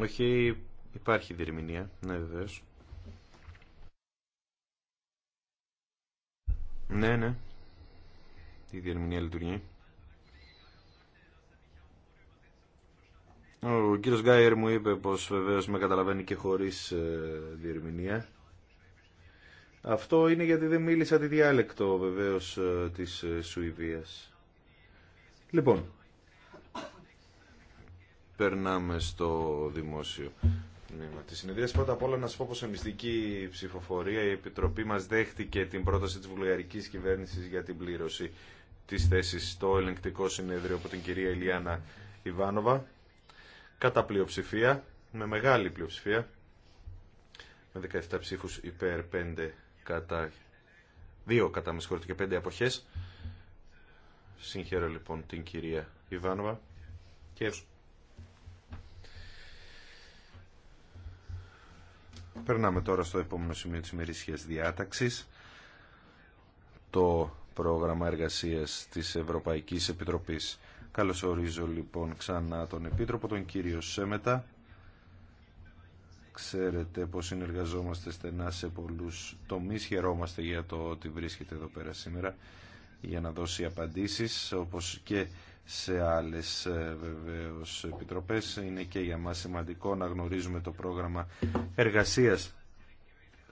Όχι, υπάρχει διερμηνία, ναι βεβαίως. Ναι, ναι. Η διερμηνία λειτουργεί. Ο κύριος Γκάιερ μου είπε πως βεβαίως με καταλαβαίνει και χωρίς ε, διερμηνία. Αυτό είναι γιατί δεν μίλησα τη διάλεκτο βεβαίως ε, της ε, Σουηδίας. Λοιπόν, περνάμε στο δημόσιο μήμα τη συνεδρίας. Πρώτα απ' όλα να σα πω πω σε μυστική ψηφοφορία η Επιτροπή μας δέχτηκε την πρόταση τη βουλγαρική κυβέρνηση για την πλήρωση της θέσης στο ελεγκτικό συνέδριο από την κυρία Ηλιάνα Ιβάνοβα κατά πλειοψηφία, με μεγάλη πλειοψηφία με 17 ψήφους υπέρ 5 κατά 2 κατά με και 5 αποχές συγχαίρω λοιπόν την κυρία Ιβάνοβα και Περνάμε τώρα στο επόμενο σημείο της ημερήσιας διάταξης. Το πρόγραμμα εργασίας της Ευρωπαϊκής Επιτροπής. Καλωσορίζω λοιπόν ξανά τον Επίτροπο, τον κύριο Σέμετα. Ξέρετε πως συνεργαζόμαστε στενά σε πολλούς τομείς. Χαιρόμαστε για το ότι βρίσκεται εδώ πέρα σήμερα για να δώσει απαντήσεις, όπως και σε άλλες ε, βεβαίως επιτροπές. Είναι και για μας σημαντικό να γνωρίζουμε το πρόγραμμα εργασίας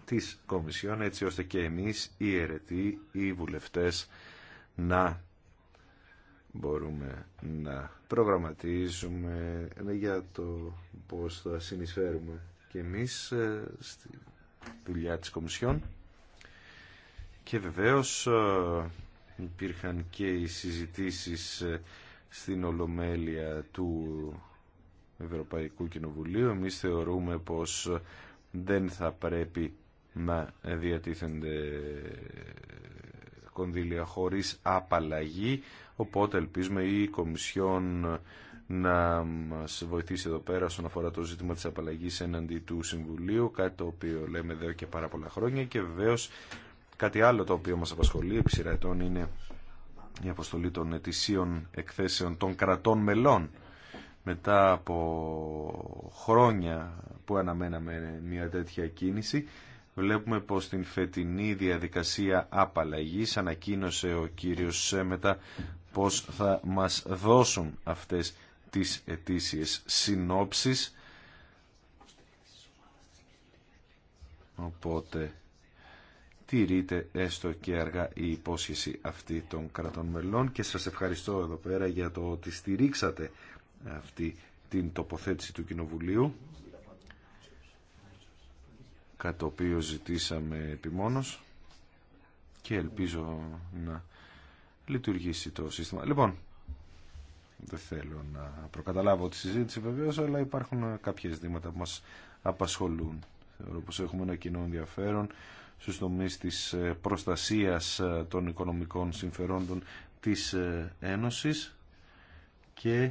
της Κομισιόν έτσι ώστε και εμείς οι αιρετοί, οι βουλευτές να μπορούμε να προγραμματίζουμε για το πώς θα συνεισφέρουμε και εμείς ε, στη δουλειά της Κομισιόν και βεβαίως ε, υπήρχαν και οι συζητήσεις στην Ολομέλεια του Ευρωπαϊκού Κοινοβουλίου. Εμείς θεωρούμε πως δεν θα πρέπει να διατίθενται κονδύλια χωρίς απαλλαγή, οπότε ελπίζουμε η Κομισιόν να μας βοηθήσει εδώ πέρα όσον αφορά το ζήτημα της απαλλαγής έναντι του Συμβουλίου, κάτι το οποίο λέμε εδώ και πάρα πολλά χρόνια και βεβαίως κάτι άλλο το οποίο μας απασχολεί επί σειρά ετών είναι η αποστολή των ετησίων εκθέσεων των κρατών μελών μετά από χρόνια που αναμέναμε μια τέτοια κίνηση βλέπουμε πως στην φετινή διαδικασία απαλλαγής ανακοίνωσε ο κύριος Σέμετα πως θα μας δώσουν αυτές τις ετήσιες συνόψεις οπότε τηρείται έστω και αργά η υπόσχεση αυτή των κρατών μελών και σας ευχαριστώ εδώ πέρα για το ότι στηρίξατε αυτή την τοποθέτηση του Κοινοβουλίου κατά το οποίο ζητήσαμε επιμόνως και ελπίζω να λειτουργήσει το σύστημα. Λοιπόν, δεν θέλω να προκαταλάβω τη συζήτηση βεβαίω, αλλά υπάρχουν κάποια ζητήματα που μας απασχολούν. Θεωρώ πως έχουμε ένα κοινό ενδιαφέρον στους τομείς της ε, προστασίας ε, των οικονομικών συμφερόντων της ε, Ένωσης και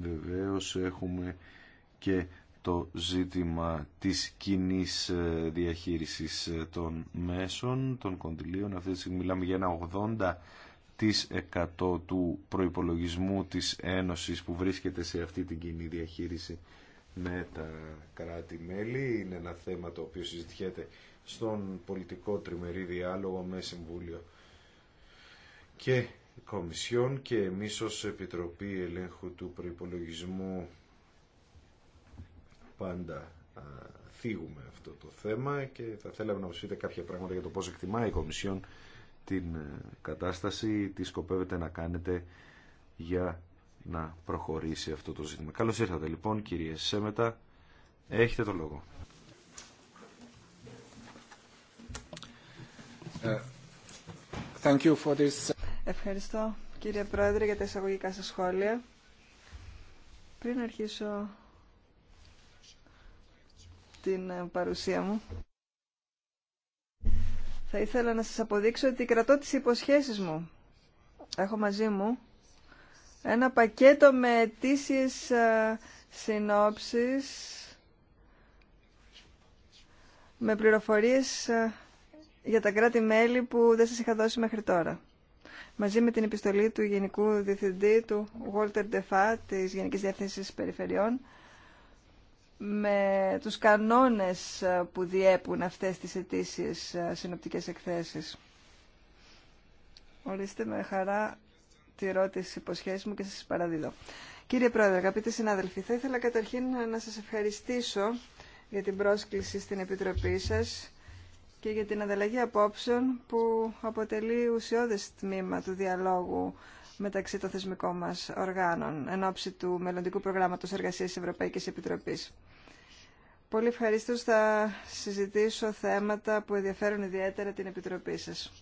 βεβαίως έχουμε και το ζήτημα της κοινή διαχείρισης των μέσων, των κοντιλίων. Αυτή τη στιγμή μιλάμε για ένα 80% του προϋπολογισμού της Ένωσης που βρίσκεται σε αυτή την κοινή διαχείριση με τα κράτη-μέλη. Είναι ένα θέμα το οποίο συζητιέται στον πολιτικό τριμερή διάλογο με Συμβούλιο και Κομισιόν και εμείς ως Επιτροπή Ελέγχου του Προϋπολογισμού πάντα θίγουμε αυτό το θέμα και θα θέλαμε να μας πείτε κάποια πράγματα για το πώς εκτιμάει η Κομισιόν την ε, κατάσταση, τι σκοπεύετε να κάνετε για να προχωρήσει αυτό το ζήτημα. Καλώς ήρθατε λοιπόν κύριε Σέμετα. Έχετε το λόγο. Ε, thank you for this. Ευχαριστώ κύριε Πρόεδρε για τα εισαγωγικά σας σχόλια. Πριν αρχίσω την ε, παρουσία μου, θα ήθελα να σας αποδείξω ότι κρατώ τις υποσχέσεις μου. Έχω μαζί μου ένα πακέτο με αιτήσεις ε, συνόψεις με πληροφορίες ε, για τα κράτη-μέλη που δεν σας είχα δώσει μέχρι τώρα. Μαζί με την επιστολή του Γενικού Διευθυντή του Walter Defa της Γενικής Διεύθυνσης Περιφερειών με τους κανόνες ε, που διέπουν αυτές τις αιτήσει συνοπτικές εκθέσεις. Ορίστε με χαρά τη τις υποσχέσεις μου και σας παραδίδω. Κύριε Πρόεδρε, αγαπητοί συνάδελφοι, θα ήθελα καταρχήν να σας ευχαριστήσω για την πρόσκληση στην Επιτροπή σας και για την ανταλλαγή απόψεων που αποτελεί ουσιώδες τμήμα του διαλόγου μεταξύ των θεσμικών μας οργάνων εν ώψη του μελλοντικού προγράμματος εργασίας της Ευρωπαϊκής Επιτροπής. Πολύ ευχαριστώ θα συζητήσω θέματα που ενδιαφέρουν ιδιαίτερα την Επιτροπή σας.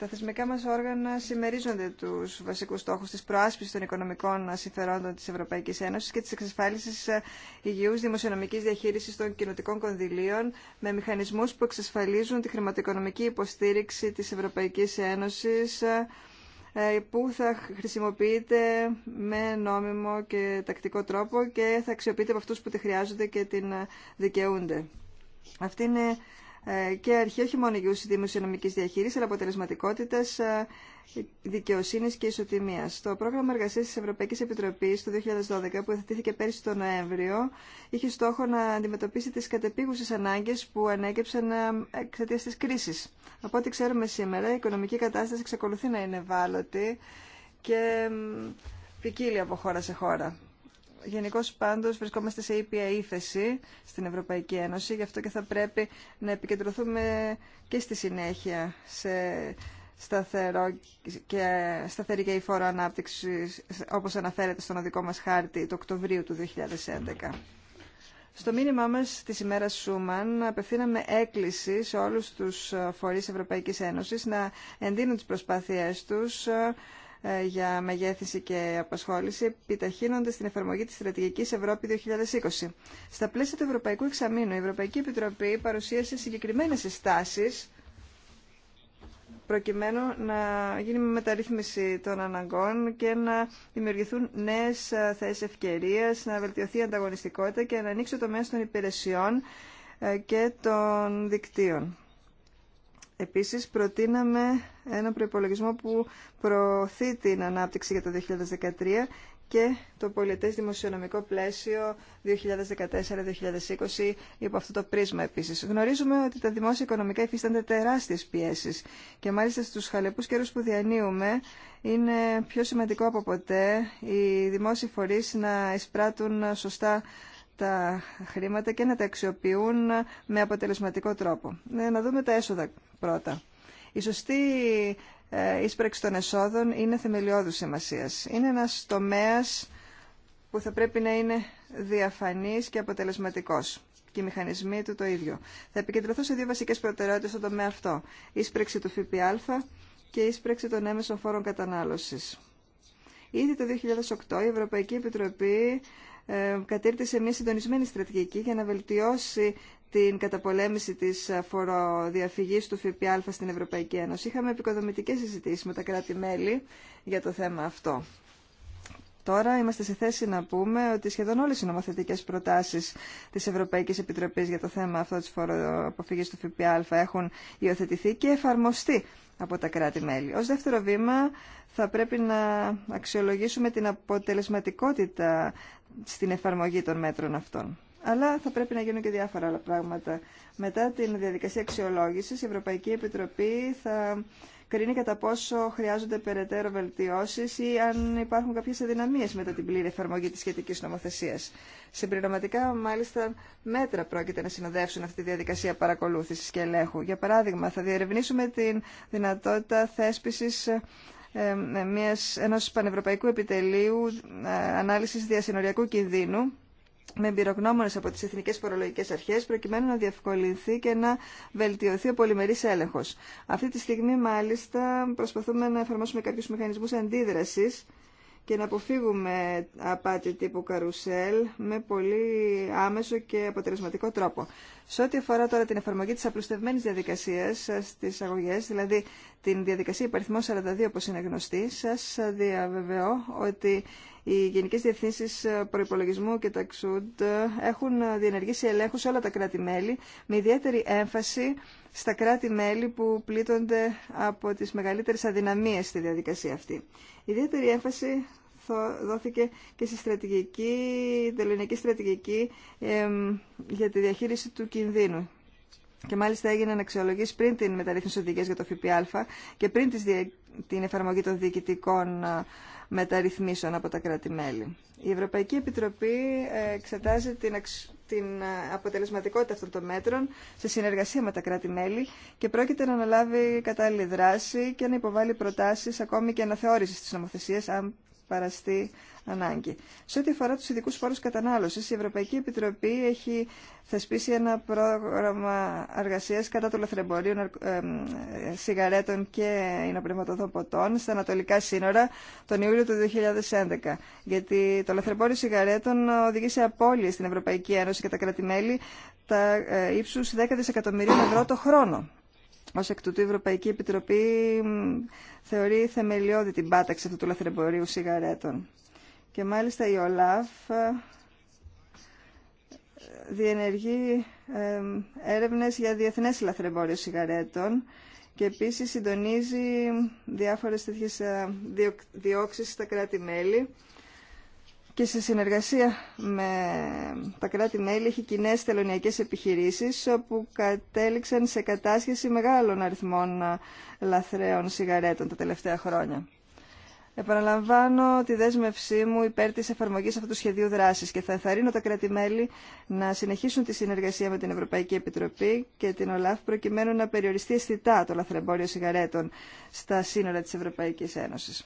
Τα θεσμικά μα όργανα συμμερίζονται του βασικού στόχου τη προάσπισης των οικονομικών συμφερόντων τη Ευρωπαϊκή Ένωση και τη εξασφάλιση ε, υγιού δημοσιονομική διαχείριση των κοινοτικών κονδυλίων με μηχανισμού που εξασφαλίζουν τη χρηματοοικονομική υποστήριξη τη Ευρωπαϊκή Ένωση, ε, ε, που θα χρησιμοποιείται με νόμιμο και τακτικό τρόπο και θα αξιοποιείται από αυτούς που τη χρειάζονται και την δικαιούνται. Αυτή είναι ε, και αρχή όχι μόνο υγιούς νομικής διαχείρισης, αλλά αποτελεσματικότητας ε, δικαιοσύνης και ισοτιμίας. Το πρόγραμμα εργασίας της Ευρωπαϊκής Επιτροπής το 2012, που εθετήθηκε πέρσι τον Νοέμβριο, είχε στόχο να αντιμετωπίσει τις κατεπίγουσες ανάγκες που ανέκυψαν ε, εξαιτία της κρίσης. Από ό,τι ξέρουμε σήμερα, η οικονομική κατάσταση εξακολουθεί να είναι ευάλωτη και ποικίλει από χώρα σε χώρα. Γενικώ πάντως βρισκόμαστε σε ήπια ύφεση στην Ευρωπαϊκή Ένωση, γι' αυτό και θα πρέπει να επικεντρωθούμε και στη συνέχεια σε σταθερό και σταθερή και υφόρο ανάπτυξη, όπως αναφέρεται στον οδικό μας χάρτη το Οκτωβρίου του 2011. Στο μήνυμά μας τη ημέρα Σούμαν απευθύναμε έκκληση σε όλους τους φορείς Ευρωπαϊκής Ένωσης να εντείνουν τις προσπάθειές τους ε, για μεγέθυνση και απασχόληση επιταχύνονται στην εφαρμογή της Στρατηγικής Ευρώπη 2020. Στα πλαίσια του Ευρωπαϊκού Εξαμήνου, η Ευρωπαϊκή Επιτροπή παρουσίασε συγκεκριμένες συστάσεις προκειμένου να γίνει μεταρρύθμιση των αναγκών και να δημιουργηθούν νέες ε, θέσεις ευκαιρίας, να βελτιωθεί η ανταγωνιστικότητα και να ανοίξει το μέσο των υπηρεσιών ε, και των δικτύων. Επίσης προτείναμε ένα προϋπολογισμό που προωθεί την ανάπτυξη για το 2013 και το πολιτές δημοσιονομικό πλαίσιο 2014-2020 υπό αυτό το πρίσμα επίσης. Γνωρίζουμε ότι τα δημόσια οικονομικά υφίστανται τεράστιες πιέσεις και μάλιστα στους χαλεπούς καιρούς που διανύουμε είναι πιο σημαντικό από ποτέ οι δημόσιοι φορείς να εισπράττουν σωστά τα χρήματα και να τα αξιοποιούν με αποτελεσματικό τρόπο. Ε, να δούμε τα έσοδα πρώτα. Η σωστή ίσπραξη ε, των εσόδων είναι θεμελιώδους σημασία. Είναι ένας τομέας που θα πρέπει να είναι διαφανής και αποτελεσματικός και οι μηχανισμοί του το ίδιο. Θα επικεντρωθώ σε δύο βασικές προτεραιότητες στον τομέα αυτό. Ίσπραξη του ΦΠΑ και ίσπραξη των έμεσων φόρων κατανάλωσης. Ήδη το 2008 η Ευρωπαϊκή Επιτροπή ε, κατήρτισε μια συντονισμένη στρατηγική για να βελτιώσει την καταπολέμηση της φοροδιαφυγής του ΦΠΑ στην Ευρωπαϊκή Ένωση. Είχαμε επικοδομητικέ συζητήσει με τα κράτη-μέλη για το θέμα αυτό. Τώρα είμαστε σε θέση να πούμε ότι σχεδόν όλε οι νομοθετικέ προτάσεις της Ευρωπαϊκής Επιτροπή για το θέμα αυτό της φοροαποφυγή του ΦΠΑ έχουν υιοθετηθεί και εφαρμοστεί από τα κράτη-μέλη. Ως δεύτερο βήμα θα πρέπει να αξιολογήσουμε την αποτελεσματικότητα στην εφαρμογή των μέτρων αυτών. Αλλά θα πρέπει να γίνουν και διάφορα άλλα πράγματα. Μετά την διαδικασία αξιολόγησης η Ευρωπαϊκή Επιτροπή θα κρίνει κατά πόσο χρειάζονται περαιτέρω βελτιώσει ή αν υπάρχουν κάποιε αδυναμίε μετά την πλήρη εφαρμογή τη σχετική νομοθεσία. Συμπληρωματικά, μάλιστα, μέτρα πρόκειται να συνοδεύσουν αυτή τη διαδικασία παρακολούθηση και ελέγχου. Για παράδειγμα, θα διερευνήσουμε την δυνατότητα θέσπιση ε, ενό πανευρωπαϊκού επιτελείου ε, ανάλυση διασυνοριακού κινδύνου με εμπειρογνώμονε από τις Εθνικές φορολογικέ Αρχές προκειμένου να διευκολυνθεί και να βελτιωθεί ο πολυμερής έλεγχος. Αυτή τη στιγμή μάλιστα προσπαθούμε να εφαρμόσουμε κάποιους μηχανισμούς αντίδρασης και να αποφύγουμε απάτη τύπου καρουσέλ με πολύ άμεσο και αποτελεσματικό τρόπο. Σε ό,τι αφορά τώρα την εφαρμογή της απλουστευμένης διαδικασίας στις αγωγές, δηλαδή την διαδικασία υπαριθμό 42 όπως είναι γνωστή, σας διαβεβαιώ ότι οι Γενικέ Διευθύνσει Προπολογισμού και τα ΞΟΥΝΤ έχουν διενεργήσει ελέγχου σε όλα τα κράτη-μέλη, με ιδιαίτερη έμφαση στα κράτη-μέλη που πλήττονται από τι μεγαλύτερε αδυναμίε στη διαδικασία αυτή. ιδιαίτερη έμφαση δόθηκε και στη στρατηγική, την ελληνική στρατηγική για τη διαχείριση του κινδύνου. Και μάλιστα έγιναν αξιολογήσει πριν την μεταρρύθμιση οδηγία για το ΦΠΑ και πριν την εφαρμογή των διοικητικών μεταρρυθμίσεων από τα κράτη-μέλη. Η Ευρωπαϊκή Επιτροπή ε, εξετάζει την ε, αποτελεσματικότητα αυτών των μέτρων σε συνεργασία με τα κράτη-μέλη και πρόκειται να αναλάβει κατάλληλη δράση και να υποβάλει προτάσεις ακόμη και αναθεώρησης της νομοθεσίας αν παραστεί ανάγκη. Σε ό,τι αφορά του ειδικού φόρου κατανάλωση, η Ευρωπαϊκή Επιτροπή έχει θεσπίσει ένα πρόγραμμα εργασία κατά του λαθρεμπορίου σιγαρέτων και υνοπνευματοδοποτών ποτών στα ανατολικά σύνορα τον Ιούλιο του 2011. Γιατί το λαθρεμπόριο σιγαρέτων οδηγεί σε απώλειες στην Ευρωπαϊκή Ένωση και τα κράτη-μέλη τα ε, ύψους 10 δισεκατομμυρίων ευρώ το χρόνο. Ως εκ τούτου η Ευρωπαϊκή Επιτροπή θεωρεί θεμελιώδη την πάταξη αυτού του λαθρεμπορίου σιγαρέτων. Και μάλιστα η ΟΛΑΦ ε, διενεργεί ε, έρευνες για διεθνές λαθρεμπόριο σιγαρέτων και επίσης συντονίζει διάφορες τέτοιες ε, διώξεις στα κράτη-μέλη και σε συνεργασία με τα κράτη-μέλη έχει κοινέ τελωνιακές επιχειρήσεις όπου κατέληξαν σε κατάσχεση μεγάλων αριθμών ε, λαθρέων σιγαρέτων τα τελευταία χρόνια. Επαναλαμβάνω τη δέσμευσή μου υπέρ της εφαρμογής αυτού του σχεδίου δράσης και θα εθαρρύνω τα κράτη-μέλη να συνεχίσουν τη συνεργασία με την Ευρωπαϊκή Επιτροπή και την ΟΛΑΦ προκειμένου να περιοριστεί αισθητά το λαθρεμπόριο σιγαρέτων στα σύνορα της Ευρωπαϊκής Ένωσης.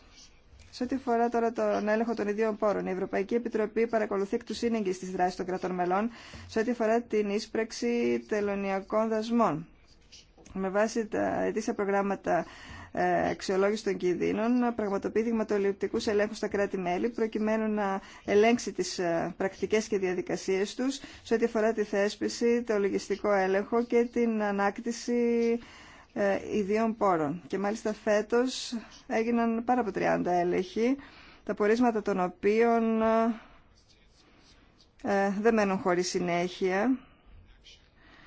Σε ό,τι αφορά τώρα τον έλεγχο των ιδίων πόρων, η Ευρωπαϊκή Επιτροπή παρακολουθεί εκ του σύνεγγυ τη δράση των κρατών μελών σε ό,τι αφορά την ίσπραξη τελωνιακών δασμών. Με βάση τα ετήσια προγράμματα ε, αξιολόγηση των κινδύνων, πραγματοποιεί δειγματοληπτικού ελέγχου στα κράτη-μέλη, προκειμένου να ελέγξει τι ε, πρακτικέ και διαδικασίε του σε ό,τι αφορά τη θέσπιση, το λογιστικό έλεγχο και την ανάκτηση ε, ιδίων πόρων. Και μάλιστα φέτος έγιναν πάρα από 30 έλεγχοι, τα πορίσματα των οποίων ε, ε, δεν μένουν χωρίς συνέχεια.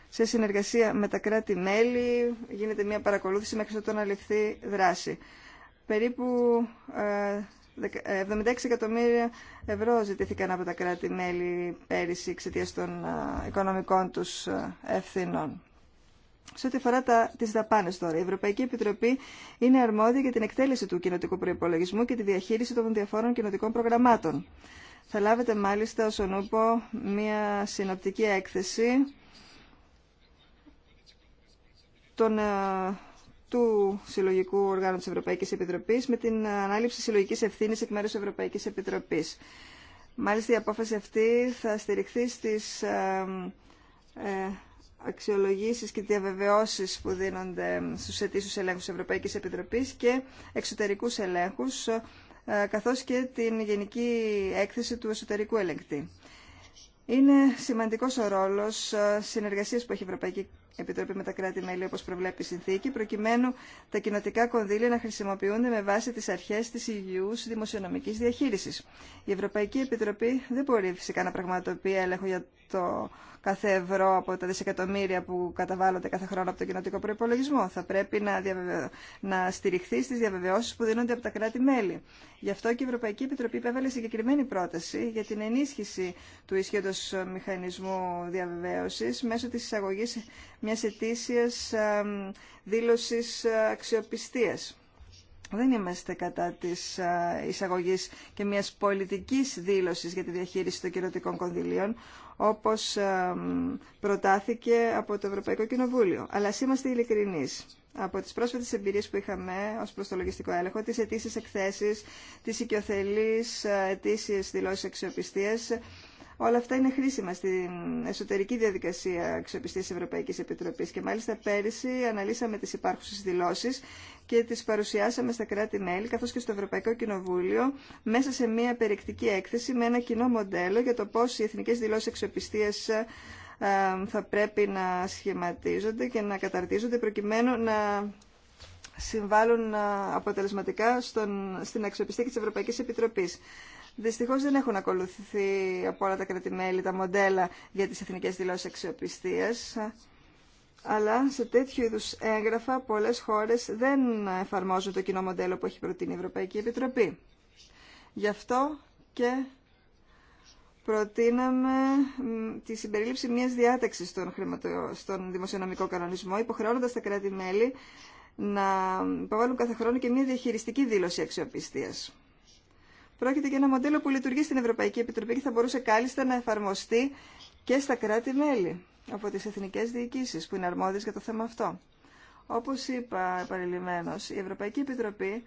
Σε συνεργασία με τα κράτη-μέλη γίνεται μια παρακολούθηση μέχρι το να ληφθεί δράση. Περίπου 76 εκατομμύρια ευρώ ζητήθηκαν από τα κράτη-μέλη πέρυσι εξαιτία των οικονομικών τους ευθύνων. Σε ό,τι αφορά τι δαπάνε τώρα, η Ευρωπαϊκή Επιτροπή είναι αρμόδια για την εκτέλεση του κοινοτικού προπολογισμού και τη διαχείριση των διαφόρων κοινοτικών προγραμμάτων. Θα λάβετε μάλιστα ως ονούπο μία συνοπτική έκθεση των, ε, του Συλλογικού Οργάνου της Ευρωπαϊκής Επιτροπής με την ανάληψη συλλογικής ευθύνης εκ μέρους της Ευρωπαϊκής Επιτροπής. Μάλιστα η απόφαση αυτή θα στηριχθεί στις ε, ε, αξιολογήσεις και διαβεβαιώσεις που δίνονται στους ετήσιους ελέγχους Ευρωπαϊκής Επιτροπής και εξωτερικούς ελέγχους, ε, καθώς και την γενική έκθεση του εσωτερικού ελεγκτή. Είναι σημαντικός ο ρόλος ε, συνεργασίας που έχει η Ευρωπαϊκή Επιτροπή με τα κράτη-μέλη όπως προβλέπει η συνθήκη, προκειμένου τα κοινοτικά κονδύλια να χρησιμοποιούνται με βάση τις αρχές της υγιούς δημοσιονομικής διαχείρισης. Η Ευρωπαϊκή Επιτροπή δεν μπορεί φυσικά να πραγματοποιεί έλεγχο για το κάθε ευρώ από τα δισεκατομμύρια που καταβάλλονται κάθε χρόνο από το κοινοτικό προπολογισμό. Θα πρέπει να, να στηριχθεί στι διαβεβαιώσει που δίνονται από τα κράτη-μέλη. Γι' αυτό και η Ευρωπαϊκή Επιτροπή υπέβαλε συγκεκριμένη πρόταση για την ενίσχυση του ισχύοντο μηχανισμού διαβεβαίωση μέσω τη εισαγωγή μιας ετήσιας δήλωσης ε, αξιοπιστίας. Δεν είμαστε κατά της ε, εισαγωγής και μιας πολιτικής δήλωσης για τη διαχείριση των κυρωτικών κονδυλίων, όπως προτάθηκε από το Ευρωπαϊκό Κοινοβούλιο. Αλλά ας είμαστε ειλικρινείς. Από τις πρόσφατες εμπειρίες που είχαμε ως προς το λογιστικό έλεγχο, τις αιτήσεις εκθέσεις, τις οικειοθελείς ε, αιτήσεις δηλώσεις αξιοπιστίας, Όλα αυτά είναι χρήσιμα στην εσωτερική διαδικασία αξιοπιστία Ευρωπαϊκή Επιτροπή και μάλιστα πέρυσι αναλύσαμε τι υπάρχουσες δηλώσει και τι παρουσιάσαμε στα κράτη-μέλη καθώ και στο Ευρωπαϊκό Κοινοβούλιο μέσα σε μια περιεκτική έκθεση με ένα κοινό μοντέλο για το πώ οι εθνικέ δηλώσει αξιοπιστία ε, θα πρέπει να σχηματίζονται και να καταρτίζονται προκειμένου να συμβάλλουν ε, αποτελεσματικά στον, στην αξιοπιστία της Ευρωπαϊκής Επιτροπής. Δυστυχώ δεν έχουν ακολουθηθεί από όλα τα κρατημέλη τα μοντέλα για τις εθνικές δηλώσεις αξιοπιστία, αλλά σε τέτοιου είδου έγγραφα πολλέ χώρες δεν εφαρμόζουν το κοινό μοντέλο που έχει προτείνει η Ευρωπαϊκή Επιτροπή. Γι' αυτό και προτείναμε τη συμπερίληψη μιας διάταξης στον, χρηματο... στον δημοσιονομικό κανονισμό, υποχρεώνοντας τα κράτη-μέλη να υποβάλουν κάθε χρόνο και μια διαχειριστική δήλωση αξιοπιστίας. Πρόκειται για ένα μοντέλο που λειτουργεί στην Ευρωπαϊκή Επιτροπή και θα μπορούσε κάλλιστα να εφαρμοστεί και στα κράτη-μέλη από τις εθνικές διοικήσεις που είναι αρμόδιε για το θέμα αυτό. Όπως είπα παρελειμμένως, η Ευρωπαϊκή Επιτροπή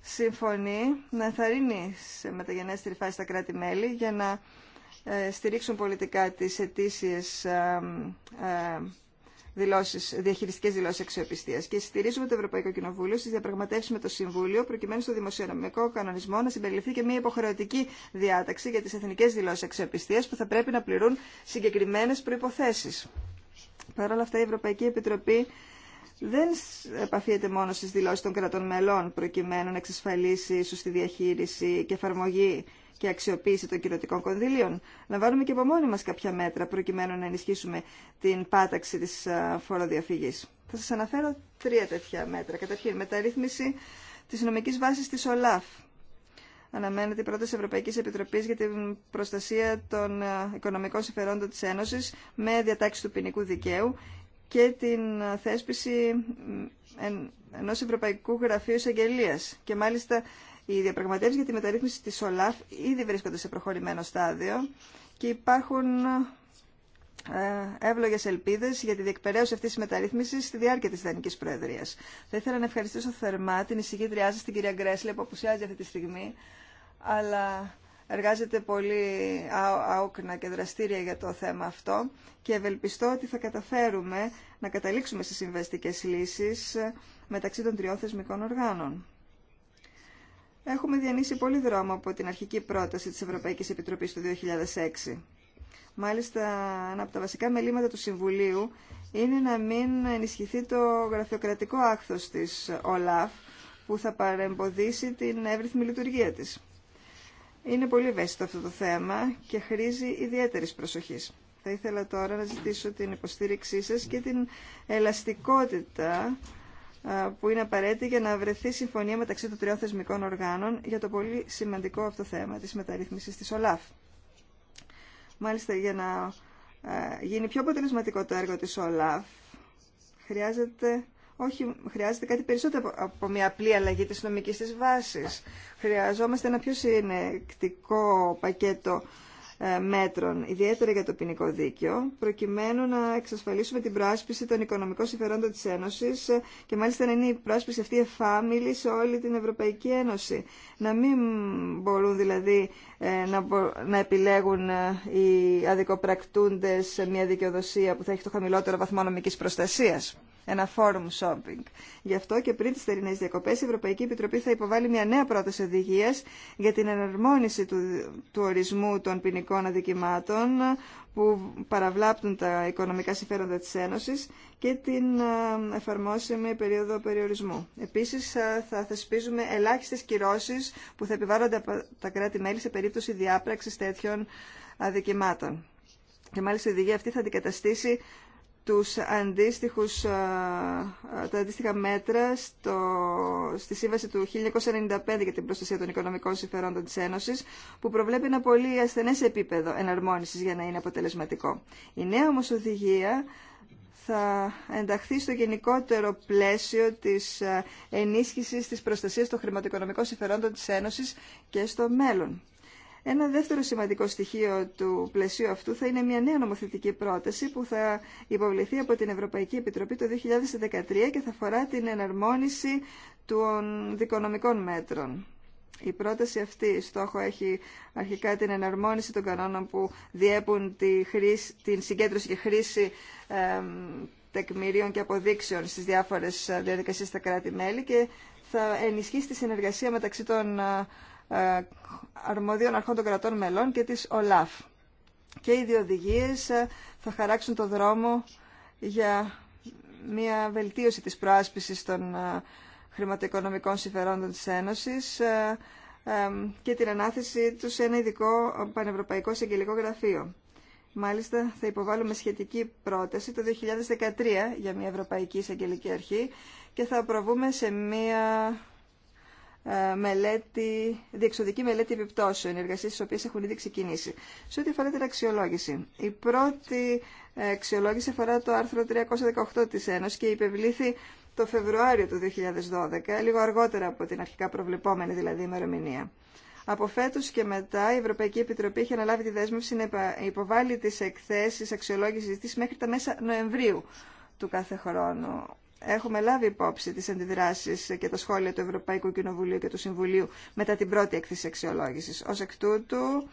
συμφωνεί να ενθαρρύνει σε μεταγενέστερη φάση τα κράτη-μέλη για να ε, στηρίξουν πολιτικά τις αιτήσιες ε, ε, δηλώσεις, διαχειριστικές δηλώσεις αξιοπιστίας και στηρίζουμε το Ευρωπαϊκό Κοινοβούλιο στις διαπραγματεύσεις με το Συμβούλιο προκειμένου στο δημοσιονομικό κανονισμό να συμπεριληφθεί και μια υποχρεωτική διάταξη για τις εθνικές δηλώσεις αξιοπιστίας που θα πρέπει να πληρούν συγκεκριμένες προϋποθέσεις. Παρ' όλα αυτά η Ευρωπαϊκή Επιτροπή δεν επαφείται μόνο στις δηλώσεις των κρατών μελών προκειμένου να εξασφαλίσει σωστή διαχείριση και εφαρμογή και αξιοποίηση των κυρωτικών κονδυλίων. Να βάλουμε και από μόνοι μα κάποια μέτρα προκειμένου να ενισχύσουμε την πάταξη τη φοροδιαφυγή. Θα σα αναφέρω τρία τέτοια μέτρα. Καταρχήν, μεταρρύθμιση της νομική βάσης της ΟΛΑΦ. Αναμένεται η πρόταση Ευρωπαϊκή Επιτροπή για την προστασία των οικονομικών συμφερόντων τη Ένωση με διατάξει του ποινικού δικαίου και την θέσπιση ενό Ευρωπαϊκού Γραφείου Εισαγγελία. Και μάλιστα οι διαπραγματεύσει για τη μεταρρύθμιση τη ΟΛΑΦ ήδη βρίσκονται σε προχωρημένο στάδιο και υπάρχουν ε, εύλογε ελπίδε για τη διεκπαιρέωση αυτή τη μεταρρύθμιση στη διάρκεια τη Δανική Προεδρία. Θα ήθελα να ευχαριστήσω θερμά την εισηγήτριά σα, την κυρία Γκρέσλε, που απουσιάζει αυτή τη στιγμή, αλλά εργάζεται πολύ άοκνα και δραστήρια για το θέμα αυτό και ευελπιστώ ότι θα καταφέρουμε να καταλήξουμε στι συμβαστικέ λύσει μεταξύ των τριών θεσμικών οργάνων. Έχουμε διανύσει πολύ δρόμο από την αρχική πρόταση της Ευρωπαϊκής Επιτροπής του 2006. Μάλιστα, ένα από τα βασικά μελήματα του Συμβουλίου είναι να μην ενισχυθεί το γραφειοκρατικό άκθος της ΟΛΑΦ που θα παρεμποδίσει την εύρυθμη λειτουργία της. Είναι πολύ ευαίσθητο αυτό το θέμα και χρήζει ιδιαίτερης προσοχής. Θα ήθελα τώρα να ζητήσω την υποστήριξή σας και την ελαστικότητα που είναι απαραίτητη για να βρεθεί συμφωνία μεταξύ των τριών θεσμικών οργάνων για το πολύ σημαντικό αυτό θέμα της μεταρρύθμισης της ΟΛΑΦ. Μάλιστα, για να γίνει πιο αποτελεσματικό το έργο της ΟΛΑΦ, χρειάζεται, όχι, χρειάζεται κάτι περισσότερο από μια απλή αλλαγή της νομικής της βάσης. Χρειαζόμαστε ένα πιο συνεκτικό πακέτο ε, μέτρων, ιδιαίτερα για το ποινικό δίκαιο, προκειμένου να εξασφαλίσουμε την προάσπιση των οικονομικών συμφερόντων της Ένωσης ε, και μάλιστα να είναι η προάσπιση αυτή εφάμιλη σε όλη την Ευρωπαϊκή Ένωση. Να μην μπορούν δηλαδή ε, να επιλέγουν οι αδικοπρακτούντες μια δικαιοδοσία που θα έχει το χαμηλότερο βαθμό νομικής προστασίας ένα forum shopping. Γι' αυτό και πριν τι θερινέ διακοπέ, η Ευρωπαϊκή Επιτροπή θα υποβάλει μια νέα πρόταση οδηγία για την εναρμόνιση του, του ορισμού των ποινικών αδικημάτων που παραβλάπτουν τα οικονομικά συμφέροντα της Ένωσης και την εφαρμόσιμη περίοδο περιορισμού. Επίσης, θα θεσπίζουμε ελάχιστες κυρώσεις που θα επιβάλλονται από τα κράτη-μέλη σε περίπτωση διάπραξης τέτοιων αδικημάτων. Και μάλιστα η οδηγία αυτή θα αντικαταστήσει τους αντίστοιχους, ε, τα αντίστοιχα μέτρα στο, στη Σύμβαση του 1995 για την προστασία των οικονομικών συμφερόντων της Ένωσης, που προβλέπει ένα πολύ ασθενές επίπεδο εναρμόνισης για να είναι αποτελεσματικό. Η νέα όμως οδηγία θα ενταχθεί στο γενικότερο πλαίσιο της ε, ενίσχυσης της προστασίας των χρηματοοικονομικών συμφερόντων της Ένωσης και στο μέλλον. Ένα δεύτερο σημαντικό στοιχείο του πλαισίου αυτού θα είναι μια νέα νομοθετική πρόταση που θα υποβληθεί από την Ευρωπαϊκή Επιτροπή το 2013 και θα αφορά την εναρμόνιση των δικονομικών μέτρων. Η πρόταση αυτή στόχο έχει αρχικά την εναρμόνιση των κανόνων που διέπουν τη χρήση, την συγκέντρωση και χρήση ε, τεκμηρίων και αποδείξεων στις διάφορες διαδικασίες στα κράτη-μέλη και θα ενισχύσει τη συνεργασία μεταξύ των ε, αρμοδίων αρχών των κρατών μελών και της ΟΛΑΦ. Και οι δύο οδηγίες ε, θα χαράξουν το δρόμο για μια βελτίωση της προάσπισης των ε, χρηματοοικονομικών συμφερόντων της Ένωσης και την ανάθεση του σε ένα ειδικό πανευρωπαϊκό εισαγγελικό γραφείο. Μάλιστα, θα υποβάλουμε σχετική πρόταση το 2013 για μια Ευρωπαϊκή Εισαγγελική Αρχή και θα προβούμε σε μια ε, μελέτη, διεξοδική μελέτη επιπτώσεων, εργασίες τις οποίες έχουν ήδη ξεκινήσει. Σε ό,τι αφορά την αξιολόγηση. Η πρώτη αξιολόγηση αφορά το άρθρο 318 της Ένωσης και υπευλήθη το Φεβρουάριο του 2012, λίγο αργότερα από την αρχικά προβλεπόμενη δηλαδή ημερομηνία. Από φέτο και μετά η Ευρωπαϊκή Επιτροπή έχει αναλάβει τη δέσμευση να υποβάλει τι εκθέσει αξιολόγηση τη μέχρι τα μέσα Νοεμβρίου του κάθε χρόνου έχουμε λάβει υπόψη τις αντιδράσεις και τα σχόλια του Ευρωπαϊκού Κοινοβουλίου και του Συμβουλίου μετά την πρώτη έκθεση αξιολόγησης. Ως εκ τούτου,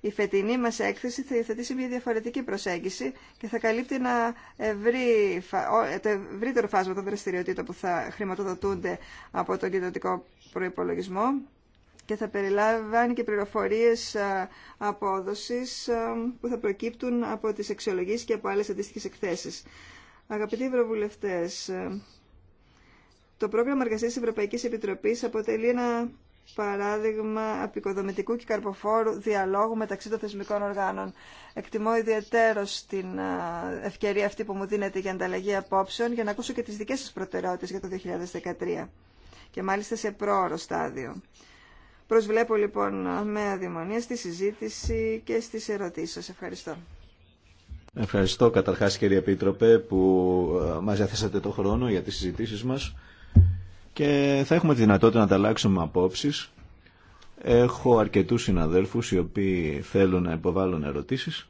η φετινή μας έκθεση θα υιοθετήσει μια διαφορετική προσέγγιση και θα καλύπτει ένα ευρύ, το ευρύτερο φάσμα των δραστηριοτήτων που θα χρηματοδοτούνται από τον κοινωτικό προϋπολογισμό και θα περιλαμβάνει και πληροφορίες απόδοσης που θα προκύπτουν από τις αξιολογήσεις και από άλλες αντίστοιχε εκθέσεις. Αγαπητοί Ευρωβουλευτέ, ε, το πρόγραμμα εργασία τη Ευρωπαϊκή Επιτροπή αποτελεί ένα παράδειγμα απεικοδομητικού και καρποφόρου διαλόγου μεταξύ των θεσμικών οργάνων. Εκτιμώ ιδιαίτερο την ε, ευκαιρία αυτή που μου δίνεται για ανταλλαγή απόψεων για να ακούσω και τι δικέ σα προτεραιότητε για το 2013 και μάλιστα σε πρόωρο στάδιο. Προσβλέπω λοιπόν με αδειμονία στη συζήτηση και στις ερωτήσεις σας. Ευχαριστώ. Ευχαριστώ καταρχάς κύριε Επίτροπε που ε, μας διαθέσατε το χρόνο για τις συζητήσεις μας και θα έχουμε τη δυνατότητα να ανταλλάξουμε απόψεις. Έχω αρκετούς συναδέλφους οι οποίοι θέλουν να υποβάλουν ερωτήσεις,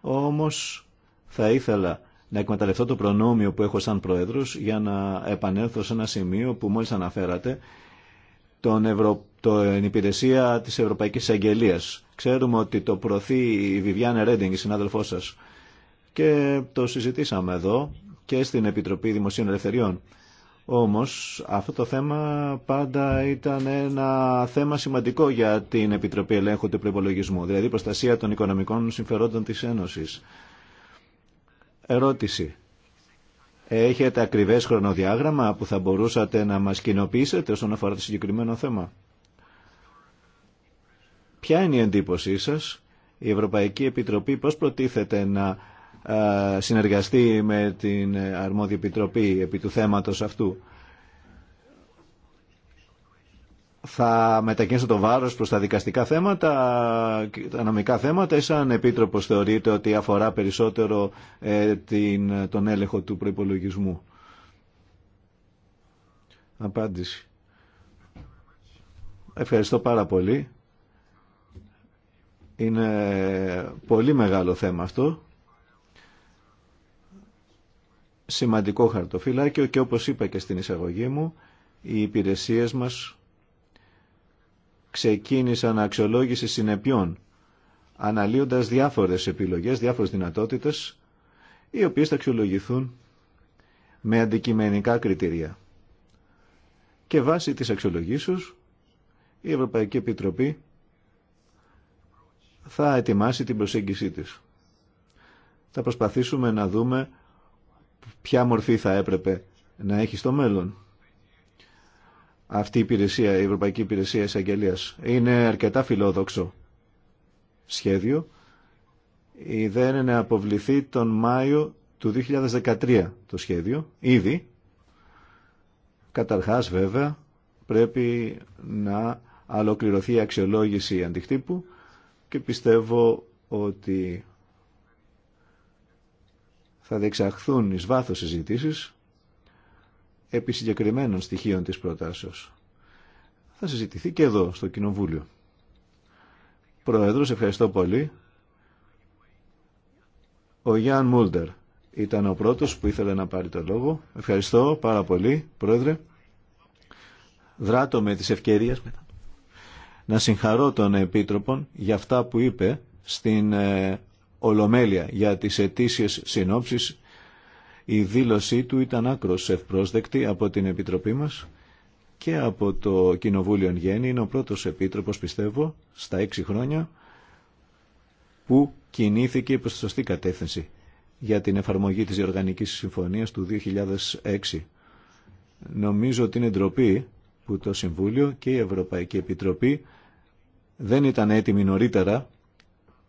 όμως θα ήθελα να εκμεταλλευτώ το προνόμιο που έχω σαν Πρόεδρος για να επανέλθω σε ένα σημείο που μόλις αναφέρατε, τον Ευρω... την υπηρεσία της Ευρωπαϊκής Αγγελίας. Ξέρουμε ότι το προωθεί η Βιβιάνε Ρέντινγκ, η συνάδελφός σας, και το συζητήσαμε εδώ και στην Επιτροπή Δημοσίων Ελευθεριών. Όμως αυτό το θέμα πάντα ήταν ένα θέμα σημαντικό για την Επιτροπή Ελέγχου του Προπολογισμού, δηλαδή προστασία των οικονομικών συμφερόντων της Ένωσης. Ερώτηση. Έχετε ακριβές χρονοδιάγραμμα που θα μπορούσατε να μας κοινοποιήσετε όσον αφορά το συγκεκριμένο θέμα. Ποια είναι η εντύπωσή σας, η Ευρωπαϊκή Επιτροπή πώς προτίθεται να συνεργαστεί με την αρμόδια επιτροπή επί του θέματος αυτού. Θα μετακινήσω το βάρος προς τα δικαστικά θέματα, τα νομικά θέματα, ή σαν επίτροπος θεωρείται ότι αφορά περισσότερο ε, την, τον έλεγχο του προϋπολογισμού. Απάντηση. Ευχαριστώ πάρα πολύ. Είναι πολύ μεγάλο θέμα αυτό σημαντικό χαρτοφυλάκιο και όπως είπα και στην εισαγωγή μου, οι υπηρεσίες μας ξεκίνησαν αξιολόγηση συνεπιών, αναλύοντας διάφορες επιλογές, διάφορες δυνατότητες, οι οποίες θα αξιολογηθούν με αντικειμενικά κριτήρια. Και βάσει της αξιολογήσεως, η Ευρωπαϊκή Επιτροπή θα ετοιμάσει την προσέγγισή της. Θα προσπαθήσουμε να δούμε ποια μορφή θα έπρεπε να έχει στο μέλλον. Αυτή η υπηρεσία, η Ευρωπαϊκή Υπηρεσία Εισαγγελία, είναι αρκετά φιλόδοξο σχέδιο. Η ιδέα είναι να αποβληθεί τον Μάιο του 2013 το σχέδιο, ήδη. Καταρχάς βέβαια πρέπει να ολοκληρωθεί η αξιολόγηση αντιχτύπου και πιστεύω ότι θα διεξαχθούν εις βάθος συζητήσει επί συγκεκριμένων στοιχείων της προτάσεως. Θα συζητηθεί και εδώ, στο Κοινοβούλιο. Πρόεδρος, ευχαριστώ πολύ. Ο Γιάν Μούλτερ ήταν ο πρώτος που ήθελε να πάρει το λόγο. Ευχαριστώ πάρα πολύ, Πρόεδρε. Δράτω με τις ευκαιρίες να συγχαρώ τον Επίτροπον για αυτά που είπε στην ε, Ολομέλεια για τις ετήσιες συνόψεις. Η δήλωσή του ήταν άκρος ευπρόσδεκτη από την Επιτροπή μας και από το Κοινοβούλιο Γέννη. Είναι ο πρώτος επίτροπος, πιστεύω, στα έξι χρόνια που κινήθηκε προς τη σωστή κατεύθυνση για την εφαρμογή της Διοργανικής Συμφωνίας του 2006. Νομίζω ότι είναι ντροπή που το Συμβούλιο και η Ευρωπαϊκή Επιτροπή δεν ήταν έτοιμοι νωρίτερα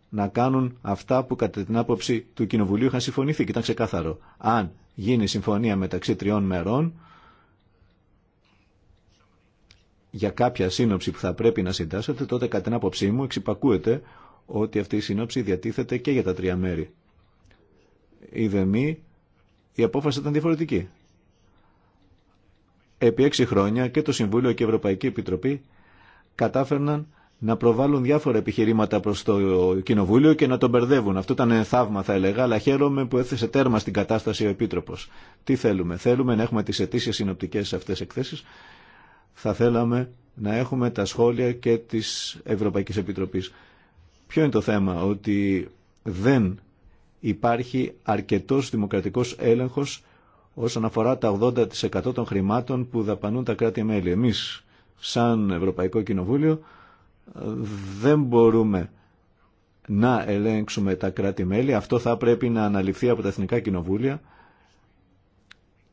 να κάνουν αυτά που κατά την άποψη του Κοινοβουλίου είχαν συμφωνηθεί και ήταν ξεκάθαρο. Αν γίνει συμφωνία μεταξύ τριών μερών για κάποια σύνοψη που θα πρέπει να συντάσσεται, τότε κατά την άποψή μου εξυπακούεται ότι αυτή η σύνοψη διατίθεται και για τα τρία μέρη. Η μη η απόφαση ήταν διαφορετική. Επί έξι χρόνια και το Συμβούλιο και η Ευρωπαϊκή Επιτροπή κατάφερναν να προβάλλουν διάφορα επιχειρήματα προς το Κοινοβούλιο και να τον μπερδεύουν. Αυτό ήταν θαύμα θα έλεγα, αλλά χαίρομαι που έθεσε τέρμα στην κατάσταση ο Επίτροπος. Τι θέλουμε, θέλουμε να έχουμε τις αιτήσεις συνοπτικές σε αυτές εκθέσεις. Θα θέλαμε να έχουμε τα σχόλια και της Ευρωπαϊκής Επιτροπής. Ποιο είναι το θέμα, ότι δεν υπάρχει αρκετός δημοκρατικός έλεγχος όσον αφορά τα 80% των χρημάτων που δαπανούν τα κράτη-μέλη. Εμείς, σαν Ευρωπαϊκό Κοινοβούλιο, δεν μπορούμε να ελέγξουμε τα κράτη-μέλη. Αυτό θα πρέπει να αναλυφθεί από τα Εθνικά Κοινοβούλια,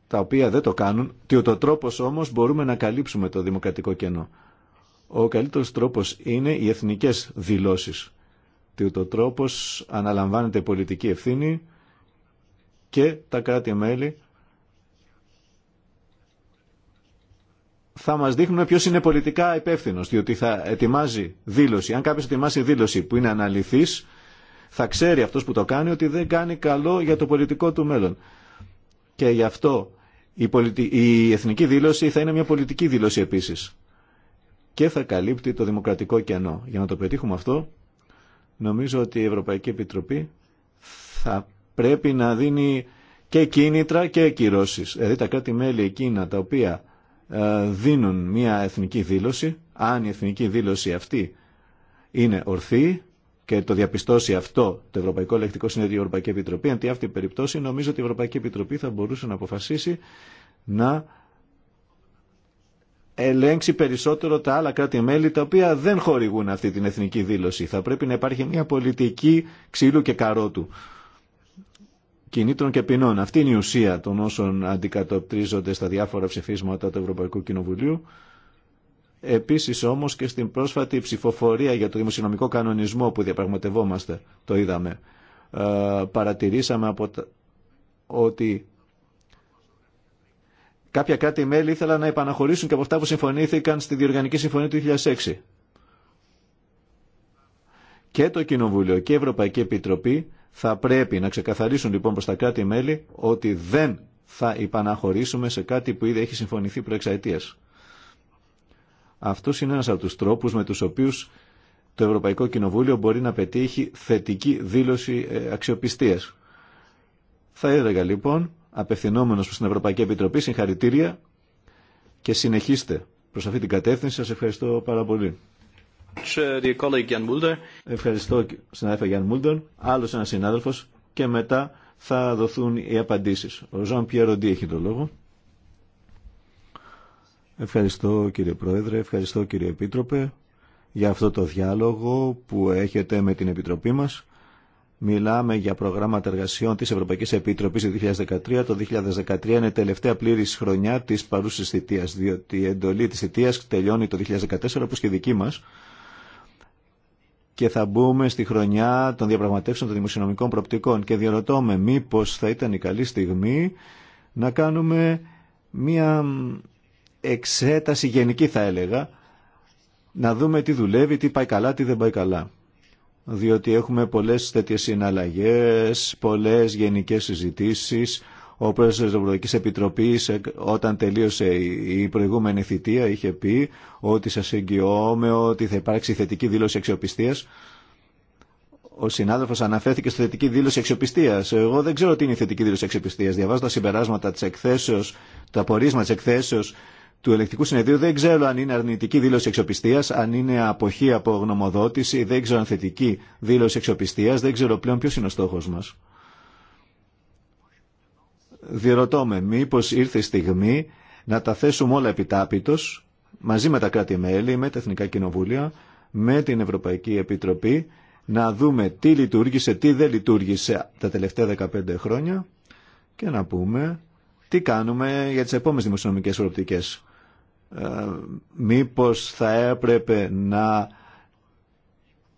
τα οποία δεν το κάνουν. Τι ο τρόπος όμως μπορούμε να καλύψουμε το δημοκρατικό κενό. Ο καλύτερος τρόπος είναι οι εθνικές δηλώσεις. Τι ο τρόπος αναλαμβάνεται πολιτική ευθύνη και τα κράτη-μέλη θα μας δείχνουν ποιος είναι πολιτικά υπεύθυνο, διότι θα ετοιμάζει δήλωση. Αν κάποιος ετοιμάσει δήλωση που είναι αναλυθής, θα ξέρει αυτός που το κάνει ότι δεν κάνει καλό για το πολιτικό του μέλλον. Και γι' αυτό η, η εθνική δήλωση θα είναι μια πολιτική δήλωση επίσης. Και θα καλύπτει το δημοκρατικό κενό. Για να το πετύχουμε αυτό, νομίζω ότι η Ευρωπαϊκή Επιτροπή θα πρέπει να δίνει και κίνητρα και κυρώσεις. Δηλαδή τα κράτη-μέλη εκείνα τα οποία ε, δίνουν μια εθνική δήλωση, αν η εθνική δήλωση αυτή είναι ορθή και το διαπιστώσει αυτό το Ευρωπαϊκό Ελεκτικό Συνέδριο, η Ευρωπαϊκή Επιτροπή, αντί αυτή την περιπτώση, νομίζω ότι η Ευρωπαϊκή Επιτροπή θα μπορούσε να αποφασίσει να ελέγξει περισσότερο τα άλλα κράτη-μέλη τα οποία δεν χορηγούν αυτή την εθνική δήλωση. Θα πρέπει να υπάρχει μια πολιτική ξύλου και καρότου κινήτρων και ποινών. Αυτή είναι η ουσία των όσων αντικατοπτρίζονται στα διάφορα ψηφίσματα του Ευρωπαϊκού Κοινοβουλίου. Επίσης όμως και στην πρόσφατη ψηφοφορία για το δημοσιονομικό κανονισμό που διαπραγματευόμαστε, το είδαμε. Ε, παρατηρήσαμε από ότι κάποια κράτη-μέλη ήθελαν να επαναχωρήσουν και από αυτά που συμφωνήθηκαν στη Διοργανική Συμφωνία του 2006. Και το Κοινοβούλιο και η Ευρωπαϊκή Επιτροπή θα πρέπει να ξεκαθαρίσουν λοιπόν προς τα κράτη-μέλη ότι δεν θα υπαναχωρήσουμε σε κάτι που ήδη έχει συμφωνηθεί προεξαετίας. Αυτός είναι ένας από τους τρόπους με τους οποίους το Ευρωπαϊκό Κοινοβούλιο μπορεί να πετύχει θετική δήλωση ε, αξιοπιστίας. Θα έλεγα λοιπόν, απευθυνόμενος προς την Ευρωπαϊκή Επιτροπή, συγχαρητήρια και συνεχίστε προς αυτή την κατεύθυνση. Σας ευχαριστώ πάρα πολύ. Uh, ευχαριστώ, συνάδελφα Γιάνν Μούλτερ. Άλλος ένας συνάδελφος και μετά θα δοθούν οι απαντήσεις. Ο Ζαν Πιεροντή έχει το λόγο. Ευχαριστώ κύριε Πρόεδρε, ευχαριστώ κύριε Επίτροπε για αυτό το διάλογο που έχετε με την Επιτροπή μας. Μιλάμε για προγράμματα εργασιών της Ευρωπαϊκής Επιτροπής 2013. Το 2013 είναι τελευταία πλήρης χρονιά της παρούσης θητείας, διότι η εντολή της θητείας τελειώνει το 2014, όπως και δική μας και θα μπούμε στη χρονιά των διαπραγματεύσεων των δημοσιονομικών προπτικών και διαρωτώ με μήπως θα ήταν η καλή στιγμή να κάνουμε μία εξέταση γενική θα έλεγα να δούμε τι δουλεύει, τι πάει καλά, τι δεν πάει καλά. Διότι έχουμε πολλές τέτοιες συναλλαγές, πολλές γενικές συζητήσεις ο πρόεδρος της Ευρωπαϊκής Επιτροπής ε, όταν τελείωσε η προηγούμενη θητεία είχε πει ότι σας εγγυώμαι ότι θα υπάρξει θετική δήλωση αξιοπιστίας. Ο συνάδελφος αναφέρθηκε στη θετική δήλωση αξιοπιστίας. Εγώ δεν ξέρω τι είναι η θετική δήλωση αξιοπιστίας. Διαβάζω τα συμπεράσματα της εκθέσεως, τα πορίσματα της εκθέσεως του ελεκτικού συνεδρίου δεν ξέρω αν είναι αρνητική δήλωση εξοπιστία, αν είναι αποχή από γνωμοδότηση, δεν ξέρω αν θετική δήλωση εξοπιστία, δεν ξέρω πλέον ποιο είναι ο στόχο μα. Διερωτώ με μήπως ήρθε η στιγμή να τα θέσουμε όλα επιτάπητος μαζί με τα κράτη-μέλη, με τα Εθνικά Κοινοβούλια, με την Ευρωπαϊκή Επιτροπή να δούμε τι λειτουργήσε, τι δεν λειτουργήσε τα τελευταία 15 χρόνια και να πούμε τι κάνουμε για τις επόμενες δημοσιονομικές προοπτικές. Ε, μήπως θα έπρεπε να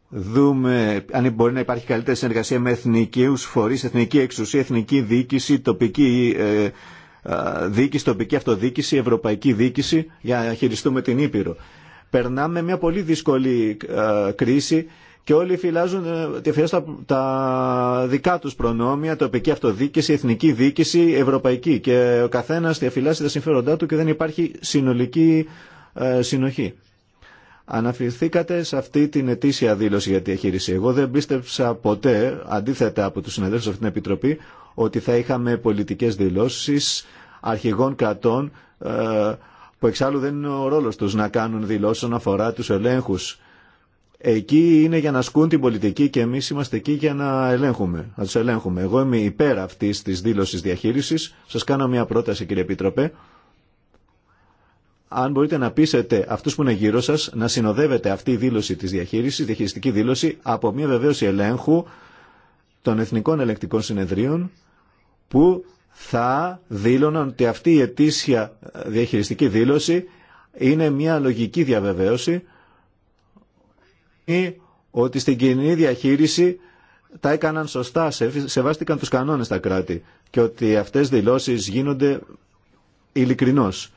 δούμε αν μπορεί να υπάρχει καλύτερη συνεργασία με εθνικούς φορείς, εθνική εξουσία, εθνική διοίκηση, τοπική ε, ε διοίκηση, τοπική αυτοδιοίκηση, ευρωπαϊκή διοίκηση για να χειριστούμε την Ήπειρο. Περνάμε μια πολύ δύσκολη ε, κρίση και όλοι φυλάζουν ε, τα, τα δικά τους προνόμια, τοπική αυτοδιοίκηση, εθνική διοίκηση, ευρωπαϊκή και ο καθένας διαφυλάσσει τα συμφέροντά του και δεν υπάρχει συνολική ε, συνοχή. Αναφερθήκατε σε αυτή την ετήσια δήλωση για τη διαχείριση. Εγώ δεν πίστεψα ποτέ, αντίθετα από τους συναδέλφους σε αυτήν την Επιτροπή, ότι θα είχαμε πολιτικές δηλώσεις αρχηγών κρατών ε, που εξάλλου δεν είναι ο ρόλος τους να κάνουν δηλώσεις όσον αφορά τους ελέγχους. Εκεί είναι για να ασκούν την πολιτική και εμείς είμαστε εκεί για να ελέγχουμε, να ελέγχουμε. Εγώ είμαι υπέρ αυτή τη δήλωση διαχείριση. Σα κάνω μια πρόταση κύριε Επίτροπε αν μπορείτε να πείσετε αυτού που είναι γύρω σα, να συνοδεύετε αυτή η δήλωση της διαχείρισης, διαχειριστική δήλωση, από μια βεβαίωση ελέγχου των Εθνικών Ελεκτικών Συνεδρίων που θα δήλωναν ότι αυτή η ετήσια ε, διαχειριστική δήλωση είναι μια λογική διαβεβαίωση ή ότι στην κοινή διαχείριση τα έκαναν σωστά, σεβάστηκαν τους κανόνες τα κράτη και ότι αυτές δηλώσεις γίνονται ειλικρινώς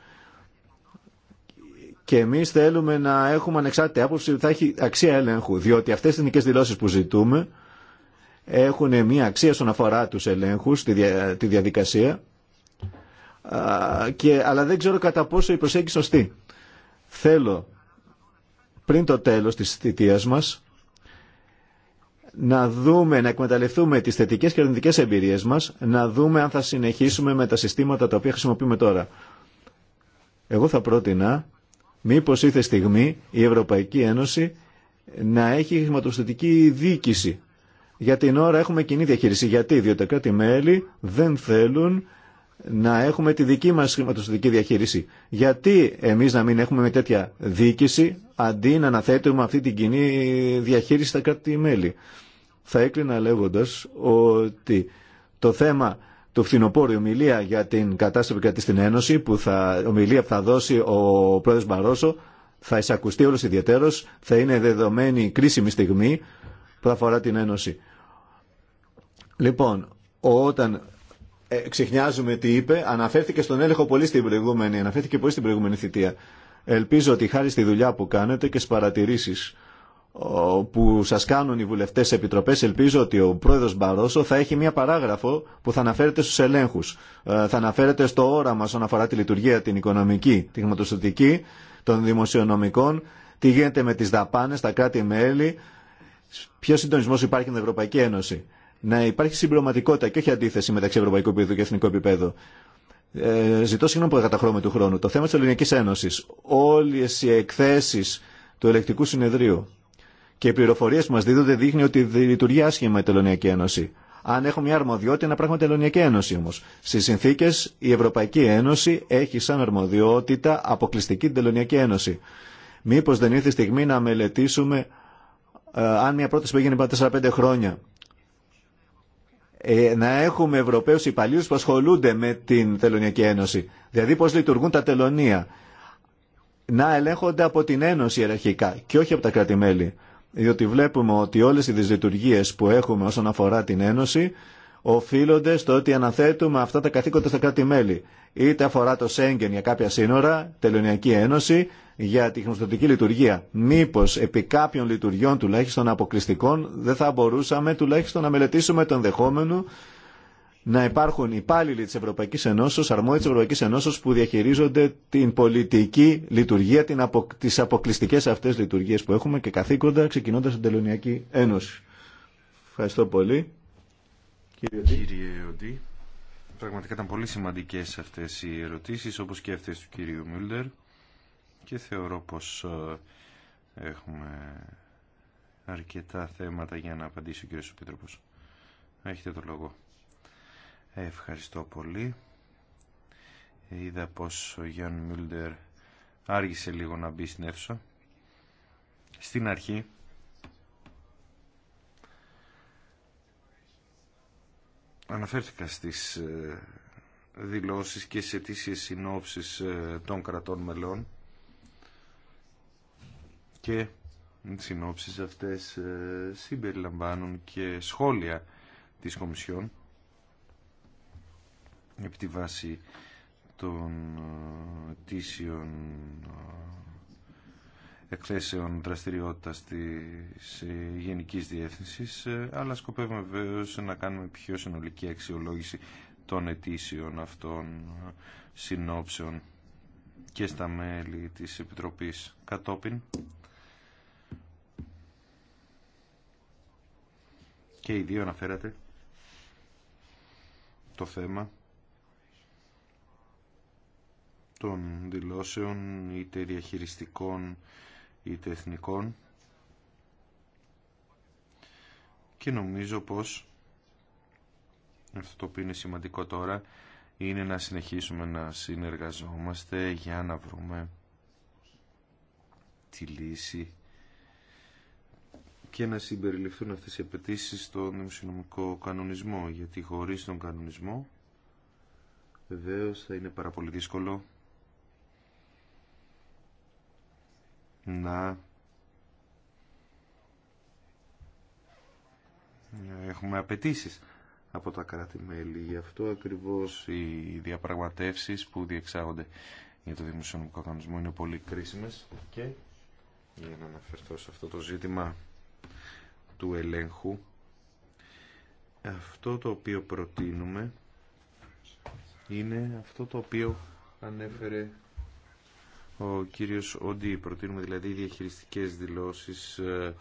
και εμείς θέλουμε να έχουμε ανεξάρτητη άποψη που θα έχει αξία έλεγχου, διότι αυτές οι εθνικές δηλώσεις που ζητούμε έχουν μια αξία στον αφορά τους ελέγχους, τη, διαδικασία, Α, και, αλλά δεν ξέρω κατά πόσο η προσέγγιση σωστή. Θέλω πριν το τέλος της θητείας μας να δούμε, να εκμεταλλευτούμε τις θετικές και αρνητικές εμπειρίες μας, να δούμε αν θα συνεχίσουμε με τα συστήματα τα οποία χρησιμοποιούμε τώρα. Εγώ θα πρότεινα Μήπως ήρθε στιγμή η Ευρωπαϊκή Ένωση να έχει χρηματοστατική διοίκηση. Για την ώρα έχουμε κοινή διαχείριση. Γιατί, διότι τα κράτη-μέλη δεν θέλουν να έχουμε τη δική μας χρηματοστατική διαχείριση. Γιατί εμείς να μην έχουμε με τέτοια διοίκηση αντί να αναθέτουμε αυτή την κοινή διαχείριση στα κράτη-μέλη. Θα έκλεινα λέγοντας ότι το θέμα του φθινοπόρου ομιλία για την κατάσταση που κρατεί στην Ένωση, που θα, ομιλία που θα δώσει ο πρόεδρος Μπαρόσο, θα εισακουστεί όλος ιδιαίτερος, θα είναι δεδομένη κρίσιμη στιγμή που αφορά την Ένωση. Λοιπόν, όταν ε, ξεχνιάζουμε τι είπε, αναφέρθηκε στον έλεγχο πολύ στην προηγούμενη, αναφέρθηκε πολύ στην προηγούμενη θητεία. Ελπίζω ότι χάρη στη δουλειά που κάνετε και στις παρατηρήσεις που σας κάνουν οι βουλευτές επιτροπές ελπίζω ότι ο πρόεδρος Μπαρόσο θα έχει μία παράγραφο που θα αναφέρεται στους ελέγχους ε, θα αναφέρεται στο όραμα όσον αφορά τη λειτουργία την οικονομική, τη χρηματοστοτική των δημοσιονομικών τι γίνεται με τις δαπάνες, τα κράτη-μέλη ποιο συντονισμό υπάρχει στην Ευρωπαϊκή Ένωση να υπάρχει συμπληρωματικότητα και όχι αντίθεση μεταξύ ευρωπαϊκού επίπεδου και εθνικού επίπεδου ε, ζητώ συγγνώμη που του χρόνου το θέμα τη Ελληνική Ένωση. όλες οι εκθέσει του ελεκτικού συνεδρίου και οι πληροφορίε που μα δίδονται δείχνει ότι λειτουργεί άσχημα η Τελωνιακή Ένωση. Αν έχουμε μια αρμοδιότητα, είναι πράγμα Τελωνιακή Ένωση όμω. Στι συνθήκε, η Ευρωπαϊκή Ένωση έχει σαν αρμοδιότητα αποκλειστική την Τελωνιακή Ένωση. Μήπω δεν ήρθε η στιγμή να μελετήσουμε ε, αν μια πρόταση που έγινε πριν 4-5 χρόνια ε, να έχουμε Ευρωπαίου υπαλλήλου που ασχολούνται με την Τελωνιακή Ένωση. Δηλαδή πώ λειτουργούν τα τελωνία. Να ελέγχονται από την Ένωση ιεραρχικά και όχι από τα κρατη διότι βλέπουμε ότι όλες οι δυσλειτουργίες που έχουμε όσον αφορά την Ένωση οφείλονται στο ότι αναθέτουμε αυτά τα καθήκοντα στα κράτη-μέλη. Είτε αφορά το Σέγγεν για κάποια σύνορα, τελωνιακή ένωση, για τη χρηματοδοτική λειτουργία. Μήπω επί κάποιων λειτουργιών, τουλάχιστον αποκλειστικών, δεν θα μπορούσαμε τουλάχιστον να μελετήσουμε το ενδεχόμενο να υπάρχουν υπάλληλοι της Ευρωπαϊκής Ενώσεως, αρμόδιοι της Ευρωπαϊκής Ενώσεως που διαχειρίζονται την πολιτική λειτουργία, την απο, τις αποκλειστικές αυτές λειτουργίες που έχουμε και καθήκοντα ξεκινώντας την Τελωνιακή Ένωση. Ευχαριστώ πολύ. Κύριε, Κύριε Οντή, πραγματικά ήταν πολύ σημαντικές αυτές οι ερωτήσεις όπως και αυτές του κύριου Μιλντερ και θεωρώ πως ε, έχουμε αρκετά θέματα για να απαντήσει ο κύριος Επίτροπος. Έχετε το λόγο. Ευχαριστώ πολύ. Είδα πως ο Γιάνν Μιλντερ άργησε λίγο να μπει στην αίθουσα. Στην αρχή αναφέρθηκα στις ε, δηλώσεις και σε αιτήσιες συνόψεις ε, των κρατών μελών και τις συνόψεις αυτές ε, συμπεριλαμβάνουν και σχόλια της Κομισιόν επί τη βάση των ε, αιτήσεων ε, εκθέσεων δραστηριότητας της ε, Γενικής Διεύθυνσης, αλλά σκοπεύουμε βεβαίω να κάνουμε πιο συνολική αξιολόγηση των αιτήσεων αυτών συνόψεων και στα μέλη της Επιτροπής κατόπιν και οι δύο αναφέρατε το θέμα των δηλώσεων είτε διαχειριστικών είτε εθνικών και νομίζω πως αυτό το είναι σημαντικό τώρα είναι να συνεχίσουμε να συνεργαζόμαστε για να βρούμε τη λύση και να συμπεριληφθούν αυτές οι απαιτήσει στον δημοσιονομικό κανονισμό γιατί χωρίς τον κανονισμό βεβαίως θα είναι πάρα πολύ δύσκολο να έχουμε απαιτήσει από τα κράτη-μέλη. Γι' αυτό ακριβώς οι διαπραγματεύσεις που διεξάγονται για το δημοσιονομικό κανονισμό είναι πολύ κρίσιμες και για να αναφερθώ σε αυτό το ζήτημα του ελέγχου αυτό το οποίο προτείνουμε είναι αυτό το οποίο ανέφερε ο κύριος Οντί. Προτείνουμε δηλαδή διαχειριστικές δηλώσεις ε,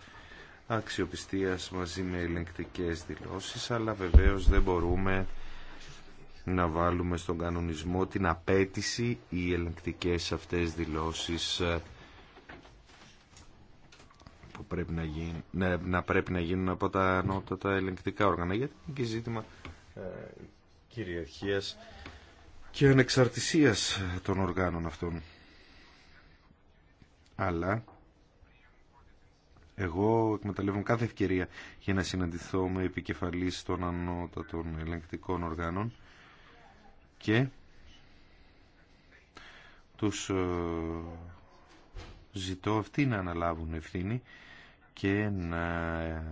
αξιοπιστίας μαζί με ελεγκτικές δηλώσεις, αλλά βεβαίως δεν μπορούμε να βάλουμε στον κανονισμό την απέτηση οι ελεγκτικές αυτές δηλώσεις ε, που πρέπει να, γίνουν, ναι, να πρέπει να γίνουν από τα ανώτατα ελεγκτικά όργανα γιατί είναι και ζήτημα ε, κυριαρχίας και ανεξαρτησίας των οργάνων αυτών αλλά εγώ εκμεταλλεύομαι κάθε ευκαιρία για να συναντηθώ με επικεφαλής των ανώτατων ελεγκτικών οργάνων και τους ε, ζητώ αυτοί να αναλάβουν ευθύνη και να ε,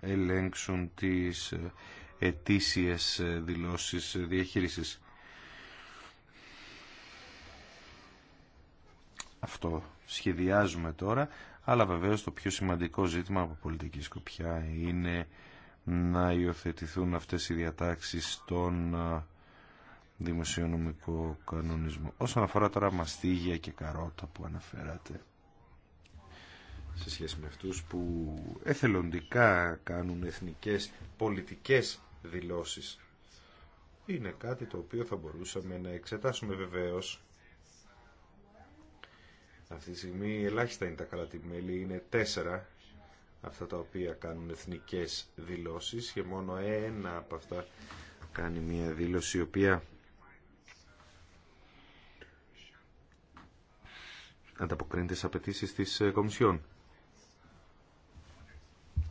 ελέγξουν τις ε, ετήσιες δηλώσεις διαχείρισης. Αυτό σχεδιάζουμε τώρα, αλλά βεβαίως το πιο σημαντικό ζήτημα από πολιτική σκοπιά είναι να υιοθετηθούν αυτές οι διατάξεις στον δημοσιονομικό κανονισμό. Όσον αφορά τώρα μαστίγια και καρότα που αναφέρατε σε σχέση με αυτούς που εθελοντικά κάνουν εθνικές πολιτικές δηλώσεις είναι κάτι το οποίο θα μπορούσαμε να εξετάσουμε βεβαίως αυτή τη στιγμή ελάχιστα είναι τα κράτη-μέλη, είναι τέσσερα αυτά τα οποία κάνουν εθνικές δηλώσεις και μόνο ένα από αυτά κάνει μια δήλωση η οποία ανταποκρίνεται στις απαιτήσει της ε, Κομισιόν.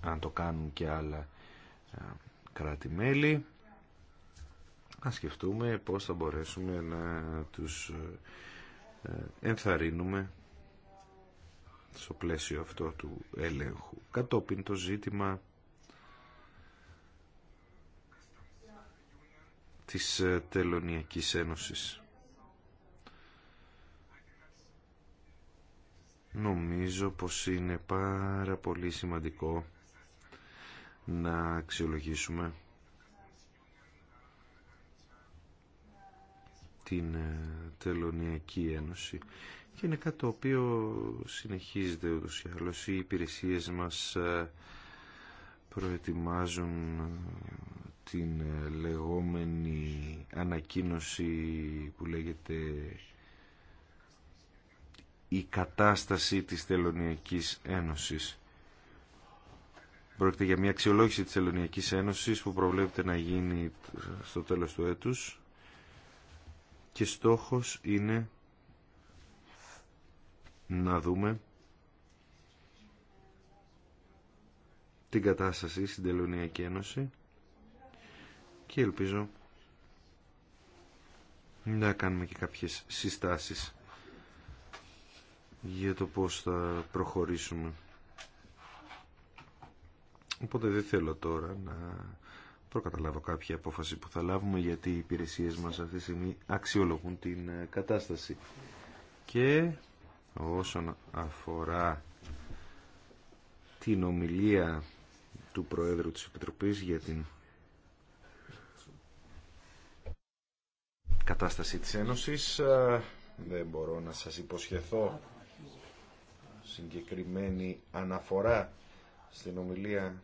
Αν το κάνουν και άλλα ε, κράτη-μέλη, να σκεφτούμε πώς θα μπορέσουμε να τους ε, ενθαρρύνουμε στο πλαίσιο αυτό του έλεγχου. Κατόπιν το ζήτημα της ε, Τελωνιακής Ένωσης. Νομίζω πως είναι πάρα πολύ σημαντικό να αξιολογήσουμε την ε, Τελωνιακή Ένωση και είναι κάτι το οποίο συνεχίζεται ούτως ή άλλως οι υπηρεσίες μας ε, προετοιμάζουν ε, την ε, λεγόμενη ανακοίνωση που λέγεται η κατάσταση της Τελωνιακής Ένωσης. Πρόκειται για μια αξιολόγηση της Τελωνιακής Ένωσης που προβλέπεται να γίνει στο τέλος του έτους και στόχος είναι να δούμε την κατάσταση στην Τελωνιακή Ένωση και ελπίζω να κάνουμε και κάποιες συστάσεις για το πώς θα προχωρήσουμε. Οπότε δεν θέλω τώρα να προκαταλάβω κάποια απόφαση που θα λάβουμε γιατί οι υπηρεσίες μας αυτή τη στιγμή αξιολογούν την κατάσταση. Και όσον αφορά την ομιλία του Προέδρου της Επιτροπής για την κατάσταση της Ένωσης. Ε, δεν μπορώ να σας υποσχεθώ συγκεκριμένη αναφορά στην ομιλία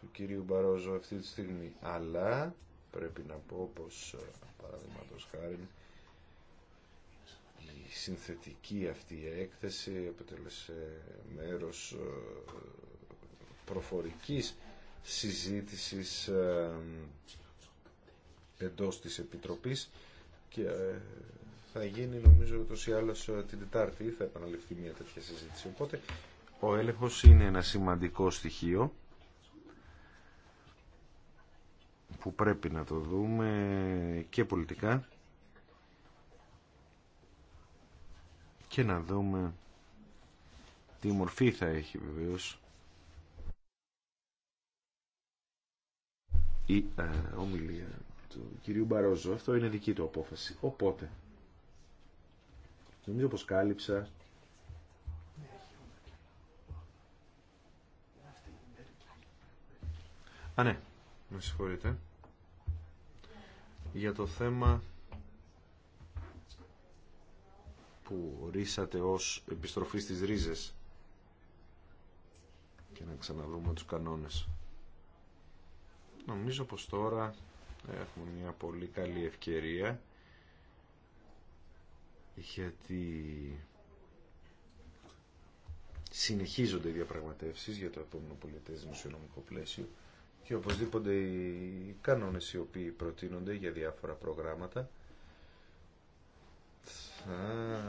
του κυρίου Μπαρόζο αυτή τη στιγμή, αλλά πρέπει να πω πως ε, παραδείγματος χάρη η συνθετική αυτή η έκθεση αποτέλεσε μέρος ε, προφορικής συζήτησης ε, εντός της Επιτροπής και ε, θα γίνει νομίζω ούτως ή άλλως την Τετάρτη θα επαναληφθεί μια τέτοια συζήτηση. Οπότε ο έλεγχος είναι ένα σημαντικό στοιχείο που πρέπει να το δούμε και πολιτικά και να δούμε τι μορφή θα έχει βεβαίως η ε, ομιλία του κυρίου Μπαρόζο. Αυτό είναι δική του απόφαση. Οπότε, νομίζω πως κάλυψα Α, ναι. Με συγχωρείτε. Για το θέμα που ορίσατε ως επιστροφή στις ρίζες και να ξαναδούμε τους κανόνες. Νομίζω πως τώρα έχουμε μια πολύ καλή ευκαιρία γιατί συνεχίζονται οι διαπραγματεύσεις για το επόμενο πολιτές δημοσιονομικό πλαίσιο και οπωσδήποτε οι κανόνες οι οποίοι προτείνονται για διάφορα προγράμματα θα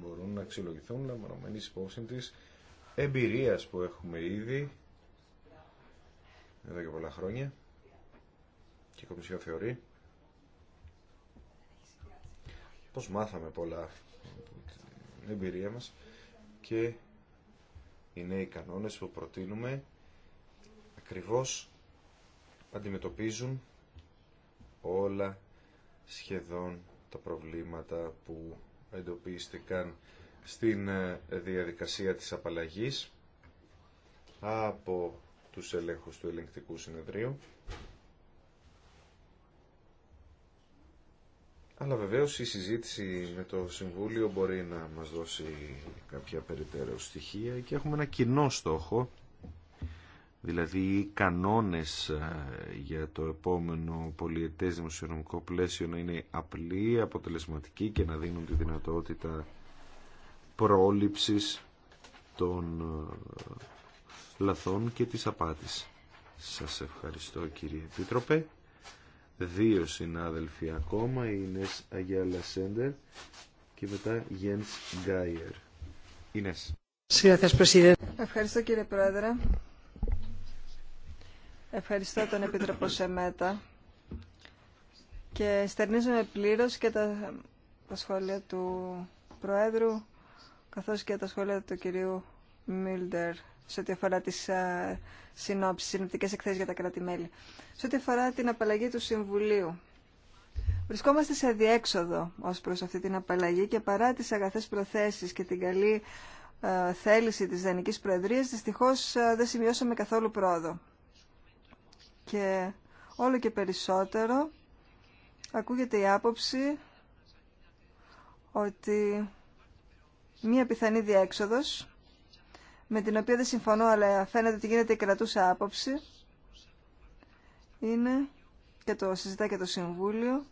μπορούν να αξιολογηθούν λαμβανομένης υπόψη της εμπειρίας που έχουμε ήδη εδώ και πολλά χρόνια και η θεωρεί πως μάθαμε πολλά την εμπειρία μας και οι νέοι κανόνες που προτείνουμε ακριβώς αντιμετωπίζουν όλα σχεδόν τα προβλήματα που εντοπίστηκαν στην ε, διαδικασία της απαλλαγής από τους ελέγχους του ελεγκτικού συνεδρίου. Αλλά βεβαίως η συζήτηση με το Συμβούλιο μπορεί να μας δώσει κάποια περιττέρω στοιχεία και έχουμε ένα κοινό στόχο δηλαδή οι κανόνες ε, για το επόμενο πολιετές δημοσιονομικό πλαίσιο να είναι απλοί, αποτελεσματικοί και να δίνουν τη δυνατότητα πρόληψης των ε, λαθών και της απάτης. Σας ευχαριστώ κύριε Επίτροπε. Δύο συνάδελφοι ακόμα, η Ινές Αγιάλα Σέντερ και μετά Γιένς Γκάιερ. Ινές. Ευχαριστώ κύριε Πρόεδρε. Ευχαριστώ τον Επίτροπο Σεμέτα και στερνίζομαι πλήρως και τα, σχόλια του Προέδρου καθώς και τα σχόλια του κυρίου Μίλντερ σε ό,τι αφορά τις α, συνόψεις, συνοπτικές εκθέσεις για τα κράτη-μέλη. Σε ό,τι αφορά την απαλλαγή του Συμβουλίου. Βρισκόμαστε σε διέξοδο ως προς αυτή την απαλλαγή και παρά τις αγαθές προθέσεις και την καλή θέληση της Δανικής Προεδρίας, δυστυχώς δεν σημειώσαμε καθόλου πρόοδο και όλο και περισσότερο ακούγεται η άποψη ότι μία πιθανή διέξοδος με την οποία δεν συμφωνώ αλλά φαίνεται ότι γίνεται η κρατούσα άποψη είναι και το συζητά και το Συμβούλιο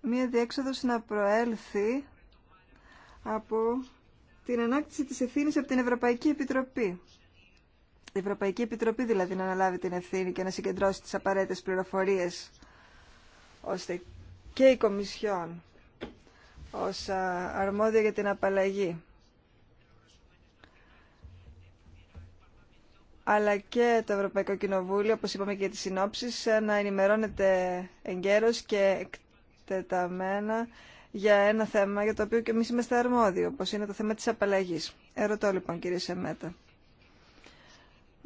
μία διέξοδος να προέλθει από την ανάκτηση της ευθύνη από την Ευρωπαϊκή Επιτροπή η Ευρωπαϊκή Επιτροπή δηλαδή να αναλάβει την ευθύνη και να συγκεντρώσει τις απαραίτητες πληροφορίες ώστε και η Κομισιόν ως αρμόδια για την απαλλαγή αλλά και το Ευρωπαϊκό Κοινοβούλιο, όπως είπαμε και για τις συνόψεις, ε, να ενημερώνεται εγκαίρως και εκτεταμένα για ένα θέμα για το οποίο και εμείς είμαστε αρμόδιοι, όπως είναι το θέμα της απαλλαγής. Ερωτώ λοιπόν κύριε Σεμέτα.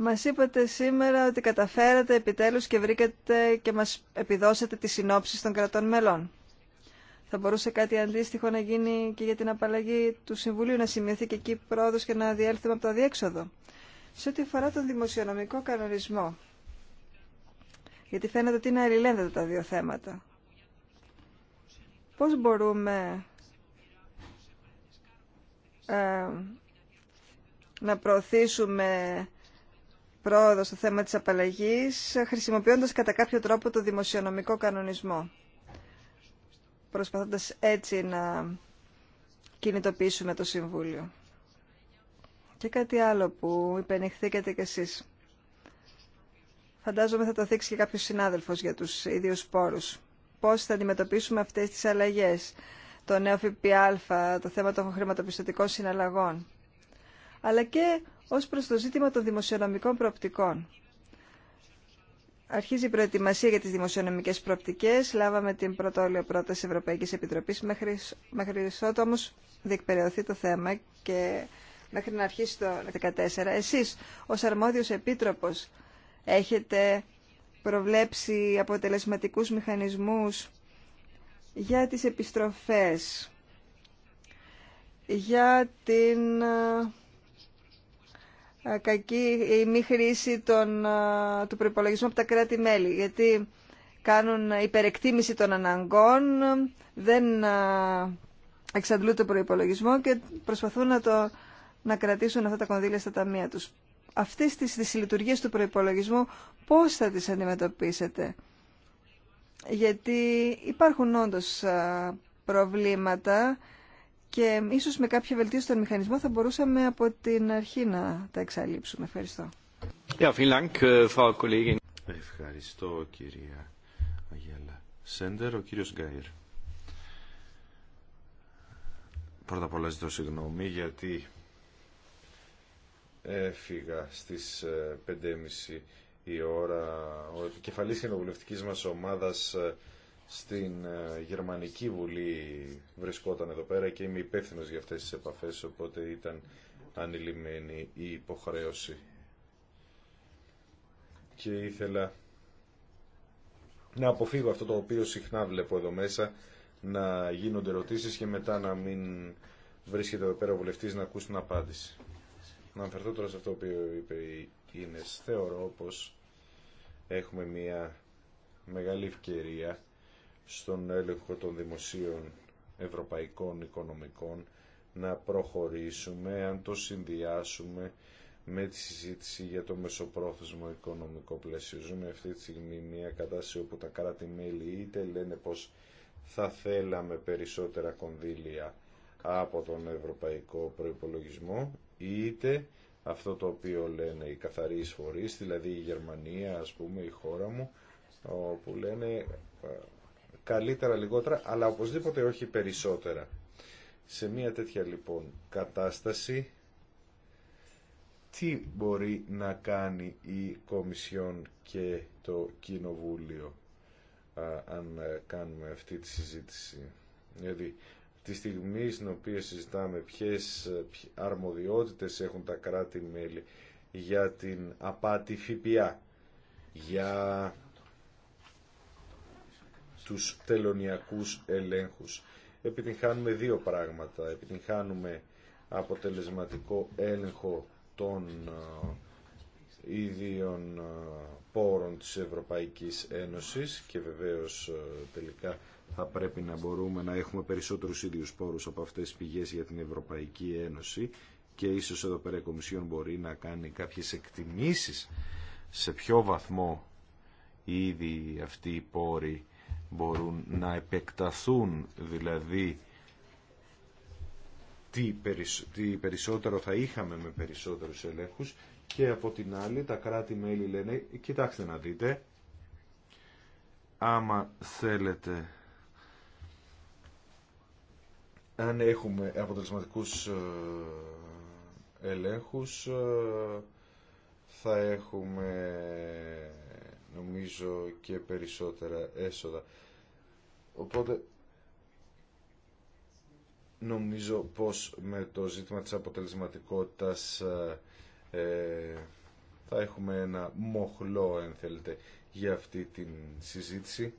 Μας είπατε σήμερα ότι καταφέρατε επιτέλους και βρήκατε και μας επιδώσατε τι συνόψει των κρατών μελών. Θα μπορούσε κάτι αντίστοιχο να γίνει και για την απαλλαγή του Συμβουλίου, να σημειωθεί και εκεί πρόοδος και να διέλθουμε από το αδιέξοδο. Σε ό,τι αφορά τον δημοσιονομικό κανονισμό, γιατί φαίνεται ότι είναι αλληλένδετα τα δύο θέματα. Πώς μπορούμε ε, να προωθήσουμε πρόοδο στο θέμα της απαλλαγή, χρησιμοποιώντας κατά κάποιο τρόπο το δημοσιονομικό κανονισμό. Προσπαθώντας έτσι να κινητοποιήσουμε το Συμβούλιο. Και κάτι άλλο που υπενηχθήκατε κι εσείς. Φαντάζομαι θα το θίξει και κάποιος συνάδελφος για τους ίδιους πόρους. Πώς θα αντιμετωπίσουμε αυτές τις αλλαγέ. Το νέο ΦΠΑ, το θέμα των χρηματοπιστωτικών συναλλαγών. Αλλά και ως προς το ζήτημα των δημοσιονομικών προοπτικών. Αρχίζει η προετοιμασία για τις δημοσιονομικές προοπτικές. Λάβαμε την πρωτόλαιο πρόταση Ευρωπαϊκής Επιτροπής. Μέχρι, μέχρι ότου όμως διεκπαιρεωθεί το θέμα και μέχρι να αρχίσει το 2014. Εσείς ως αρμόδιος επίτροπος έχετε προβλέψει αποτελεσματικούς μηχανισμούς για τις επιστροφές, για την ε, κακή η μη χρήση των, του προπολογισμού από τα κράτη-μέλη, γιατί κάνουν υπερεκτίμηση των αναγκών, δεν εξαντλούν το προπολογισμό και προσπαθούν να, το, να κρατήσουν αυτά τα κονδύλια στα ταμεία τους. Αυτές τις δυσλειτουργίες του προϋπολογισμού πώς θα τις αντιμετωπίσετε. Γιατί υπάρχουν όντως προβλήματα και ίσως με κάποια βελτίωση στον μηχανισμό θα μπορούσαμε από την αρχή να τα εξαλείψουμε. Ευχαριστώ. Äh, Ευχαριστώ κυρία Αγέλα. Σέντερ, ο κύριος Γκάιρ. Πρώτα απ' όλα ζητώ συγγνώμη γιατί έφυγα στις 5.30 ε, η ώρα. Ο επικεφαλής συνοβουλευτικής μας ομάδας ε, στην ε, Γερμανική Βουλή βρισκόταν εδώ πέρα και είμαι υπεύθυνο για αυτές τις επαφές, οπότε ήταν ανηλυμένη η υποχρέωση. Και ήθελα να αποφύγω αυτό το οποίο συχνά βλέπω εδώ μέσα, να γίνονται ερωτήσεις και μετά να μην βρίσκεται εδώ πέρα ο βουλευτής να ακούσει την απάντηση. Να αναφερθώ τώρα σε αυτό που είπε η Ίνες. Θεωρώ πως έχουμε μια μεγάλη ευκαιρία στον έλεγχο των δημοσίων ευρωπαϊκών οικονομικών να προχωρήσουμε αν το συνδυάσουμε με τη συζήτηση για το μεσοπρόθεσμο οικονομικό πλαίσιο. Ζούμε αυτή τη στιγμή μια κατάσταση όπου τα κράτη-μέλη είτε λένε πως θα θέλαμε περισσότερα κονδύλια από τον ευρωπαϊκό προϋπολογισμό είτε αυτό το οποίο λένε οι καθαροί εισφορείς, δηλαδή η Γερμανία ας πούμε η χώρα μου όπου λένε καλύτερα λιγότερα, αλλά οπωσδήποτε όχι περισσότερα. Σε μια τέτοια λοιπόν κατάσταση, τι μπορεί να κάνει η Κομισιόν και το Κοινοβούλιο αν ε, κάνουμε αυτή τη συζήτηση. Δηλαδή, τη στιγμή στην οποία συζητάμε ποιες ε, αρμοδιότητες έχουν τα κράτη-μέλη για την απάτη ΦΠΑ, για τους τελωνιακούς ελέγχους. Επιτυγχάνουμε δύο πράγματα. Επιτυγχάνουμε αποτελεσματικό έλεγχο των ε, ίδιων ε, πόρων της Ευρωπαϊκής Ένωσης και βεβαίως ε, τελικά θα πρέπει να μπορούμε να έχουμε περισσότερους ίδιους πόρους από αυτές τις πηγές για την Ευρωπαϊκή Ένωση και ίσως εδώ πέρα η Κομισιόν μπορεί να κάνει κάποιες εκτιμήσεις σε ποιο βαθμό ήδη αυτοί οι πόροι μπορούν να επεκταθούν δηλαδή τι περισσότερο θα είχαμε με περισσότερους ελέγχους και από την άλλη τα κράτη-μέλη λένε κοιτάξτε να δείτε άμα θέλετε αν έχουμε αποτελεσματικούς ε, ελέγχους ε, θα έχουμε νομίζω και περισσότερα έσοδα. Οπότε νομίζω πως με το ζήτημα της αποτελεσματικότητας ε, θα έχουμε ένα μοχλό αν θέλετε για αυτή την συζήτηση.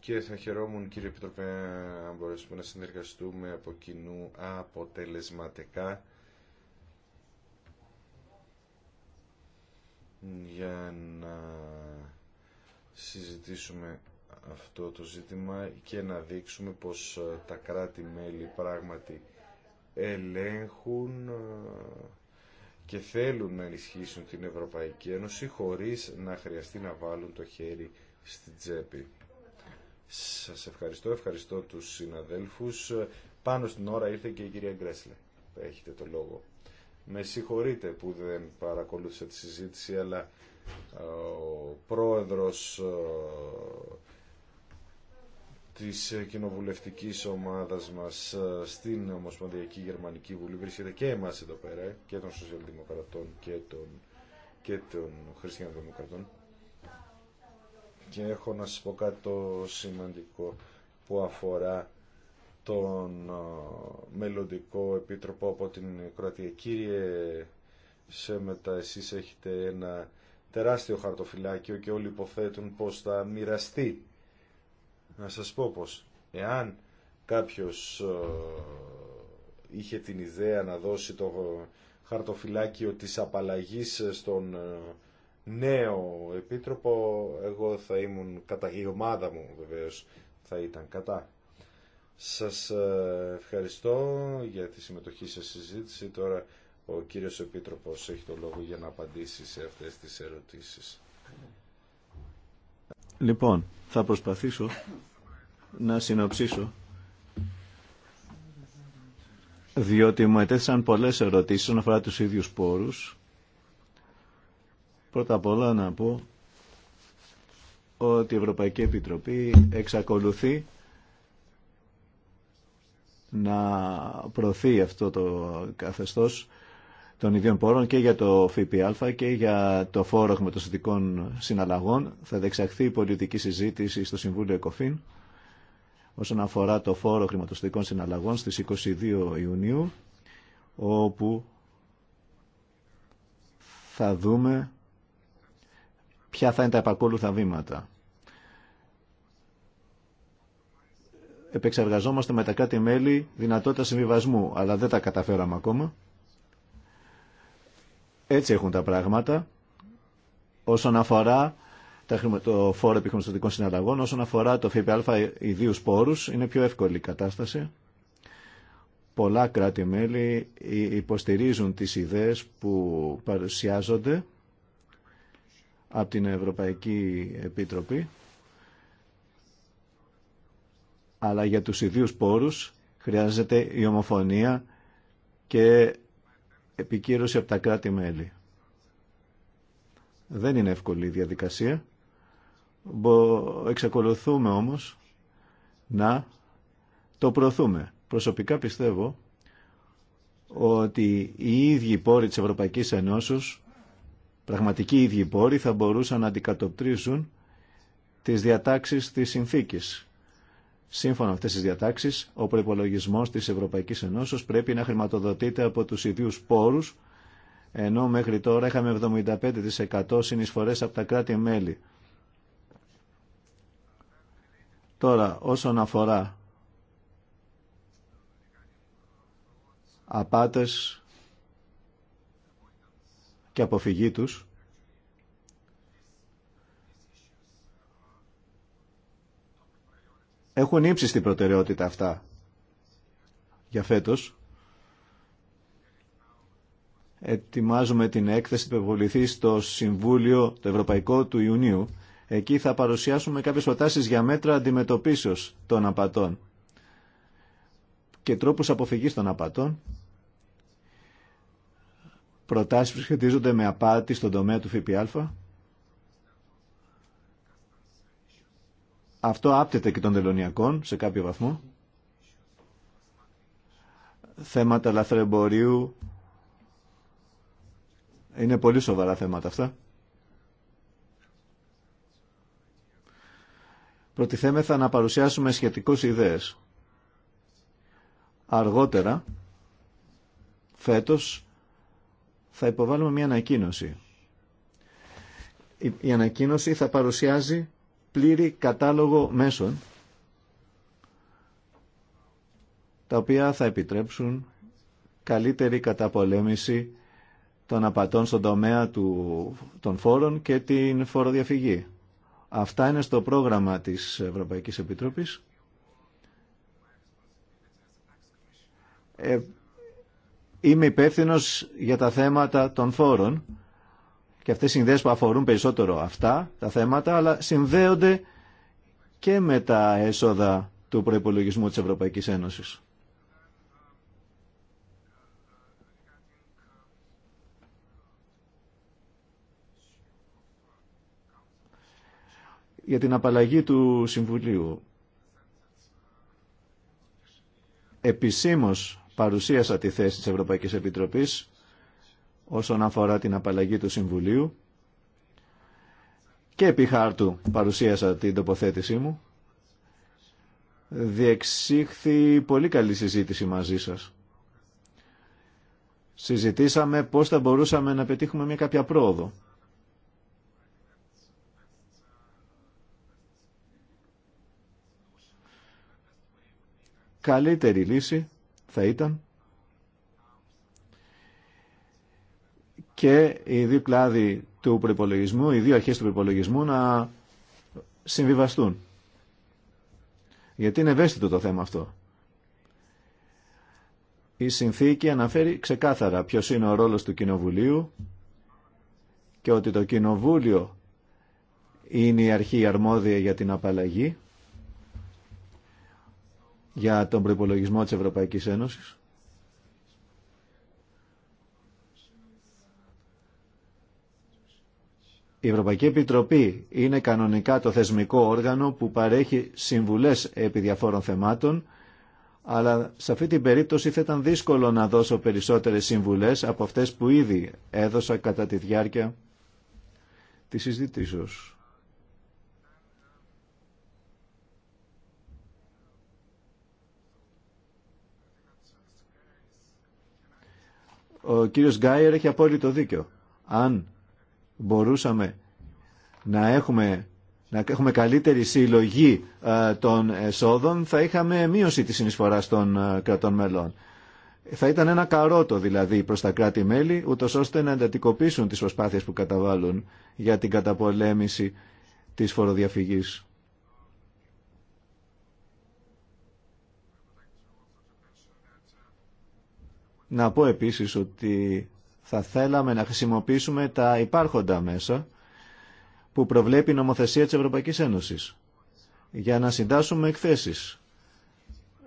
Και θα χαιρόμουν κύριε Επιτροπέ αν μπορέσουμε να συνεργαστούμε από κοινού αποτελεσματικά για να συζητήσουμε αυτό το ζήτημα και να δείξουμε πως ε, τα κράτη-μέλη πράγματι ελέγχουν ε, και θέλουν να ενισχύσουν την Ευρωπαϊκή Ένωση χωρίς να χρειαστεί να βάλουν το χέρι στην τσέπη. Σας ευχαριστώ, ευχαριστώ τους συναδέλφους. Πάνω στην ώρα ήρθε και η κυρία Γκρέσλε. Έχετε το λόγο. Με συγχωρείτε που δεν παρακολούθησα τη συζήτηση, αλλά ε, ο πρόεδρος ε, της κοινοβουλευτικής ομάδας μας ε, στην Ομοσπονδιακή Γερμανική Βουλή βρίσκεται και εμάς εδώ πέρα και των Σοσιαλδημοκρατών και των, και των Χριστιανοδημοκρατών και έχω να σας πω κάτι το σημαντικό που αφορά τον ε, μελλοντικό επίτροπο από την Κροατία. Κύριε Σέμετα, εσείς έχετε ένα τεράστιο χαρτοφυλάκιο και όλοι υποθέτουν πως θα μοιραστεί. Να σας πω πως, εάν κάποιος ε, είχε την ιδέα να δώσει το χαρτοφυλάκιο της απαλλαγής στον ε, νέο επίτροπο, εγώ θα ήμουν κατά η ομάδα μου βεβαίως θα ήταν κατά. Σας ε, ευχαριστώ για τη συμμετοχή σε συζήτηση. Τώρα ο κύριος Επίτροπος έχει το λόγο για να απαντήσει σε αυτές τις ερωτήσεις. Λοιπόν, θα προσπαθήσω να συνοψίσω διότι μου ετέθησαν πολλές ερωτήσεις όσον αφορά τους ίδιους πόρους. Πρώτα απ' όλα να πω ότι η Ευρωπαϊκή Επιτροπή εξακολουθεί να προωθεί αυτό το καθεστώς των ιδίων πόρων και για το ΦΠΑ και για το φόρο χρηματοσυντικών συναλλαγών. Θα δεξαχθεί η πολιτική συζήτηση στο Συμβούλιο ΕΚΟΦΗΝ όσον αφορά το φόρο χρηματοστικών συναλλαγών στις 22 Ιουνίου όπου θα δούμε ποια θα είναι τα επακόλουθα βήματα. επεξεργαζόμαστε με τα κράτη-μέλη δυνατότητα συμβιβασμού, αλλά δεν τα καταφέραμε ακόμα. Έτσι έχουν τα πράγματα όσον αφορά το φόρο επιχειρηματικών συναλλαγών, όσον αφορά το ΦΠΑ ιδίου πόρους, είναι πιο εύκολη η κατάσταση. Πολλά κράτη-μέλη υποστηρίζουν τις ιδέες που παρουσιάζονται από την Ευρωπαϊκή Επίτροπη αλλά για τους ιδίους πόρους χρειάζεται η ομοφωνία και επικύρωση από τα κράτη-μέλη. Δεν είναι εύκολη η διαδικασία. Εξακολουθούμε όμως να το προωθούμε. Προσωπικά πιστεύω ότι οι ίδιοι πόροι της Ευρωπαϊκής Ενώσεως, πραγματικοί ίδιοι πόροι, θα μπορούσαν να αντικατοπτρίζουν τις διατάξεις της συνθήκης Σύμφωνα με αυτές τις διατάξεις, ο προϋπολογισμός της Ευρωπαϊκής Ενώσεως πρέπει να χρηματοδοτείται από τους ιδίους πόρους, ενώ μέχρι τώρα είχαμε 75% συνεισφορές από τα κράτη-μέλη. Τώρα, όσον αφορά απάτες και αποφυγή τους, έχουν ύψιστη προτεραιότητα αυτά για φέτος. Ετοιμάζουμε την έκθεση που ευβοληθεί στο Συμβούλιο το Ευρωπαϊκό του Ιουνίου. Εκεί θα παρουσιάσουμε κάποιες προτάσεις για μέτρα αντιμετωπίσεως των απατών και τρόπους αποφυγής των απατών. Προτάσεις που σχετίζονται με απάτη στον τομέα του ΦΠΑ Αυτό άπτεται και των τελωνιακών σε κάποιο βαθμό. Θέματα λαθρεμπορίου είναι πολύ σοβαρά θέματα αυτά. Προτιθέμεθα να παρουσιάσουμε σχετικούς ιδέες. Αργότερα, φέτος, θα υποβάλουμε μια ανακοίνωση. Η ανακοίνωση θα παρουσιάζει πλήρη κατάλογο μέσων τα οποία θα επιτρέψουν καλύτερη καταπολέμηση των απατών στον τομέα του, των φόρων και την φοροδιαφυγή. Αυτά είναι στο πρόγραμμα της Ευρωπαϊκής Επιτροπής. Ε, είμαι υπεύθυνο για τα θέματα των φόρων και αυτές οι συνδέσεις που αφορούν περισσότερο αυτά τα θέματα, αλλά συνδέονται και με τα έσοδα του προϋπολογισμού της Ευρωπαϊκής Ένωσης. για την απαλλαγή του Συμβουλίου. Επισήμως παρουσίασα τη θέση της Ευρωπαϊκής Επιτροπής όσον αφορά την απαλλαγή του Συμβουλίου και επί χάρτου παρουσίασα την τοποθέτησή μου. Διεξήχθη πολύ καλή συζήτηση μαζί σας. Συζητήσαμε πώς θα μπορούσαμε να πετύχουμε μια κάποια πρόοδο. Καλύτερη λύση θα ήταν και οι δύο κλάδοι του προπολογισμού, οι δύο αρχές του προπολογισμού να συμβιβαστούν. Γιατί είναι ευαίσθητο το θέμα αυτό. Η συνθήκη αναφέρει ξεκάθαρα ποιο είναι ο ρόλος του Κοινοβουλίου και ότι το Κοινοβούλιο είναι η αρχή αρμόδια για την απαλλαγή για τον προπολογισμό της Ευρωπαϊκής Ένωσης Η Ευρωπαϊκή Επιτροπή είναι κανονικά το θεσμικό όργανο που παρέχει συμβουλές επί διαφόρων θεμάτων, αλλά σε αυτή την περίπτωση θα ήταν δύσκολο να δώσω περισσότερες συμβουλές από αυτές που ήδη έδωσα κατά τη διάρκεια της συζητήσεως. Ο κύριος Γκάιερ έχει απόλυτο δίκιο. Αν μπορούσαμε να έχουμε, να έχουμε καλύτερη συλλογή ε, των εσόδων, θα είχαμε μείωση της συνεισφοράς των ε, κρατών μελών. Θα ήταν ένα καρότο δηλαδή προς τα κράτη-μέλη, ούτως ώστε να εντατικοποιήσουν τις προσπάθειες που καταβάλουν για την καταπολέμηση της φοροδιαφυγής. Να πω επίσης ότι θα θέλαμε να χρησιμοποιήσουμε τα υπάρχοντα μέσα που προβλέπει η νομοθεσία της Ευρωπαϊκής Ένωσης για να συντάσσουμε εκθέσεις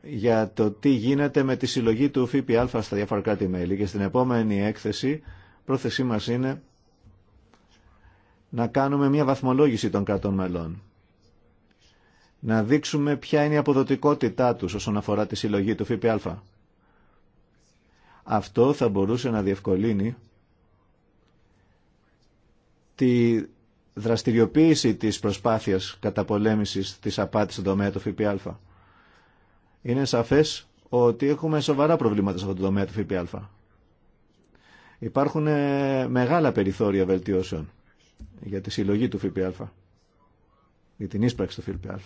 για το τι γίνεται με τη συλλογή του ΦΠΑ στα διάφορα κράτη-μέλη και στην επόμενη έκθεση πρόθεσή μας είναι να κάνουμε μια βαθμολόγηση των κρατών μελών να δείξουμε ποια είναι η αποδοτικότητά τους όσον αφορά τη συλλογή του ΦΠΑ αυτό θα μπορούσε να διευκολύνει τη δραστηριοποίηση της προσπάθειας καταπολέμησης της απάτης στον τομέα του ΦΠΑ. Είναι σαφές ότι έχουμε σοβαρά προβλήματα σε αυτό το τομέα του ΦΠΑ. Υπάρχουν ε, μεγάλα περιθώρια βελτιώσεων για τη συλλογή του ΦΠΑ, για την ίσπραξη του ΦΠΑ.